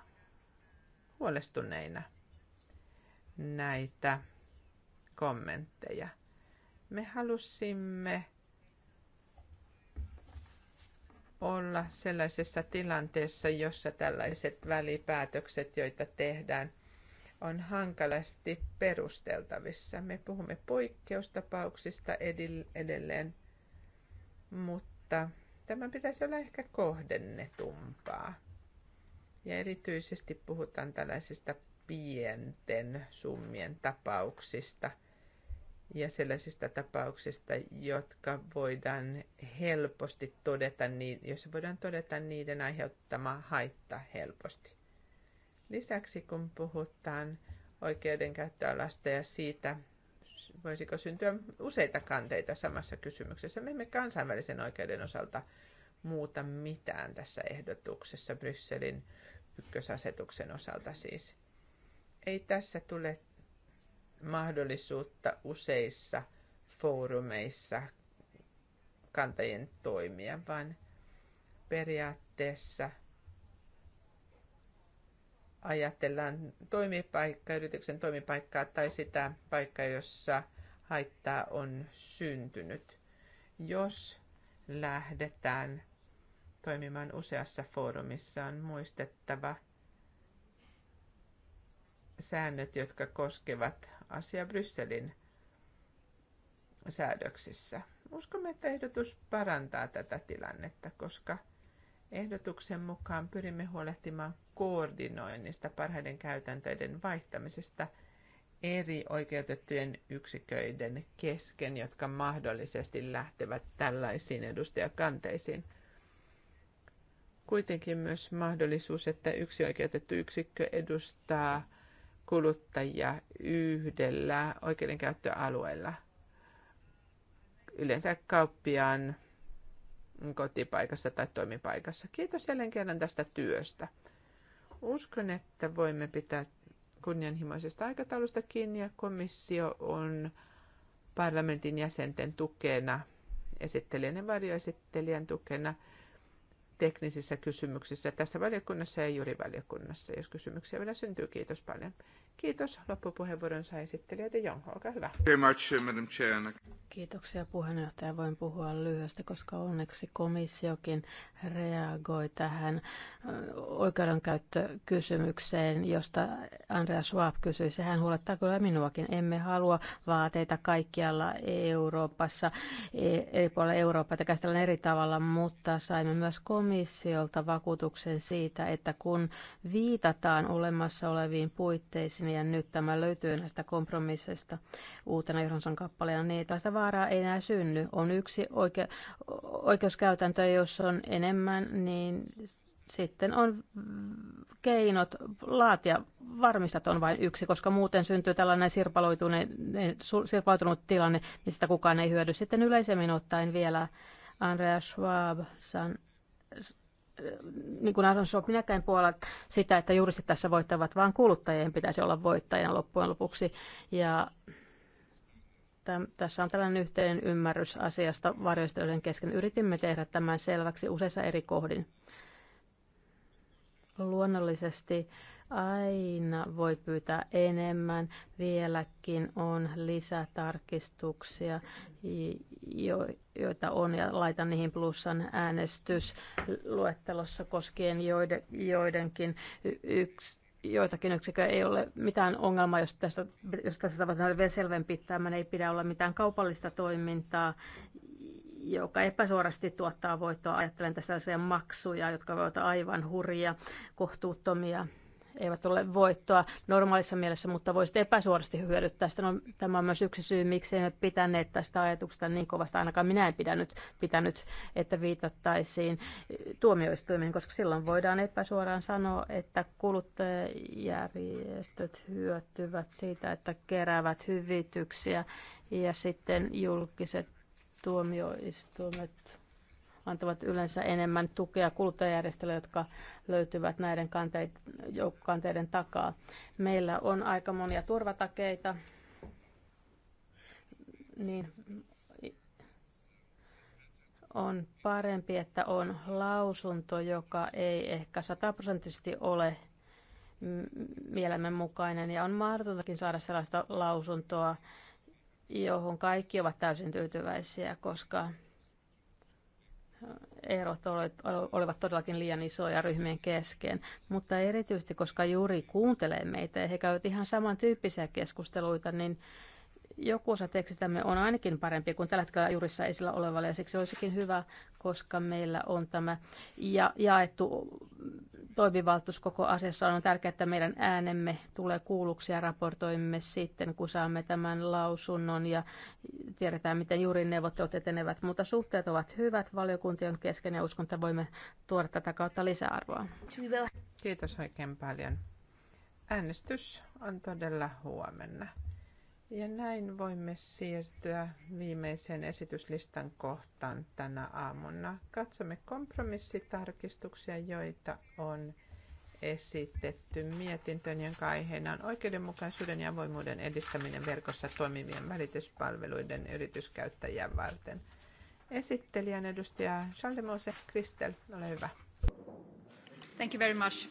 huolestuneina näitä kommentteja. Me halusimme olla sellaisessa tilanteessa, jossa tällaiset välipäätökset, joita tehdään, on hankalasti perusteltavissa. Me puhumme poikkeustapauksista edelleen, mutta tämän pitäisi olla ehkä kohdennetumpaa. Ja erityisesti puhutaan tällaisista pienten summien tapauksista ja sellaisista tapauksista, jotka voidaan helposti todeta, jos voidaan todeta niiden aiheuttama haitta helposti. Lisäksi kun puhutaan oikeudenkäyttöalasta ja siitä, voisiko syntyä useita kanteita samassa kysymyksessä, me emme kansainvälisen oikeuden osalta muuta mitään tässä ehdotuksessa Brysselin ykkösasetuksen osalta siis. Ei tässä tule mahdollisuutta useissa foorumeissa kantajien toimia, vaan periaatteessa – ajatellaan toimipaikka, yrityksen toimipaikkaa tai sitä paikkaa, jossa haittaa on syntynyt. Jos lähdetään toimimaan useassa foorumissa, on muistettava säännöt, jotka koskevat asia Brysselin säädöksissä. Uskomme, että ehdotus parantaa tätä tilannetta, koska – Ehdotuksen mukaan pyrimme huolehtimaan koordinoinnista, parhaiden käytäntöiden vaihtamisesta eri oikeutettujen yksiköiden kesken, jotka mahdollisesti lähtevät tällaisiin edustajakanteisiin. Kuitenkin myös mahdollisuus, että yksi oikeutettu yksikkö edustaa kuluttajia yhdellä oikeudenkäyttöalueella. Yleensä kauppiaan kotipaikassa tai toimipaikassa. Kiitos jälleen kerran tästä työstä. Uskon, että voimme pitää kunnianhimoisesta aikataulusta kiinni ja komissio on parlamentin jäsenten tukena, esittelijän ja varjoesittelijän tukena teknisissä kysymyksissä tässä valiokunnassa ja juurivaliokunnassa, jos kysymyksiä vielä syntyy. Kiitos paljon. Kiitos. Loppupuheenvuoron sai esittelijä De Jong. Olkaa hyvä. Uh, Kiitoksia puheenjohtaja. Voin puhua lyhyesti, koska onneksi komissiokin reagoi tähän uh, oikeudenkäyttökysymykseen, josta Andreas Schwab kysyi. Sehän huolettaa kyllä minuakin. Emme halua vaateita kaikkialla Euroopassa, e, eri puolilla Eurooppaa, että käsitellään eri tavalla, mutta saimme myös komissiolta vakuutuksen siitä, että kun viitataan olemassa oleviin puitteisiin, meidän nyt tämä löytyy näistä kompromisseista uutena Johansson kappaleena, niin tästä vaaraa ei enää synny. On yksi oike- oikeuskäytäntö, jos on enemmän, niin sitten on keinot laatia, varmistat on vain yksi, koska muuten syntyy tällainen sirpaloitunut tilanne, mistä kukaan ei hyödy. Sitten yleisemmin ottaen vielä Andreas Schwab san, niin kuin Aron Shop, minäkään puolella sitä, että juristit tässä voittavat, vaan kuluttajien pitäisi olla voittajina loppujen lopuksi. Ja tässä on tällainen yhteinen ymmärrys asiasta varjoistelujen kesken. Yritimme tehdä tämän selväksi useissa eri kohdin. Luonnollisesti aina voi pyytää enemmän. Vieläkin on lisätarkistuksia, joita on, ja laitan niihin plussan äänestysluettelossa koskien joiden, joidenkin yksi joitakin yksikö ei ole mitään ongelmaa, jos tästä, jos tästä tavoitetaan vielä selvempi. Tämän ei pidä olla mitään kaupallista toimintaa, joka epäsuorasti tuottaa voittoa. Ajattelen tässä sellaisia maksuja, jotka voivat olla aivan hurja, kohtuuttomia eivät ole voittoa normaalissa mielessä, mutta voisi epäsuorasti hyödyttää sitä. No, tämä on myös yksi syy, miksi emme pitäneet tästä ajatuksesta niin kovasta, ainakaan minä en pitänyt, pitänyt että viitattaisiin tuomioistuimiin, koska silloin voidaan epäsuoraan sanoa, että kuluttajajärjestöt hyötyvät siitä, että keräävät hyvityksiä ja sitten julkiset tuomioistuimet antavat yleensä enemmän tukea kuluttajajärjestöille, jotka löytyvät näiden joukkokanteiden takaa. Meillä on aika monia turvatakeita, niin on parempi, että on lausunto, joka ei ehkä sataprosenttisesti ole mielemme mukainen. Ja on mahdotontakin saada sellaista lausuntoa, johon kaikki ovat täysin tyytyväisiä, koska erot olivat todellakin liian isoja ryhmien kesken, mutta erityisesti koska juuri kuuntelee meitä ja he käyvät ihan samantyyppisiä keskusteluita, niin joku osa tekstitämme on ainakin parempi kuin tällä hetkellä jurissa esillä olevalla ja siksi olisikin hyvä, koska meillä on tämä ja, jaettu toimivaltuus koko asiassa. On tärkeää, että meidän äänemme tulee kuulluksi ja raportoimme sitten, kun saamme tämän lausunnon ja tiedetään, miten juuri neuvottelut etenevät. Mutta suhteet ovat hyvät valiokuntien kesken ja uskon, että voimme tuoda tätä kautta lisäarvoa. Kiitos oikein paljon. Äänestys on todella huomenna. Ja näin voimme siirtyä viimeiseen esityslistan kohtaan tänä aamuna. Katsomme kompromissitarkistuksia, joita on esitetty mietintöön, jonka aiheena on oikeudenmukaisuuden ja avoimuuden edistäminen verkossa toimivien välityspalveluiden yrityskäyttäjiä varten. Esittelijän edustaja Mose, Kristel, ole hyvä. Thank you very much,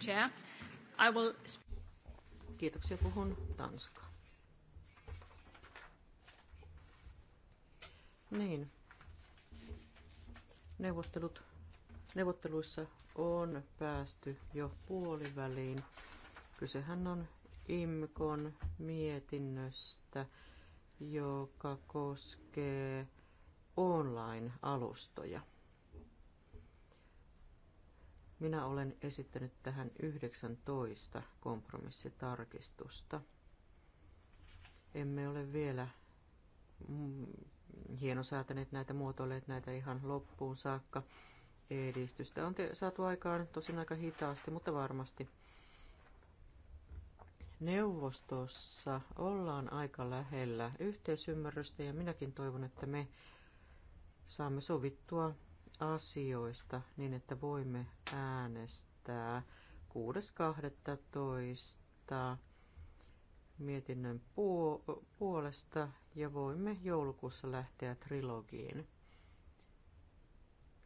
Chair. I will... Kiitoksia, puhun tanskaa. Niin. Neuvottelut, neuvotteluissa on päästy jo puoliväliin. Kysehän on IMKON mietinnöstä, joka koskee online-alustoja. Minä olen esittänyt tähän 19 kompromissitarkistusta. Emme ole vielä mm, hienosäätäneet näitä, muotoilleet näitä ihan loppuun saakka. Edistystä on saatu aikaan tosin aika hitaasti, mutta varmasti. Neuvostossa ollaan aika lähellä yhteisymmärrystä ja minäkin toivon, että me saamme sovittua asioista niin, että voimme äänestää 6.12 mietinnön puolesta ja voimme joulukuussa lähteä trilogiin.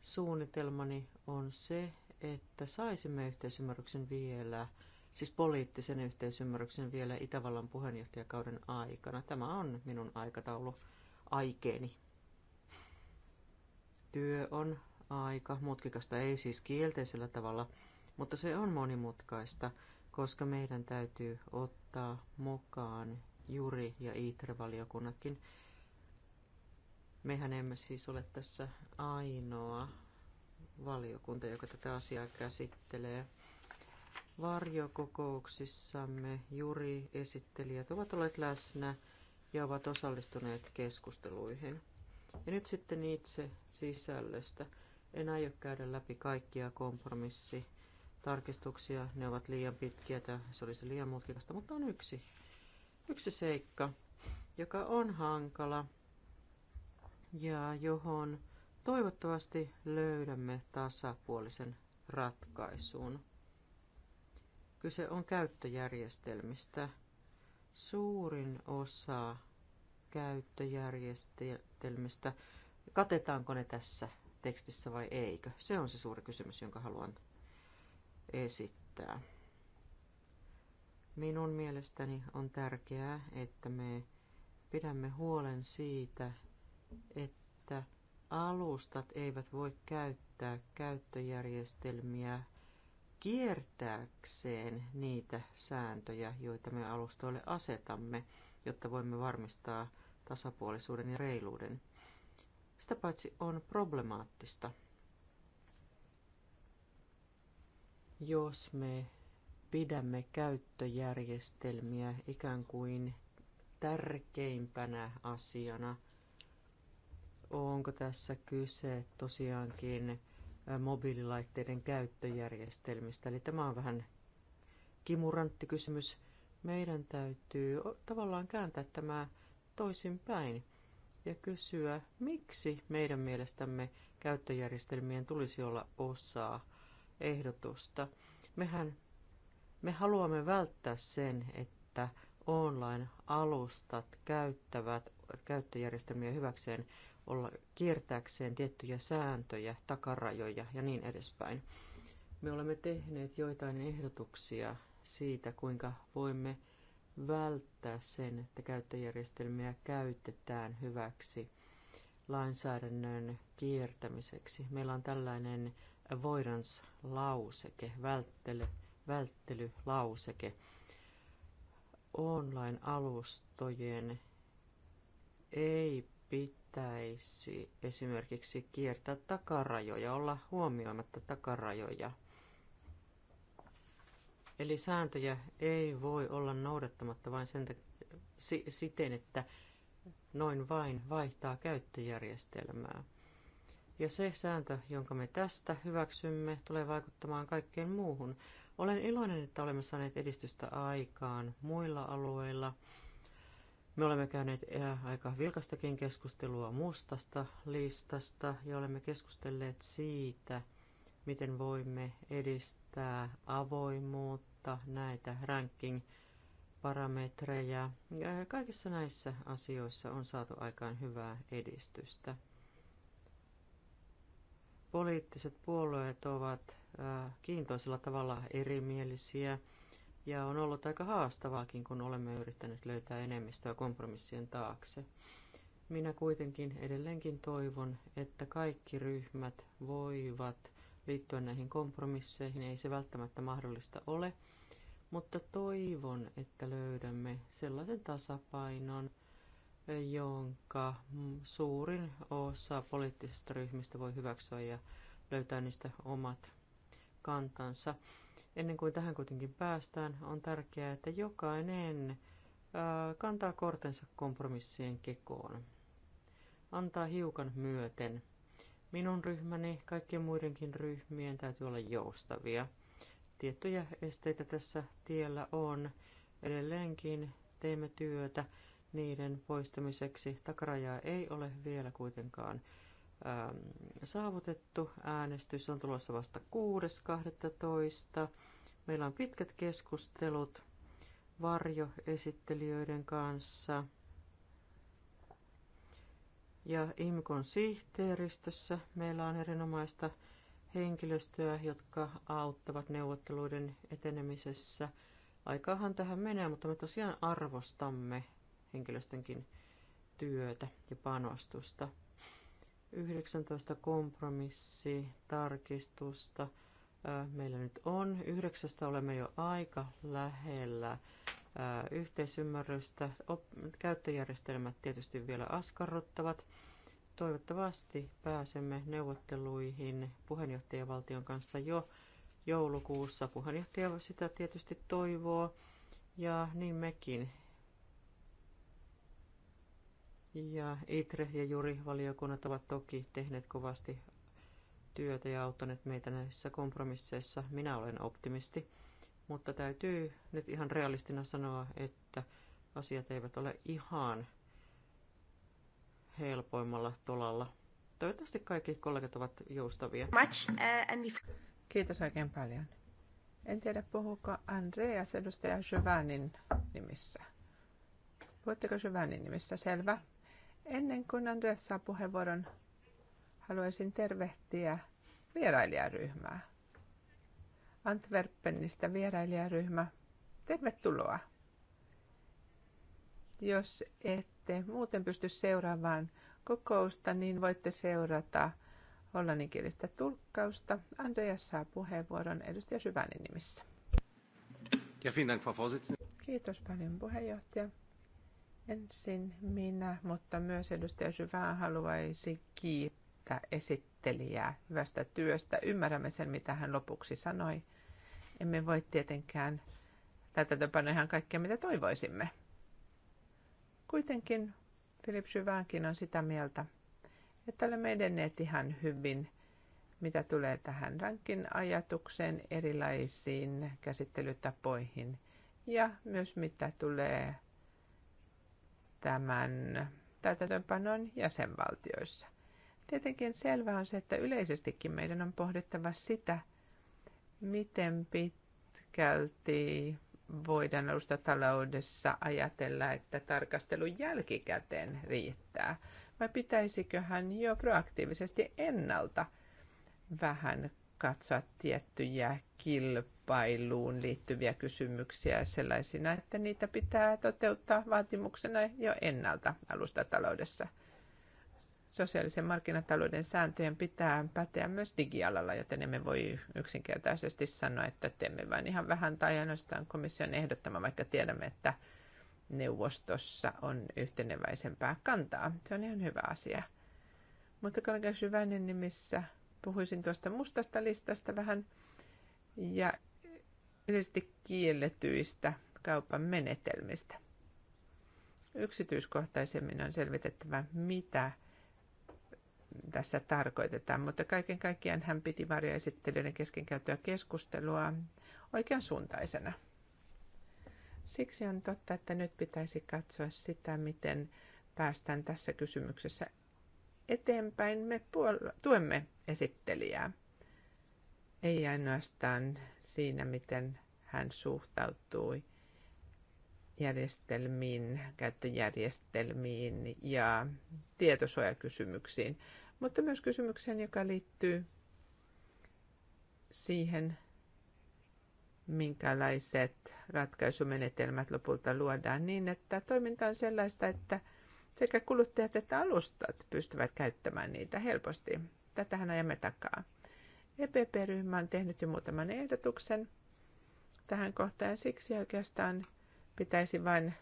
Suunnitelmani on se, että saisimme yhteisymmärryksen vielä, siis poliittisen yhteisymmärryksen vielä Itävallan puheenjohtajakauden aikana. Tämä on minun aikataulu aikeeni. Työ on aika mutkikasta, ei siis kielteisellä tavalla, mutta se on monimutkaista, koska meidän täytyy ottaa ottaa mukaan Juri ja itre Mehän emme siis ole tässä ainoa valiokunta, joka tätä asiaa käsittelee. Varjokokouksissamme Juri esittelijät ovat olleet läsnä ja ovat osallistuneet keskusteluihin. Ja nyt sitten itse sisällöstä. En aio käydä läpi kaikkia kompromissi tarkistuksia. Ne ovat liian pitkiä, tai se olisi liian mutkikasta, mutta on yksi, yksi seikka, joka on hankala ja johon toivottavasti löydämme tasapuolisen ratkaisun. Kyse on käyttöjärjestelmistä. Suurin osa käyttöjärjestelmistä, katetaanko ne tässä tekstissä vai eikö? Se on se suuri kysymys, jonka haluan esittää. Minun mielestäni on tärkeää, että me pidämme huolen siitä, että alustat eivät voi käyttää käyttöjärjestelmiä kiertääkseen niitä sääntöjä, joita me alustoille asetamme, jotta voimme varmistaa tasapuolisuuden ja reiluuden. Sitä paitsi on problemaattista – jos me pidämme käyttöjärjestelmiä ikään kuin tärkeimpänä asiana. Onko tässä kyse tosiaankin mobiililaitteiden käyttöjärjestelmistä? Eli tämä on vähän kimurantti kysymys. Meidän täytyy tavallaan kääntää tämä toisinpäin ja kysyä, miksi meidän mielestämme käyttöjärjestelmien tulisi olla osaa ehdotusta. Mehän me haluamme välttää sen, että online-alustat käyttävät käyttöjärjestelmiä hyväkseen olla kiertääkseen tiettyjä sääntöjä, takarajoja ja niin edespäin. Me olemme tehneet joitain ehdotuksia siitä, kuinka voimme välttää sen, että käyttöjärjestelmiä käytetään hyväksi lainsäädännön kiertämiseksi. Meillä on tällainen avoidance-lauseke, välttely, välttelylauseke online-alustojen ei pitäisi esimerkiksi kiertää takarajoja, olla huomioimatta takarajoja. Eli sääntöjä ei voi olla noudattamatta vain sen siten, että noin vain vaihtaa käyttöjärjestelmää. Ja se sääntö, jonka me tästä hyväksymme, tulee vaikuttamaan kaikkeen muuhun. Olen iloinen, että olemme saaneet edistystä aikaan muilla alueilla. Me olemme käyneet äh, aika vilkastakin keskustelua mustasta listasta ja olemme keskustelleet siitä, miten voimme edistää avoimuutta, näitä ranking-parametreja. Kaikissa näissä asioissa on saatu aikaan hyvää edistystä poliittiset puolueet ovat kiintoisella tavalla erimielisiä ja on ollut aika haastavaakin, kun olemme yrittäneet löytää enemmistöä kompromissien taakse. Minä kuitenkin edelleenkin toivon, että kaikki ryhmät voivat liittyä näihin kompromisseihin. Ei se välttämättä mahdollista ole, mutta toivon, että löydämme sellaisen tasapainon, jonka suurin osa poliittisista ryhmistä voi hyväksyä ja löytää niistä omat kantansa. Ennen kuin tähän kuitenkin päästään, on tärkeää, että jokainen kantaa kortensa kompromissien kekoon. Antaa hiukan myöten. Minun ryhmäni, kaikkien muidenkin ryhmien täytyy olla joustavia. Tiettyjä esteitä tässä tiellä on. Edelleenkin teemme työtä niiden poistamiseksi. Takarajaa ei ole vielä kuitenkaan äm, saavutettu. Äänestys on tulossa vasta 6.12. Meillä on pitkät keskustelut varjoesittelijöiden kanssa. Ja IMKON sihteeristössä meillä on erinomaista henkilöstöä, jotka auttavat neuvotteluiden etenemisessä. Aikaahan tähän menee, mutta me tosiaan arvostamme henkilöstönkin työtä ja panostusta. 19 tarkistusta meillä nyt on. Yhdeksästä olemme jo aika lähellä yhteisymmärrystä. Käyttöjärjestelmät tietysti vielä askarruttavat. Toivottavasti pääsemme neuvotteluihin puheenjohtajavaltion kanssa jo joulukuussa. Puheenjohtaja sitä tietysti toivoo ja niin mekin ja ITRE ja Juri-valiokunnat ovat toki tehneet kovasti työtä ja auttaneet meitä näissä kompromisseissa. Minä olen optimisti, mutta täytyy nyt ihan realistina sanoa, että asiat eivät ole ihan helpoimmalla tolalla. Toivottavasti kaikki kollegat ovat joustavia. Much, uh, and Kiitos oikein paljon. En tiedä, puhuuko Andreas edustaja Giovannin nimissä. Voitteko Giovannin nimissä? Selvä. Ennen kuin Andreas saa puheenvuoron, haluaisin tervehtiä vierailijaryhmää. Antwerpenistä vierailijaryhmä. Tervetuloa. Jos ette muuten pysty seuraavaan kokousta, niin voitte seurata hollanninkielistä tulkkausta. Andreas saa puheenvuoron edustaja Syvänin nimissä. Ja Kiitos paljon puheenjohtaja. Ensin minä, mutta myös edustaja Syvää haluaisi kiittää esittelijää hyvästä työstä. Ymmärrämme sen, mitä hän lopuksi sanoi. Emme voi tietenkään tapana ihan kaikkea, mitä toivoisimme. Kuitenkin Filip Syväänkin on sitä mieltä, että olemme edenneet ihan hyvin, mitä tulee tähän rankin ajatukseen, erilaisiin käsittelytapoihin ja myös mitä tulee tämän täytäntöönpanon jäsenvaltioissa. Tietenkin selvää on se, että yleisestikin meidän on pohdittava sitä, miten pitkälti voidaan alustataloudessa ajatella, että tarkastelun jälkikäteen riittää, vai pitäisiköhän jo proaktiivisesti ennalta vähän katsoa tiettyjä kilpailuun liittyviä kysymyksiä sellaisina, että niitä pitää toteuttaa vaatimuksena jo ennalta alustataloudessa. Sosiaalisen markkinatalouden sääntöjen pitää päteä myös digialalla, joten emme voi yksinkertaisesti sanoa, että teemme vain ihan vähän tai ainoastaan komission ehdottama, vaikka tiedämme, että neuvostossa on yhteneväisempää kantaa. Se on ihan hyvä asia. Mutta kollega Syvänen nimissä puhuisin tuosta mustasta listasta vähän ja yleisesti kielletyistä kaupan menetelmistä. Yksityiskohtaisemmin on selvitettävä, mitä tässä tarkoitetaan, mutta kaiken kaikkiaan hän piti varjoesittelyiden kesken käytyä keskustelua oikean suuntaisena. Siksi on totta, että nyt pitäisi katsoa sitä, miten päästään tässä kysymyksessä eteenpäin. Me puol- tuemme esittelijää. Ei ainoastaan siinä, miten hän suhtautui järjestelmiin, käyttöjärjestelmiin ja tietosuojakysymyksiin, mutta myös kysymykseen, joka liittyy siihen, minkälaiset ratkaisumenetelmät lopulta luodaan niin, että toiminta on sellaista, että – sekä kuluttajat että alustat pystyvät käyttämään niitä helposti. Tätähän ajamme takaa. EPP-ryhmä on tehnyt jo muutaman ehdotuksen tähän kohtaan. Siksi oikeastaan pitäisi vain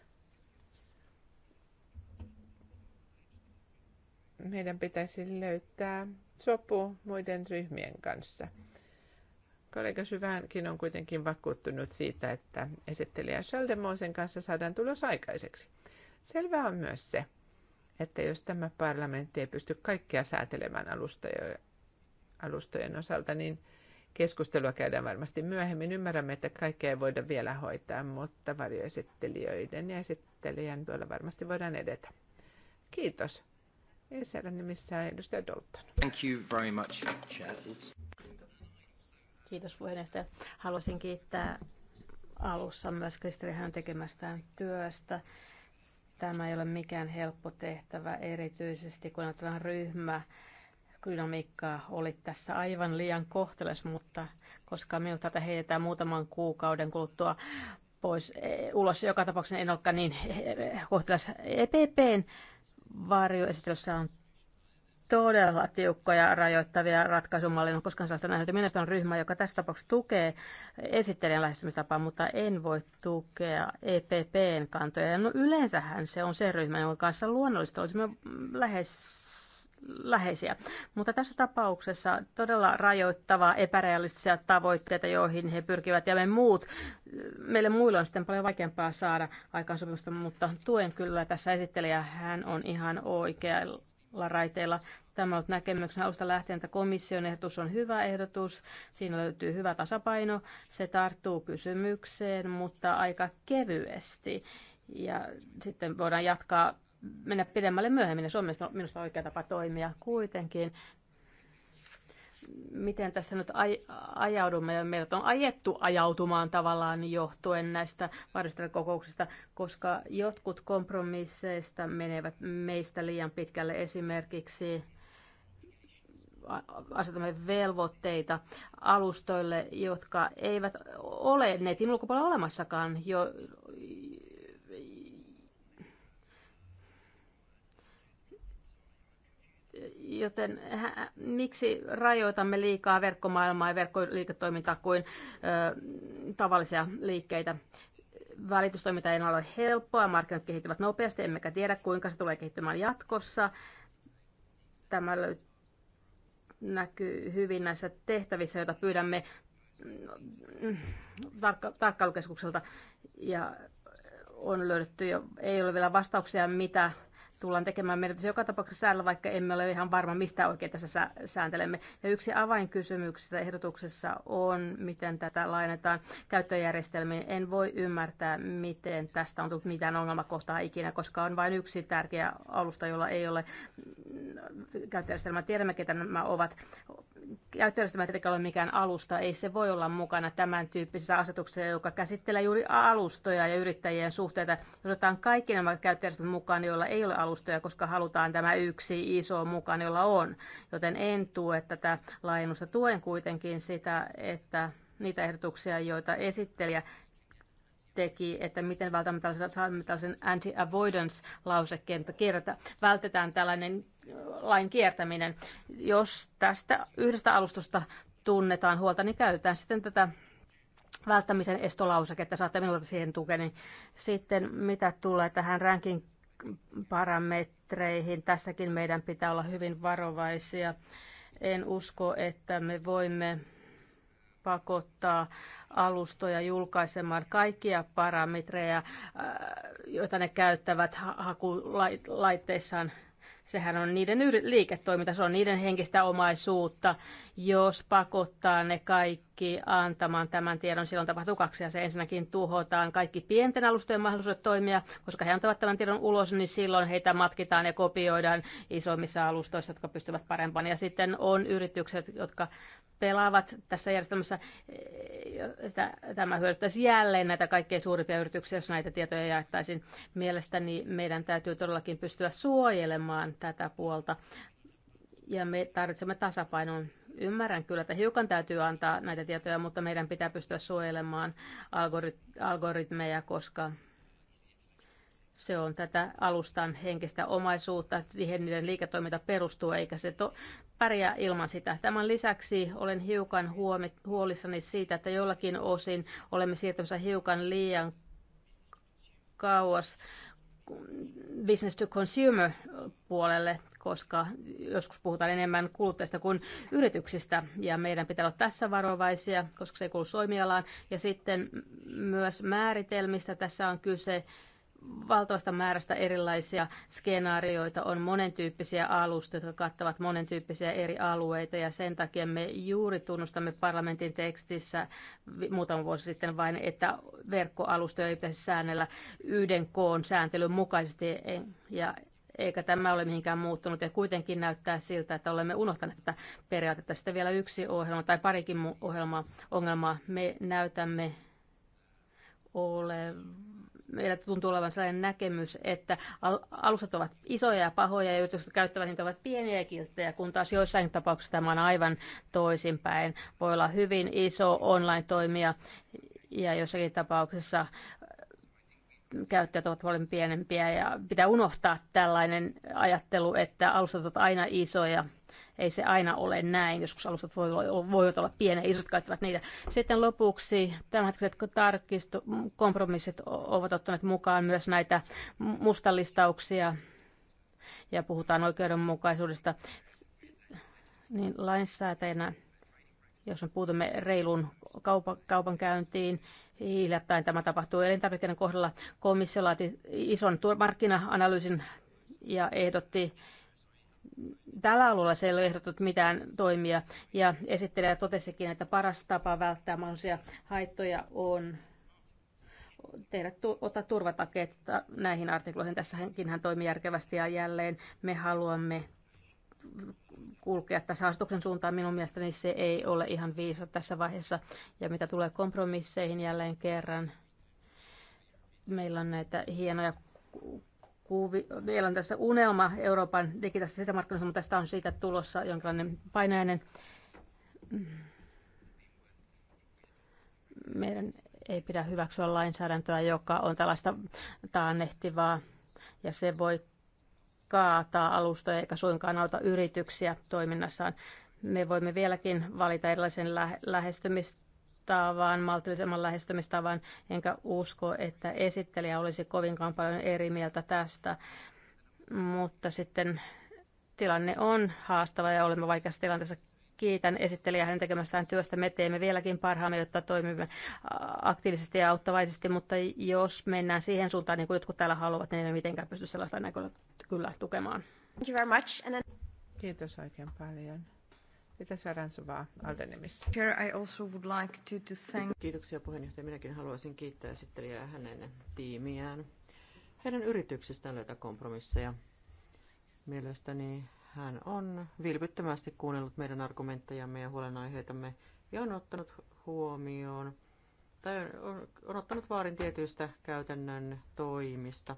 meidän pitäisi löytää sopu muiden ryhmien kanssa. Kollega Syvänkin on kuitenkin vakuuttunut siitä, että esittelijä Schaldemosen kanssa saadaan tulos aikaiseksi. Selvää on myös se, että jos tämä parlamentti ei pysty kaikkea säätelemään alustojen osalta, niin keskustelua käydään varmasti myöhemmin. Ymmärrämme, että kaikkea ei voida vielä hoitaa, mutta varjoesittelijöiden ja esittelijän tuolla varmasti voidaan edetä. Kiitos. ESR nimissä edustaja Dalton. Thank you very much, Kiitos puheenjohtaja. Haluaisin kiittää alussa myös Kristeri tekemästään työstä Tämä ei ole mikään helppo tehtävä, erityisesti kun ajatellaan ryhmä, dynamiikkaa no, oli tässä aivan liian kohteles, mutta koska minulta heitetään muutaman kuukauden kuluttua pois e, ulos, joka tapauksessa en olekaan niin kohteles. EPPn varjoesittelyssä on todella tiukkoja rajoittavia ratkaisumalleja, koska on sellaista nähnyt. Minusta on ryhmä, joka tässä tapauksessa tukee esittelijän lähestymistapaa, mutta en voi tukea EPPn kantoja. No yleensähän se on se ryhmä, jonka kanssa luonnollisesti olisimme lähes läheisiä. Mutta tässä tapauksessa todella rajoittavaa, epärealistisia tavoitteita, joihin he pyrkivät, ja me muut, meille muilla on sitten paljon vaikeampaa saada aikaan sopimusta, mutta tuen kyllä tässä esittelijä, hän on ihan oikea raiteilla. Tämä on ollut näkemyksen alusta lähtien, että komission ehdotus on hyvä ehdotus. Siinä löytyy hyvä tasapaino. Se tarttuu kysymykseen, mutta aika kevyesti. Ja sitten voidaan jatkaa mennä pidemmälle myöhemmin, se on minusta oikea tapa toimia. Kuitenkin miten tässä nyt aj- ajaudumme. Meidät on ajettu ajautumaan tavallaan johtuen näistä varustelukokouksista, koska jotkut kompromisseista menevät meistä liian pitkälle. Esimerkiksi asetamme velvoitteita alustoille, jotka eivät ole netin ulkopuolella olemassakaan, jo, Joten hä, miksi rajoitamme liikaa verkkomaailmaa ja verkkoliiketoimintaa kuin ö, tavallisia liikkeitä? Välitystoiminta ei ole helppoa, markkinat kehittyvät nopeasti, emmekä tiedä kuinka se tulee kehittymään jatkossa. Tämä näkyy hyvin näissä tehtävissä, joita pyydämme mm, tarkka- tarkkailukeskukselta. Ja on löydetty jo, ei ole vielä vastauksia, mitä tullaan tekemään. Meidän joka tapauksessa säällä, vaikka emme ole ihan varma, mistä oikein tässä sääntelemme. Ja yksi avainkysymyksistä ehdotuksessa on, miten tätä lainetaan käyttöjärjestelmiin. En voi ymmärtää, miten tästä on tullut mitään ongelmakohtaa ikinä, koska on vain yksi tärkeä alusta, jolla ei ole käyttöjärjestelmää. Tiedämme, ketä nämä ovat käyttöjärjestelmä tietenkään ole mikään alusta, ei se voi olla mukana tämän tyyppisessä asetuksessa, joka käsittelee juuri alustoja ja yrittäjien suhteita. Otetaan kaikki nämä käyttäjärjestelmät mukaan, joilla ei ole alustoja, koska halutaan tämä yksi iso mukaan, jolla on. Joten en tue tätä laajennusta. Tuen kuitenkin sitä, että niitä ehdotuksia, joita esittelijä teki, että miten välttämättä saamme tällaisen anti-avoidance-lausekkeen, että kierrätä, vältetään tällainen lain kiertäminen. Jos tästä yhdestä alustosta tunnetaan huolta, niin käytetään sitten tätä välttämisen estolauseketta. Saatte minulta siihen tukeni. Sitten mitä tulee tähän rankin parametreihin, tässäkin meidän pitää olla hyvin varovaisia. En usko, että me voimme pakottaa alustoja julkaisemaan kaikkia parametreja, äh, joita ne käyttävät hakulaitteissaan Sehän on niiden liiketoiminta, se on niiden henkistä omaisuutta, jos pakottaa ne kaikki pyrkii antamaan tämän tiedon, silloin tapahtuu kaksi asiaa. Ensinnäkin tuhotaan kaikki pienten alustojen mahdollisuudet toimia, koska he antavat tämän tiedon ulos, niin silloin heitä matkitaan ja kopioidaan isommissa alustoissa, jotka pystyvät parempaan. Ja sitten on yritykset, jotka pelaavat tässä järjestelmässä, eh, tämä hyödyttäisi jälleen näitä kaikkein suurimpia yrityksiä, jos näitä tietoja jaettaisiin. Mielestäni meidän täytyy todellakin pystyä suojelemaan tätä puolta ja me tarvitsemme tasapainon Ymmärrän kyllä, että hiukan täytyy antaa näitä tietoja, mutta meidän pitää pystyä suojelemaan algorit- algoritmeja, koska se on tätä alustan henkistä omaisuutta, siihen niiden liiketoiminta perustuu, eikä se to- pärjää ilman sitä. Tämän lisäksi olen hiukan huomi- huolissani siitä, että jollakin osin olemme siirtymässä hiukan liian kauas business to consumer puolelle, koska joskus puhutaan enemmän kuluttajista kuin yrityksistä ja meidän pitää olla tässä varovaisia, koska se ei kuulu soimialaan. Ja sitten myös määritelmistä tässä on kyse valtoista määrästä erilaisia skenaarioita, on monentyyppisiä alustoja, jotka kattavat monentyyppisiä eri alueita ja sen takia me juuri tunnustamme parlamentin tekstissä muutama vuosi sitten vain, että verkkoalustoja ei pitäisi säännellä yhden koon sääntelyn mukaisesti ja eikä tämä ole mihinkään muuttunut ja kuitenkin näyttää siltä, että olemme unohtaneet tätä periaatetta. Sitten vielä yksi ohjelma tai parikin ohjelma ongelmaa. Me näytämme olevan meillä tuntuu olevan sellainen näkemys, että alustat ovat isoja ja pahoja ja yritykset käyttävät niitä ovat pieniä ja kilttejä, kun taas joissain tapauksissa tämä on aivan toisinpäin. Voi olla hyvin iso online-toimija ja jossakin tapauksessa äh, käyttäjät ovat paljon pienempiä ja pitää unohtaa tällainen ajattelu, että alustat ovat aina isoja ei se aina ole näin. Joskus alustat voivat olla pieniä, isot käyttävät niitä. Sitten lopuksi tämänhetkiset tarkistu, kompromissit ovat ottaneet mukaan myös näitä mustalistauksia ja puhutaan oikeudenmukaisuudesta. Niin lainsäätäjänä, jos me puutumme reilun kaupan, kaupankäyntiin, hiljattain tämä tapahtuu elintarvikkeiden kohdalla, komissio laati ison markkina-analyysin ja ehdotti tällä alueella se ei ole ehdotettu mitään toimia. Ja esittelijä totesikin, että paras tapa välttää mahdollisia haittoja on tehdä, ottaa turvatakeet näihin artikloihin. Tässäkin hän toimii järkevästi ja jälleen me haluamme kulkea tässä astuksen suuntaan. Minun mielestäni se ei ole ihan viisa tässä vaiheessa. Ja mitä tulee kompromisseihin jälleen kerran, meillä on näitä hienoja kuvi, meillä on tässä unelma Euroopan digitaalisesta sisämarkkinoista, mutta tästä on siitä tulossa jonkinlainen painainen. Meidän ei pidä hyväksyä lainsäädäntöä, joka on tällaista taannehtivaa ja se voi kaataa alustoja eikä suinkaan auta yrityksiä toiminnassaan. Me voimme vieläkin valita erilaisen lähestymistä tavan, maltillisemman lähestymistavan, enkä usko, että esittelijä olisi kovinkaan paljon eri mieltä tästä. Mutta sitten tilanne on haastava ja olemme vaikeassa tilanteessa. Kiitän esittelijää hänen tekemästään työstä. Me teemme vieläkin parhaamme, jotta toimimme aktiivisesti ja auttavaisesti, mutta jos mennään siihen suuntaan, niin kuin jotkut täällä haluavat, niin emme mitenkään pysty sellaista näköllä kyllä tukemaan. Thank you very much. And then... Kiitos oikein paljon. Pitäisi Ransovaa Alden nimissä. Chair, I also would like to, to thank... Kiitoksia puheenjohtaja. Minäkin haluaisin kiittää esittelijää ja hänen tiimiään. Heidän yrityksistään löytää kompromisseja. Mielestäni hän on vilpittömästi kuunnellut meidän argumenttejamme ja huolenaiheitamme ja on ottanut huomioon tai on, on ottanut vaarin tietyistä käytännön toimista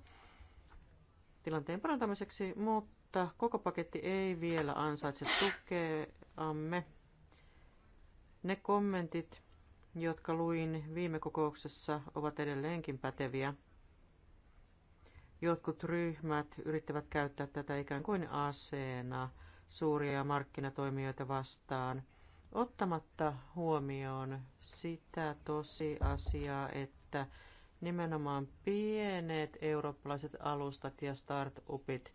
tilanteen parantamiseksi, mutta koko paketti ei vielä ansaitse tukea, amme. Ne kommentit, jotka luin viime kokouksessa, ovat edelleenkin päteviä. Jotkut ryhmät yrittävät käyttää tätä ikään kuin aseena suuria markkinatoimijoita vastaan, ottamatta huomioon sitä tosiasiaa, että nimenomaan pienet eurooppalaiset alustat ja startupit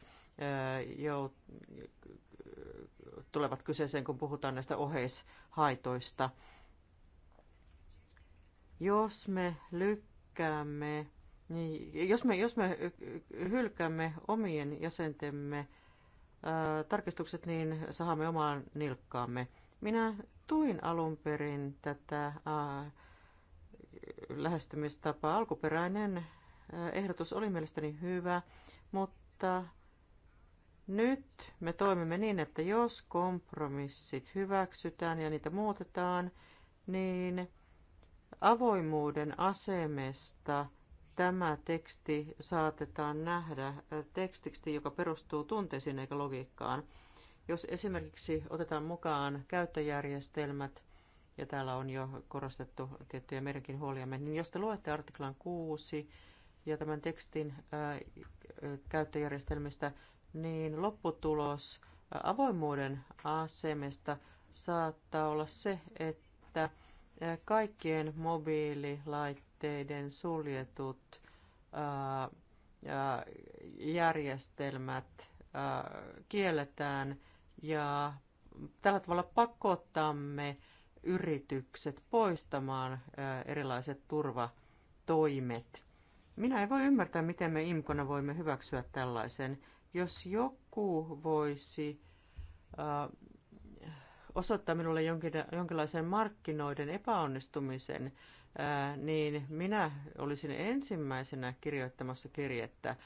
tulevat kyseeseen, kun puhutaan näistä oheishaitoista. Jos me lykkäämme, niin jos me, jos me hylkäämme omien jäsentemme ää, tarkistukset, niin saamme omaan nilkkaamme. Minä tuin alun perin tätä ää, lähestymistapaa. Alkuperäinen ehdotus oli mielestäni hyvä, mutta nyt me toimimme niin, että jos kompromissit hyväksytään ja niitä muutetaan, niin avoimuuden asemesta tämä teksti saatetaan nähdä tekstiksi, joka perustuu tunteisiin eikä logiikkaan. Jos esimerkiksi otetaan mukaan käyttöjärjestelmät, ja täällä on jo korostettu tiettyjä meidänkin huoliamme, niin jos te luette artiklan 6 ja tämän tekstin ää, käyttöjärjestelmistä, niin lopputulos avoimuuden asemesta saattaa olla se, että kaikkien mobiililaitteiden suljetut järjestelmät kielletään ja tällä tavalla pakottamme yritykset poistamaan erilaiset turvatoimet. Minä en voi ymmärtää, miten me IMKONA voimme hyväksyä tällaisen. Jos joku voisi äh, osoittaa minulle jonkin, jonkinlaisen markkinoiden epäonnistumisen, äh, niin minä olisin ensimmäisenä kirjoittamassa kirjettä äh,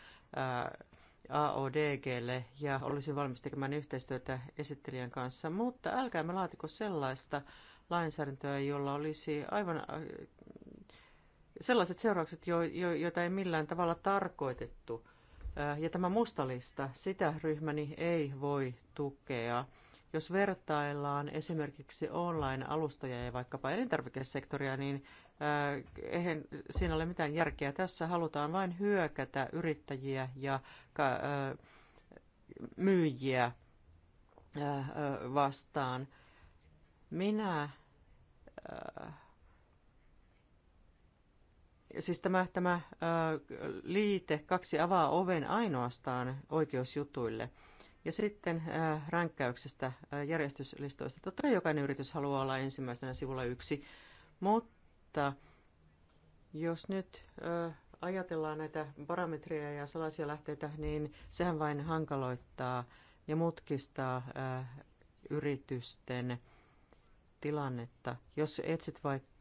AODGlle ja olisin valmis tekemään yhteistyötä esittelijän kanssa, mutta me laatiko sellaista lainsäädäntöä, jolla olisi aivan sellaiset seuraukset, joita ei millään tavalla tarkoitettu Äh, ja tämä mustalista, sitä ryhmäni ei voi tukea. Jos vertaillaan esimerkiksi online-alustoja ja vaikkapa elintarvikesektoria, niin äh, eihän siinä ole mitään järkeä. Tässä halutaan vain hyökätä yrittäjiä ja äh, myyjiä vastaan. Minä Siis tämä, tämä liite kaksi avaa oven ainoastaan oikeusjutuille. Ja sitten ränkkäyksestä järjestyslistoista. Totta kai jokainen yritys haluaa olla ensimmäisenä sivulla yksi, mutta jos nyt ajatellaan näitä parametreja ja salaisia lähteitä, niin sehän vain hankaloittaa ja mutkistaa yritysten tilannetta. Jos etsit vaikka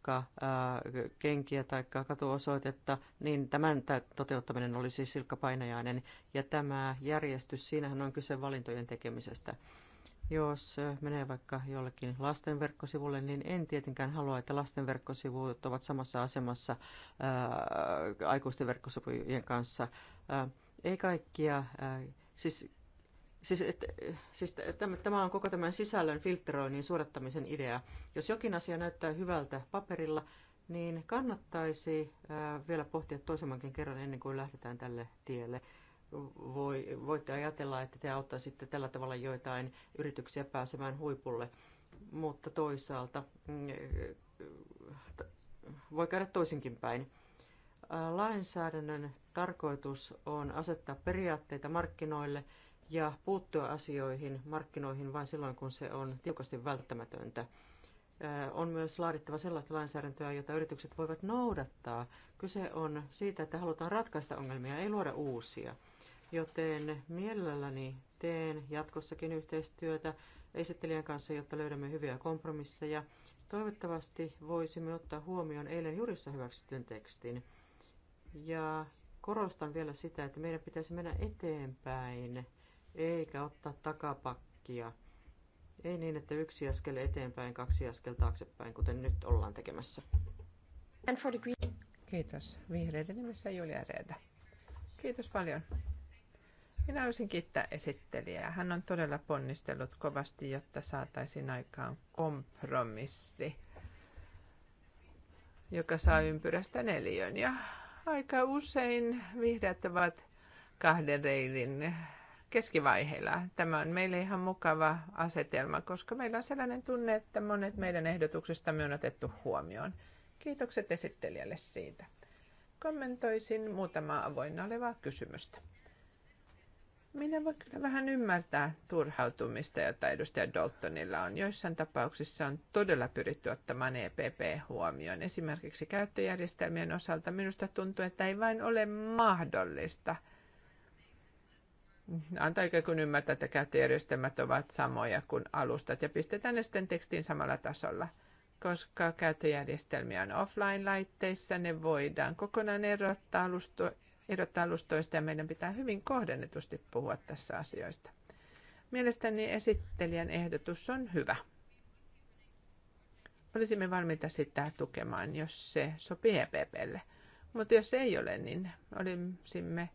kenkiä tai katuosoitetta, niin tämän toteuttaminen olisi siis silkkapainajainen. Ja tämä järjestys, siinähän on kyse valintojen tekemisestä. Jos menee vaikka jollekin lasten verkkosivulle, niin en tietenkään halua, että lasten verkkosivut ovat samassa asemassa ää, aikuisten verkkosivujen kanssa. Ää, ei kaikkia, ää, siis Siis, et, siis tämä on koko tämän sisällön filtteroinnin suodattamisen idea. Jos jokin asia näyttää hyvältä paperilla, niin kannattaisi äh, vielä pohtia toisemmankin kerran ennen kuin lähdetään tälle tielle. Voi, voitte ajatella, että te auttaisitte tällä tavalla joitain yrityksiä pääsemään huipulle, mutta toisaalta mm, voi käydä toisinkin päin. Lainsäädännön tarkoitus on asettaa periaatteita markkinoille – ja puuttua asioihin, markkinoihin vain silloin, kun se on tiukasti välttämätöntä. On myös laadittava sellaista lainsäädäntöä, jota yritykset voivat noudattaa. Kyse on siitä, että halutaan ratkaista ongelmia, ei luoda uusia. Joten mielelläni teen jatkossakin yhteistyötä esittelijän kanssa, jotta löydämme hyviä kompromisseja. Toivottavasti voisimme ottaa huomioon eilen jurissa hyväksytyn tekstin. Ja korostan vielä sitä, että meidän pitäisi mennä eteenpäin eikä ottaa takapakkia. Ei niin, että yksi askel eteenpäin, kaksi askel taaksepäin, kuten nyt ollaan tekemässä. Kiitos. Vihreiden nimessä Julia Reda. Kiitos paljon. Minä haluaisin kiittää esittelijää. Hän on todella ponnistellut kovasti, jotta saataisiin aikaan kompromissi, joka saa ympyrästä neljön. Ja aika usein vihreät ovat kahden reilin keskivaiheilla. Tämä on meille ihan mukava asetelma, koska meillä on sellainen tunne, että monet meidän ehdotuksistamme on otettu huomioon. Kiitokset esittelijälle siitä. Kommentoisin muutamaa avoinna olevaa kysymystä. Minä voin kyllä vähän ymmärtää turhautumista, jota edustaja Daltonilla on. Joissain tapauksissa on todella pyritty ottamaan EPP huomioon. Esimerkiksi käyttöjärjestelmien osalta minusta tuntuu, että ei vain ole mahdollista – antaiko kun ymmärtää, että käyttöjärjestelmät ovat samoja kuin alustat ja pistetään ne sitten tekstiin samalla tasolla. Koska käyttöjärjestelmiä on offline-laitteissa, ne voidaan kokonaan erottaa, alusto, erottaa alustoista ja meidän pitää hyvin kohdennetusti puhua tässä asioista. Mielestäni esittelijän ehdotus on hyvä. Olisimme valmiita sitä tukemaan, jos se sopii EPPlle. Mutta jos ei ole, niin olisimme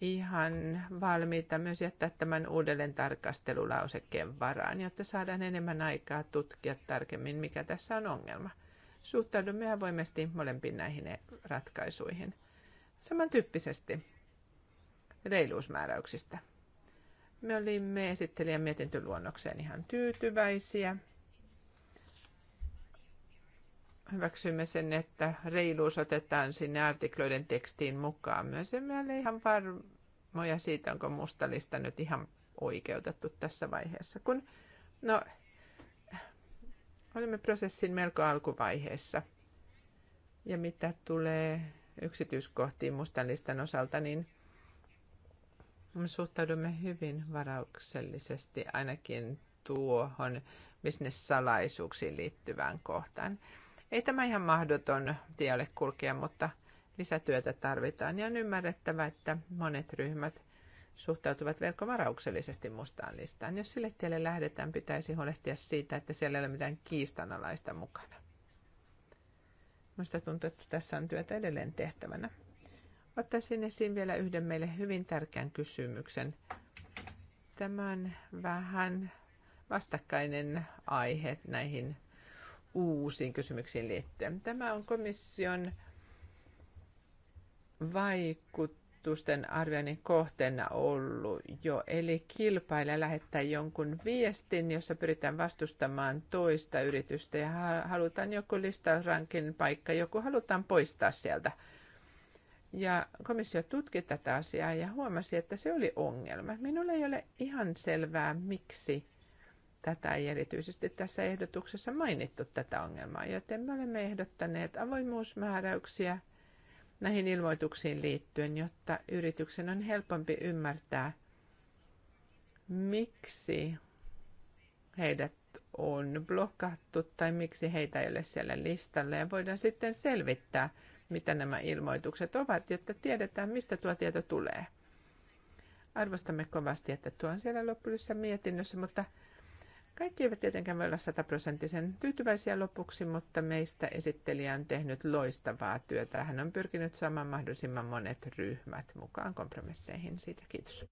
ihan valmiita myös jättää tämän uudelleen tarkastelulausekkeen varaan, jotta saadaan enemmän aikaa tutkia tarkemmin, mikä tässä on ongelma. Suhtaudumme avoimesti molempiin näihin ratkaisuihin. Samantyyppisesti reiluusmääräyksistä. Me olimme esittelijän mietintöluonnokseen ihan tyytyväisiä hyväksymme sen, että reiluus otetaan sinne artikloiden tekstiin mukaan myös. Emme ole ihan varmoja siitä, onko mustalista nyt ihan oikeutettu tässä vaiheessa. Kun, no, olemme prosessin melko alkuvaiheessa. Ja mitä tulee yksityiskohtiin mustan osalta, niin suhtaudumme hyvin varauksellisesti ainakin tuohon bisnessalaisuuksiin liittyvään kohtaan. Ei tämä ihan mahdoton tielle kulkea, mutta lisätyötä tarvitaan ja on ymmärrettävä, että monet ryhmät suhtautuvat varauksellisesti mustaan listaan. Jos sille tielle lähdetään, pitäisi huolehtia siitä, että siellä ei ole mitään kiistanalaista mukana. Minusta tuntuu, että tässä on työtä edelleen tehtävänä. Ottaisin esiin vielä yhden meille hyvin tärkeän kysymyksen. Tämä on vähän vastakkainen aihe näihin uusiin kysymyksiin liittyen. Tämä on komission vaikutusten arvioinnin kohteena ollut jo, eli kilpailija lähettää jonkun viestin, jossa pyritään vastustamaan toista yritystä ja halutaan joku listausrankin paikka, joku halutaan poistaa sieltä. Ja komissio tutki tätä asiaa ja huomasi, että se oli ongelma. Minulle ei ole ihan selvää, miksi Tätä ei erityisesti tässä ehdotuksessa mainittu tätä ongelmaa, joten me olemme ehdottaneet avoimuusmääräyksiä näihin ilmoituksiin liittyen, jotta yrityksen on helpompi ymmärtää, miksi heidät on blokattu tai miksi heitä ei ole siellä listalla ja voidaan sitten selvittää, mitä nämä ilmoitukset ovat, jotta tiedetään, mistä tuo tieto tulee. Arvostamme kovasti, että tuo on siellä lopullisessa mietinnössä, mutta – kaikki eivät tietenkään voi olla sataprosenttisen tyytyväisiä lopuksi, mutta meistä esittelijä on tehnyt loistavaa työtä. Hän on pyrkinyt saamaan mahdollisimman monet ryhmät mukaan kompromisseihin. Siitä kiitos.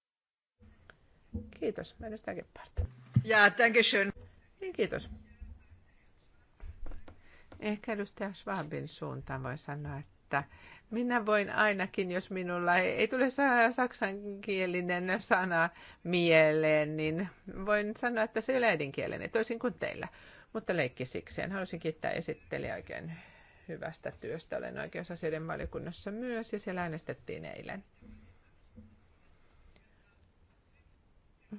Kiitos, edustaja Gebhardt. Ja, danke schön. Niin, kiitos. Ehkä edustaja Schwabin suuntaan voi sanoa, että että minä voin ainakin, jos minulla ei, ei tule saksankielinen sana mieleen, niin voin sanoa, että se ei ole äidinkieleni, toisin kuin teillä. Mutta leikki sikseen. Haluaisin kiittää esittelijä oikein hyvästä työstä. Olen oikeusasioiden valiokunnassa myös ja siellä äänestettiin eilen.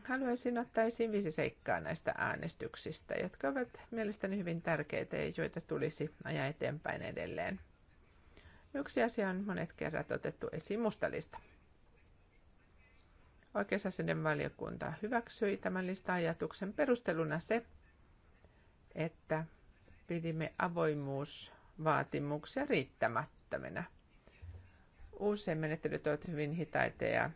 Haluaisin ottaa esiin viisi seikkaa näistä äänestyksistä, jotka ovat mielestäni hyvin tärkeitä ja joita tulisi ajaa eteenpäin edelleen. Yksi asia on monet kerrat otettu esiin mustalista. Oikeusasioiden valiokunta hyväksyi tämän lista-ajatuksen perusteluna se, että pidimme avoimuusvaatimuksia riittämättömänä. Usein menettelyt ovat hyvin hitaita ja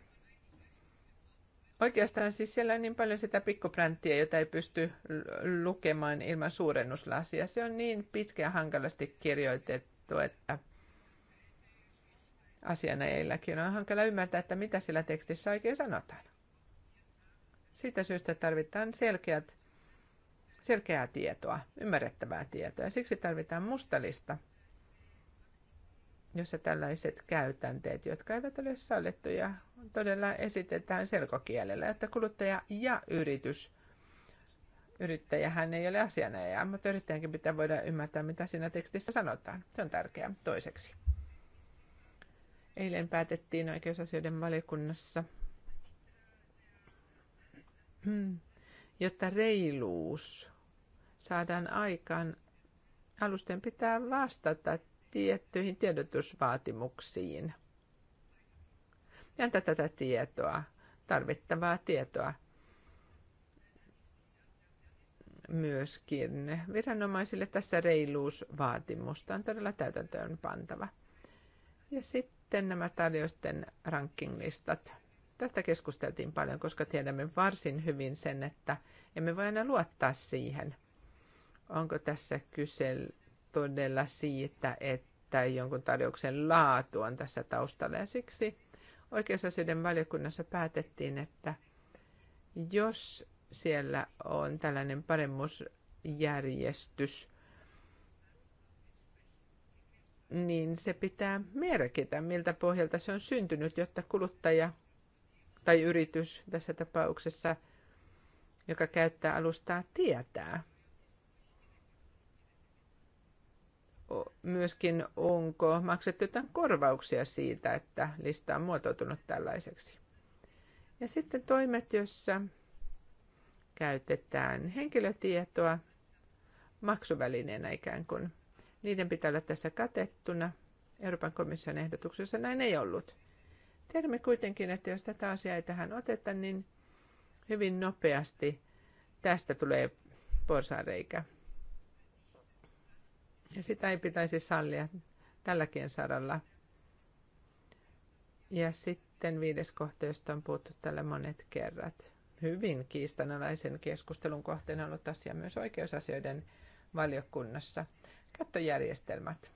oikeastaan siis siellä on niin paljon sitä pikkupränttiä, jota ei pysty lukemaan ilman suurennuslasia. Se on niin pitkä ja hankalasti kirjoitettu, että asianajajillakin on hankala ymmärtää, että mitä sillä tekstissä oikein sanotaan. Siitä syystä tarvitaan selkeät, selkeää tietoa, ymmärrettävää tietoa. Siksi tarvitaan mustalista, jossa tällaiset käytänteet, jotka eivät ole sallittuja, todella esitetään selkokielellä, että kuluttaja ja yritys – yrittäjähän ei ole asianajaja, mutta yrittäjänkin pitää voida ymmärtää, mitä siinä tekstissä sanotaan. Se on tärkeää toiseksi. Eilen päätettiin oikeusasioiden valiokunnassa, jotta reiluus saadaan aikaan, alusten pitää vastata tiettyihin tiedotusvaatimuksiin ja antaa tätä tietoa, tarvittavaa tietoa myöskin viranomaisille. Tässä reiluusvaatimusta on todella täytäntöön pantava. Ja sitten nämä tarjousten rankinglistat. Tästä keskusteltiin paljon, koska tiedämme varsin hyvin sen, että emme voi aina luottaa siihen. Onko tässä kyse todella siitä, että jonkun tarjouksen laatu on tässä taustalla. Ja siksi oikeusasioiden valiokunnassa päätettiin, että jos siellä on tällainen paremmuusjärjestys, niin se pitää merkitä, miltä pohjalta se on syntynyt, jotta kuluttaja tai yritys tässä tapauksessa, joka käyttää alustaa, tietää myöskin, onko maksettu jotain korvauksia siitä, että lista on muotoutunut tällaiseksi. Ja sitten toimet, joissa käytetään henkilötietoa maksuvälineenä ikään kuin – niiden pitää olla tässä katettuna. Euroopan komission ehdotuksessa näin ei ollut. Tiedämme kuitenkin, että jos tätä asiaa ei tähän oteta, niin hyvin nopeasti tästä tulee porsareikä. Ja sitä ei pitäisi sallia tälläkin saralla. Ja sitten viides kohta, josta on puhuttu tällä monet kerrat. Hyvin kiistanalaisen keskustelun kohteena ollut asia myös oikeusasioiden valiokunnassa kattojärjestelmät.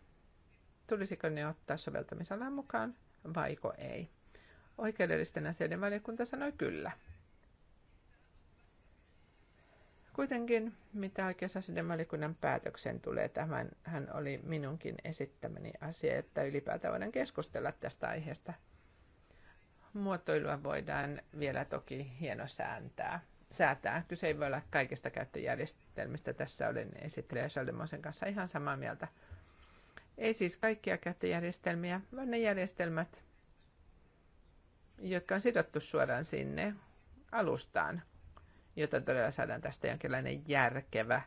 Tulisiko ne ottaa soveltamisalan mukaan vaiko ei? Oikeudellisten asioiden valiokunta sanoi kyllä. Kuitenkin, mitä oikeusasioiden valiokunnan päätökseen tulee, tämän hän oli minunkin esittämäni asia, että ylipäätään voidaan keskustella tästä aiheesta. Muotoilua voidaan vielä toki hieno sääntää säätää. Kyse ei voi olla kaikista käyttöjärjestelmistä. Tässä olen esittelijä Schaldemosen kanssa ihan samaa mieltä. Ei siis kaikkia käyttöjärjestelmiä, vaan ne järjestelmät, jotka on sidottu suoraan sinne alustaan, jota todella saadaan tästä jonkinlainen järkevä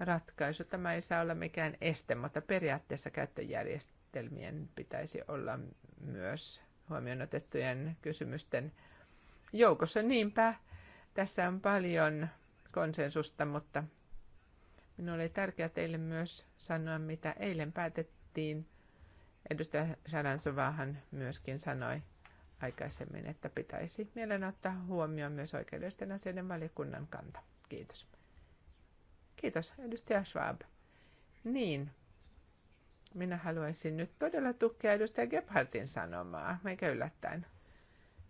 ratkaisu. Tämä ei saa olla mikään este, mutta periaatteessa käyttöjärjestelmien pitäisi olla myös huomioon otettujen kysymysten joukossa. Niinpä tässä on paljon konsensusta, mutta minulle oli tärkeää teille myös sanoa, mitä eilen päätettiin. Edustaja Saransovahan myöskin sanoi aikaisemmin, että pitäisi mielen ottaa huomioon myös oikeudellisten asioiden valiokunnan kanta. Kiitos. Kiitos, edustaja Schwab. Niin, minä haluaisin nyt todella tukea edustaja Gebhardin sanomaa, meikä yllättäen.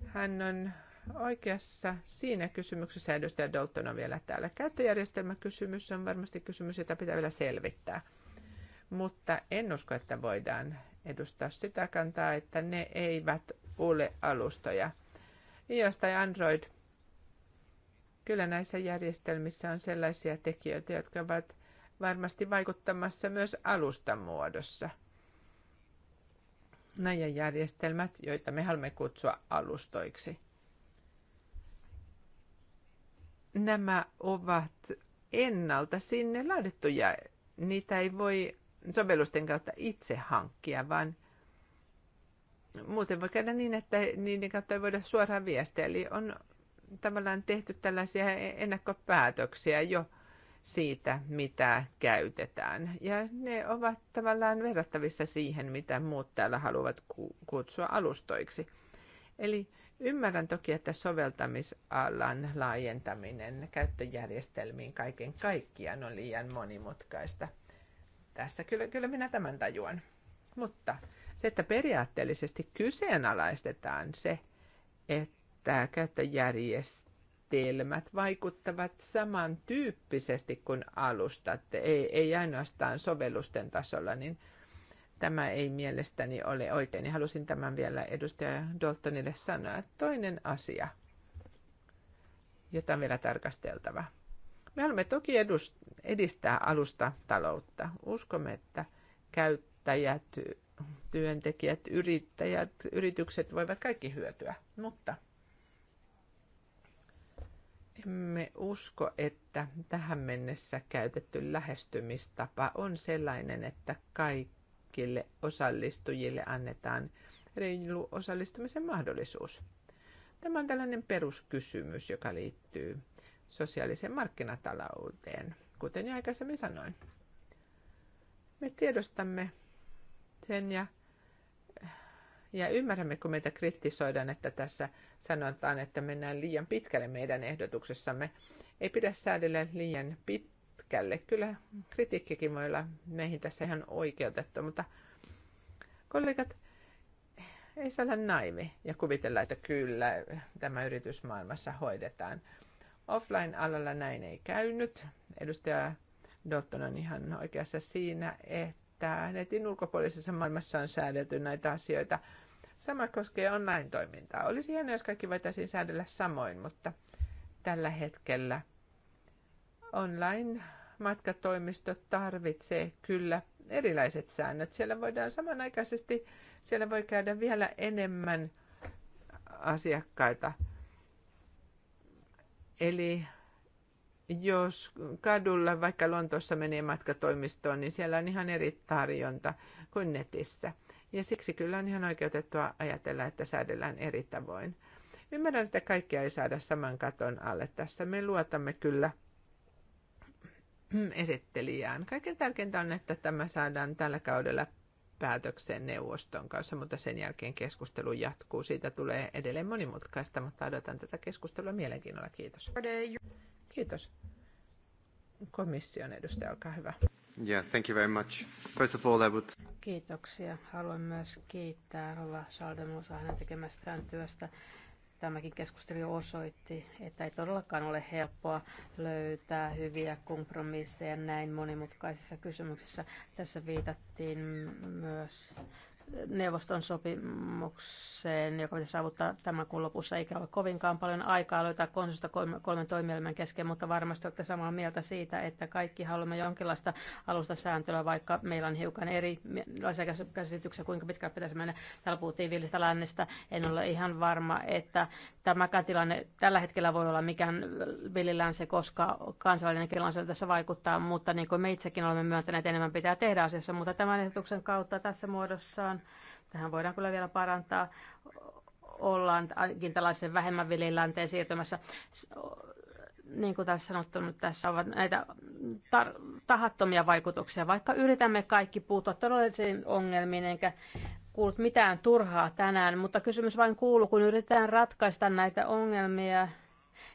Hän on oikeassa siinä kysymyksessä edustaja Dalton on vielä täällä. Käyttöjärjestelmäkysymys on varmasti kysymys, jota pitää vielä selvittää. Mutta en usko, että voidaan edustaa sitä kantaa, että ne eivät ole alustoja. iOS tai Android, kyllä näissä järjestelmissä on sellaisia tekijöitä, jotka ovat varmasti vaikuttamassa myös alustan muodossa näin järjestelmät, joita me haluamme kutsua alustoiksi nämä ovat ennalta sinne laadittuja. Niitä ei voi sovellusten kautta itse hankkia, vaan muuten voi käydä niin, että niiden kautta ei voida suoraan viestiä. Eli on tavallaan tehty tällaisia ennakkopäätöksiä jo siitä, mitä käytetään. Ja ne ovat tavallaan verrattavissa siihen, mitä muut täällä haluavat kutsua alustoiksi. Eli Ymmärrän toki, että soveltamisalan laajentaminen käyttöjärjestelmiin kaiken kaikkiaan on liian monimutkaista. Tässä kyllä, kyllä minä tämän tajuan. Mutta se, että periaatteellisesti kyseenalaistetaan se, että käyttöjärjestelmät vaikuttavat samantyyppisesti kuin alustat, ei, ei ainoastaan sovellusten tasolla, niin – Tämä ei mielestäni ole oikein, Ja halusin tämän vielä edustaja Daltonille sanoa. Toinen asia, jota on vielä tarkasteltava. Me haluamme toki edust- edistää alustataloutta. Uskomme, että käyttäjät, työntekijät, yrittäjät, yritykset voivat kaikki hyötyä, mutta emme usko, että tähän mennessä käytetty lähestymistapa on sellainen, että kaikki kaikille osallistujille annetaan reilu osallistumisen mahdollisuus. Tämä on tällainen peruskysymys, joka liittyy sosiaaliseen markkinatalouteen, kuten jo aikaisemmin sanoin. Me tiedostamme sen ja, ja ymmärrämme, kun meitä kritisoidaan, että tässä sanotaan, että mennään liian pitkälle meidän ehdotuksessamme. Ei pidä säädellä liian pitkälle pitkälle. Kyllä kritiikkikin voi olla meihin tässä ihan oikeutettu, mutta kollegat, ei saa olla ja kuvitella, että kyllä tämä yritysmaailmassa hoidetaan. Offline-alalla näin ei käynyt. Edustaja Dotton on ihan oikeassa siinä, että netin ulkopuolisessa maailmassa on säädelty näitä asioita. Sama koskee online-toimintaa. Olisi hienoa, jos kaikki voitaisiin säädellä samoin, mutta tällä hetkellä online matkatoimistot tarvitsee kyllä erilaiset säännöt. Siellä voidaan samanaikaisesti, siellä voi käydä vielä enemmän asiakkaita. Eli jos kadulla vaikka Lontoossa menee matkatoimistoon, niin siellä on ihan eri tarjonta kuin netissä. Ja siksi kyllä on ihan oikeutettua ajatella, että säädellään eri tavoin. Ymmärrän, että kaikkia ei saada saman katon alle tässä. Me luotamme kyllä esittelijään. Kaiken tärkeintä on, että tämä saadaan tällä kaudella päätökseen neuvoston kanssa, mutta sen jälkeen keskustelu jatkuu. Siitä tulee edelleen monimutkaista, mutta odotan tätä keskustelua mielenkiinnolla. Kiitos. Kiitos. Komission edustaja, olkaa hyvä. Yeah, thank you very much. First of all, I would... Kiitoksia. Haluan myös kiittää Rova Saldemusa hänen tekemästään työstä. Tämäkin keskustelu osoitti, että ei todellakaan ole helppoa löytää hyviä kompromisseja näin monimutkaisissa kysymyksissä. Tässä viitattiin myös neuvoston sopimukseen, joka pitäisi saavuttaa tämän kuun lopussa, eikä ole kovinkaan paljon aikaa löytää konsensusta kolmen toimielimen kesken, mutta varmasti olette samaa mieltä siitä, että kaikki haluamme jonkinlaista alustasääntelyä, vaikka meillä on hiukan erilaisia käsityksiä, kuinka pitkään pitäisi mennä. Täällä puhuttiin villistä lännestä. En ole ihan varma, että tämäkään tilanne tällä hetkellä voi olla mikään se, koska kansallinen tilanne tässä vaikuttaa, mutta niin kuin me itsekin olemme myöntäneet, enemmän pitää tehdä asiassa, mutta tämän ehdotuksen kautta tässä muodossaan suuntaan. Tähän voidaan kyllä vielä parantaa. Ollaan ainakin tällaisen vähemmän viljelänteen siirtymässä. Niin kuin tässä sanottu, nyt tässä on näitä tahattomia vaikutuksia. Vaikka yritämme kaikki puuttua todellisiin ongelmiin, enkä kuullut mitään turhaa tänään, mutta kysymys vain kuuluu, kun yritetään ratkaista näitä ongelmia,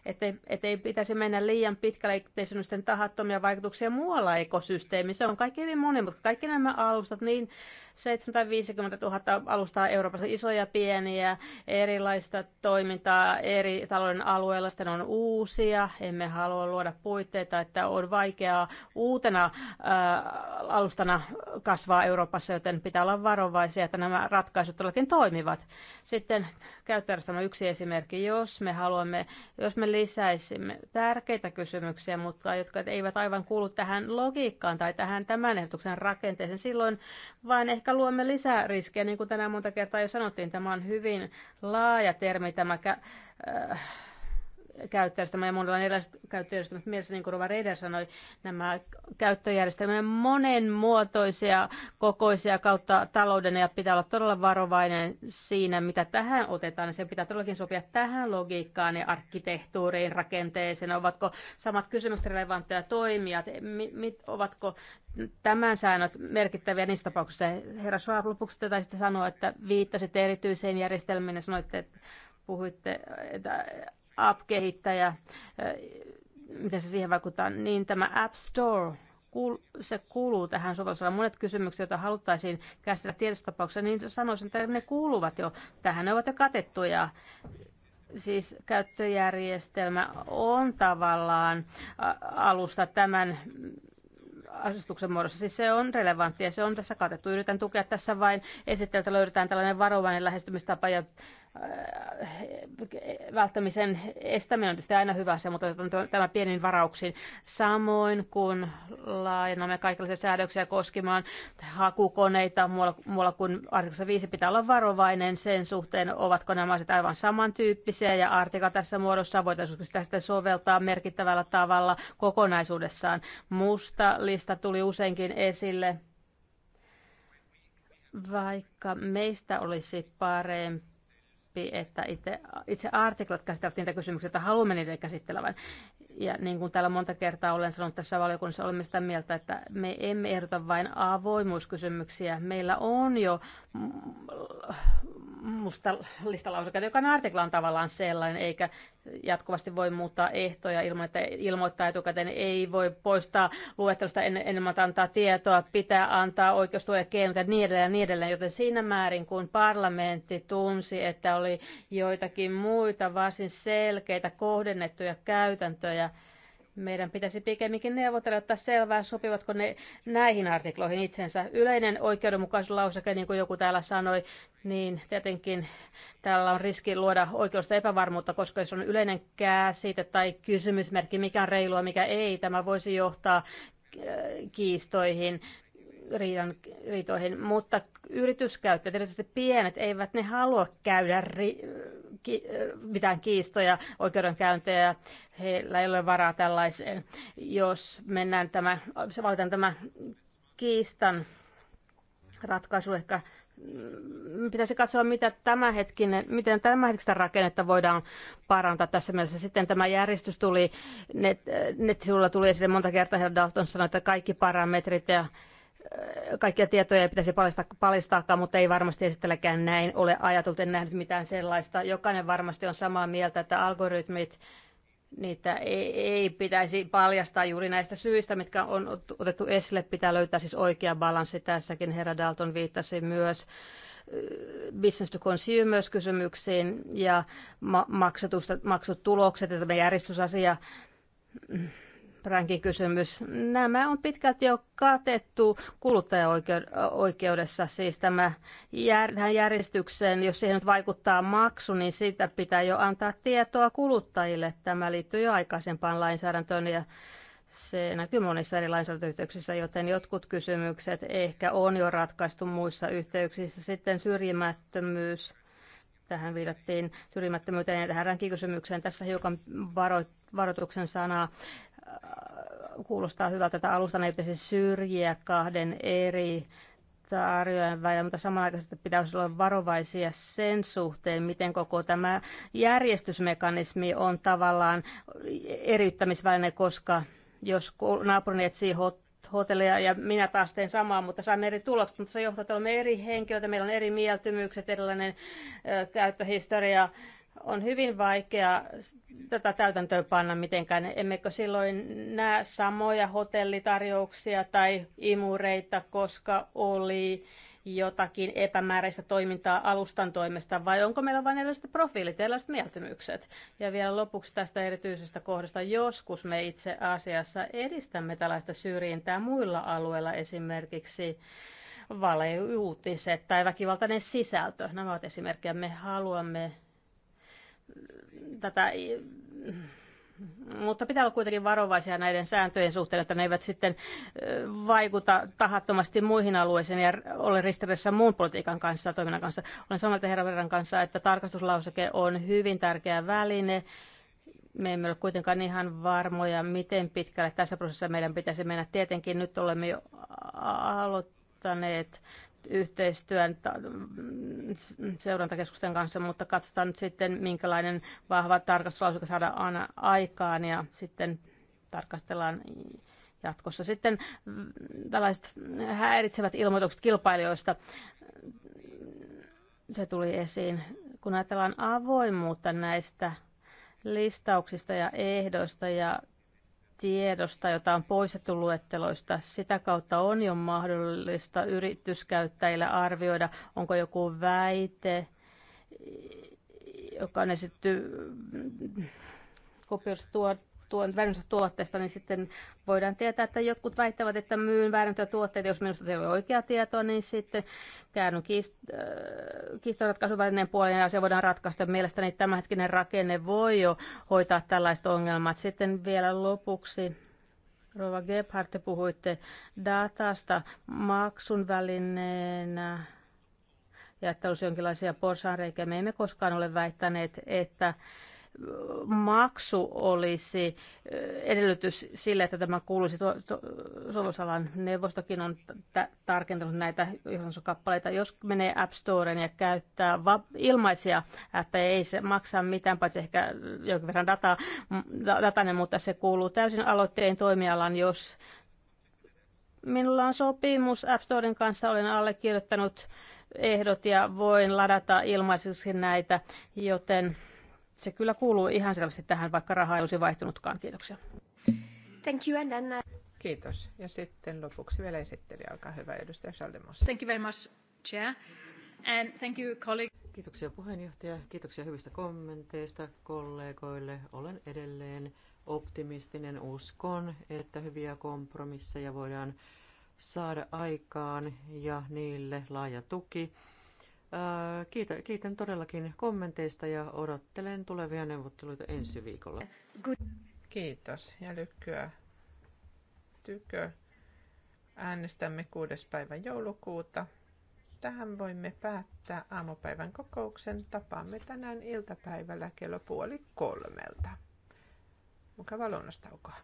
ettei, ettei pitäisi mennä liian pitkälle, ettei synny tahattomia vaikutuksia muualla ekosysteemissä. Se on kaikki hyvin mutta Kaikki nämä alustat, niin 750 000 alustaa Euroopassa, isoja, pieniä, erilaista toimintaa eri talouden alueilla. Sitten on uusia, emme halua luoda puitteita, että on vaikeaa uutena ää, äh, alustana kasvaa Euroopassa, joten pitää olla varovaisia, että nämä ratkaisut todellakin toimivat. Sitten käyttäjärjestelmä yksi esimerkki, jos me haluamme, jos me lisäisimme tärkeitä kysymyksiä, mutta jotka eivät aivan kuulu tähän logiikkaan tai tähän tämän ehdotuksen rakenteeseen, silloin vain ehkä ehkä luomme lisää riskejä, niin kuin tänään monta kertaa jo sanottiin, tämä on hyvin laaja termi, tämä äh, käyttäjärjestelmä ja monella erilaiset käyttäjärjestelmät mielessä, niin kuin Rova Reider sanoi, nämä käyttöjärjestelmät monenmuotoisia, kokoisia kautta talouden ja pitää olla todella varovainen siinä, mitä tähän otetaan. Se pitää todellakin sopia tähän logiikkaan ja arkkitehtuuriin, rakenteeseen. Ovatko samat kysymykset relevantteja toimijat? Mit, ovatko tämän säännöt merkittäviä niissä tapauksissa? Herra Schwab, lopuksi te taisitte sanoa, että viittasitte erityiseen järjestelmiin ja sanoitte, että puhuitte, että app-kehittäjä, mitä se siihen vaikuttaa, niin tämä App Store se kuuluu tähän sovellukseen. Monet kysymykset, joita haluttaisiin käsitellä tiedostapauksessa, niin sanoisin, että ne kuuluvat jo tähän. Ne ovat jo katettuja. Siis käyttöjärjestelmä on tavallaan alusta tämän asetuksen muodossa. Siis se on relevanttia, se on tässä katettu. Yritän tukea tässä vain esitteltä löydetään tällainen varovainen lähestymistapa ja Äh, välttämisen estäminen on tietysti aina hyvä se, mutta tämä pienin varauksiin. Samoin kun laajennamme kaikenlaisia säädöksiä koskemaan hakukoneita muualla, muualla kuin artiklassa 5 pitää olla varovainen sen suhteen, ovatko nämä asiat aivan samantyyppisiä ja artika tässä muodossa voitaisiin sitä sitten soveltaa merkittävällä tavalla kokonaisuudessaan. Musta lista tuli useinkin esille. Vaikka meistä olisi parempi läpi, että itse, itse artiklat käsittelevät niitä kysymyksiä, että haluamme niiden käsittelevän. Ja niin kuin täällä monta kertaa olen sanonut tässä valiokunnassa, olemme sitä mieltä, että me emme ehdota vain avoimuuskysymyksiä. Meillä on jo musta listalausekkeita, joka artikla on tavallaan sellainen, eikä jatkuvasti voi muuttaa ehtoja ilman, että ilmoittaa etukäteen. Ei voi poistaa luettelosta enemmän antaa tietoa, pitää antaa oikeus tuoda ja niin edelleen ja niin edelleen. Joten siinä määrin, kun parlamentti tunsi, että oli joitakin muita varsin selkeitä kohdennettuja käytäntöjä, meidän pitäisi pikemminkin neuvotella ottaa selvää, sopivatko ne näihin artikloihin itsensä. Yleinen oikeudenmukaisuuslauseke, niin kuin joku täällä sanoi, niin tietenkin täällä on riski luoda oikeusta epävarmuutta, koska jos on yleinen käsite tai kysymysmerkki, mikä on reilua, mikä ei, tämä voisi johtaa äh, kiistoihin, riidan, riitoihin, mutta yrityskäyttäjät, erityisesti pienet, eivät ne halua käydä ri- ki, mitään kiistoja, oikeudenkäyntejä, heillä ei ole varaa tällaiseen. Jos mennään tämä, se valitaan tämä kiistan ratkaisu ehkä mm, pitäisi katsoa, mitä tämä hetkinen, miten tämä hetkistä rakennetta voidaan parantaa tässä mielessä. Sitten tämä järjestys tuli, net, nettisivulla tuli esille monta kertaa, herra Dalton sanoi, että kaikki parametrit ja kaikkia tietoja ei pitäisi paljastaa, mutta ei varmasti esitelläkään näin ole ajateltu, en nähnyt mitään sellaista. Jokainen varmasti on samaa mieltä, että algoritmit, niitä ei, ei pitäisi paljastaa juuri näistä syistä, mitkä on otettu esille. Pitää löytää siis oikea balanssi tässäkin. Herra Dalton viittasi myös business to consumers kysymyksiin ja ma- maksatusta, maksut tulokset, että tämä järjestysasia Rankin kysymys. Nämä on pitkälti jo katettu kuluttajaoikeudessa, siis tämä jär, tähän järjestykseen, jos siihen nyt vaikuttaa maksu, niin siitä pitää jo antaa tietoa kuluttajille. Tämä liittyy jo aikaisempaan lainsäädäntöön ja se näkyy monissa eri lainsäädäntöyhteyksissä, joten jotkut kysymykset ehkä on jo ratkaistu muissa yhteyksissä. Sitten syrjimättömyys tähän viidattiin syrjimättömyyteen ja tähän kysymykseen Tässä hiukan varo, varoituksen sanaa kuulostaa hyvältä, että alusta ei pitäisi syrjiä kahden eri tarjoajan välillä, mutta samanaikaisesti pitäisi olla varovaisia sen suhteen, miten koko tämä järjestysmekanismi on tavallaan eriyttämisväline, koska jos naapurin etsii hot hotelleja ja minä taas teen samaa, mutta saamme eri tulokset, mutta se johtaa, että olemme eri henkilöitä, meillä on eri mieltymykset, erilainen ö, käyttöhistoria, on hyvin vaikea tätä täytäntöönpanna mitenkään. Emmekö silloin näe samoja hotellitarjouksia tai imureita, koska oli jotakin epämääräistä toimintaa alustan toimesta, vai onko meillä vain erilaiset profiilit, erilaiset mieltymykset? Ja vielä lopuksi tästä erityisestä kohdasta, joskus me itse asiassa edistämme tällaista syrjintää muilla alueilla, esimerkiksi valeuutiset tai väkivaltainen sisältö. Nämä ovat esimerkkejä. Me haluamme tätä mutta pitää olla kuitenkin varovaisia näiden sääntöjen suhteen, että ne eivät sitten vaikuta tahattomasti muihin alueisiin ja ole ristiriidassa muun politiikan kanssa ja toiminnan kanssa. Olen samalta mieltä herran verran kanssa, että tarkastuslauseke on hyvin tärkeä väline. Me emme ole kuitenkaan ihan varmoja, miten pitkälle tässä prosessissa meidän pitäisi mennä. Tietenkin nyt olemme jo aloittaneet yhteistyön seurantakeskusten kanssa, mutta katsotaan nyt sitten, minkälainen vahva tarkastuslausuma saadaan aina aikaan ja sitten tarkastellaan jatkossa. Sitten mm, tällaiset häiritsevät ilmoitukset kilpailijoista, se tuli esiin. Kun ajatellaan avoimuutta näistä listauksista ja ehdoista ja tiedosta, jota on poistettu luetteloista. Sitä kautta on jo mahdollista yrityskäyttäjille arvioida, onko joku väite, joka on esitetty kopioista tuon tuotteesta, niin sitten voidaan tietää, että jotkut väittävät, että myyn väärennettyjä tuotteita, jos minusta ei ole oikea tieto, niin sitten käännyn kiist- äh, kiistoratkaisuvälineen puoleen ja se voidaan ratkaista. Mielestäni tämänhetkinen rakenne voi jo hoitaa tällaiset ongelmat. Sitten vielä lopuksi. Rova Gebhardt, te puhuitte datasta maksun välineenä ja että olisi jonkinlaisia porsaanreikiä. Me emme koskaan ole väittäneet, että maksu olisi edellytys sille, että tämä kuuluisi sovellusalan neuvostokin on tarkentanut näitä kappaleita. Jos menee App Storeen ja käyttää ilmaisia appeja, ei se maksa mitään, paitsi ehkä jonkin verran dataa, datainen, mutta se kuuluu täysin aloitteen toimialan, jos Minulla on sopimus App Storen kanssa, olen allekirjoittanut ehdot ja voin ladata ilmaiseksi näitä, joten se kyllä kuuluu ihan selvästi tähän, vaikka raha ei olisi vaihtunutkaan. Kiitoksia. Thank you, and then... Uh, Kiitos. Ja sitten lopuksi vielä esittelijä. Olkaa hyvä, edustaja Saldemos. Thank you very much, Chair. And thank you, colleague. Kiitoksia puheenjohtaja. Kiitoksia hyvistä kommenteista kollegoille. Olen edelleen optimistinen. Uskon, että hyviä kompromisseja voidaan saada aikaan ja niille laaja tuki kiitän, kiitän todellakin kommenteista ja odottelen tulevia neuvotteluita ensi viikolla. Kiitos ja lykkyä tykö. Äänestämme 6. päivä joulukuuta. Tähän voimme päättää aamupäivän kokouksen. Tapaamme tänään iltapäivällä kello puoli kolmelta. Mukavaa lounastaukoa.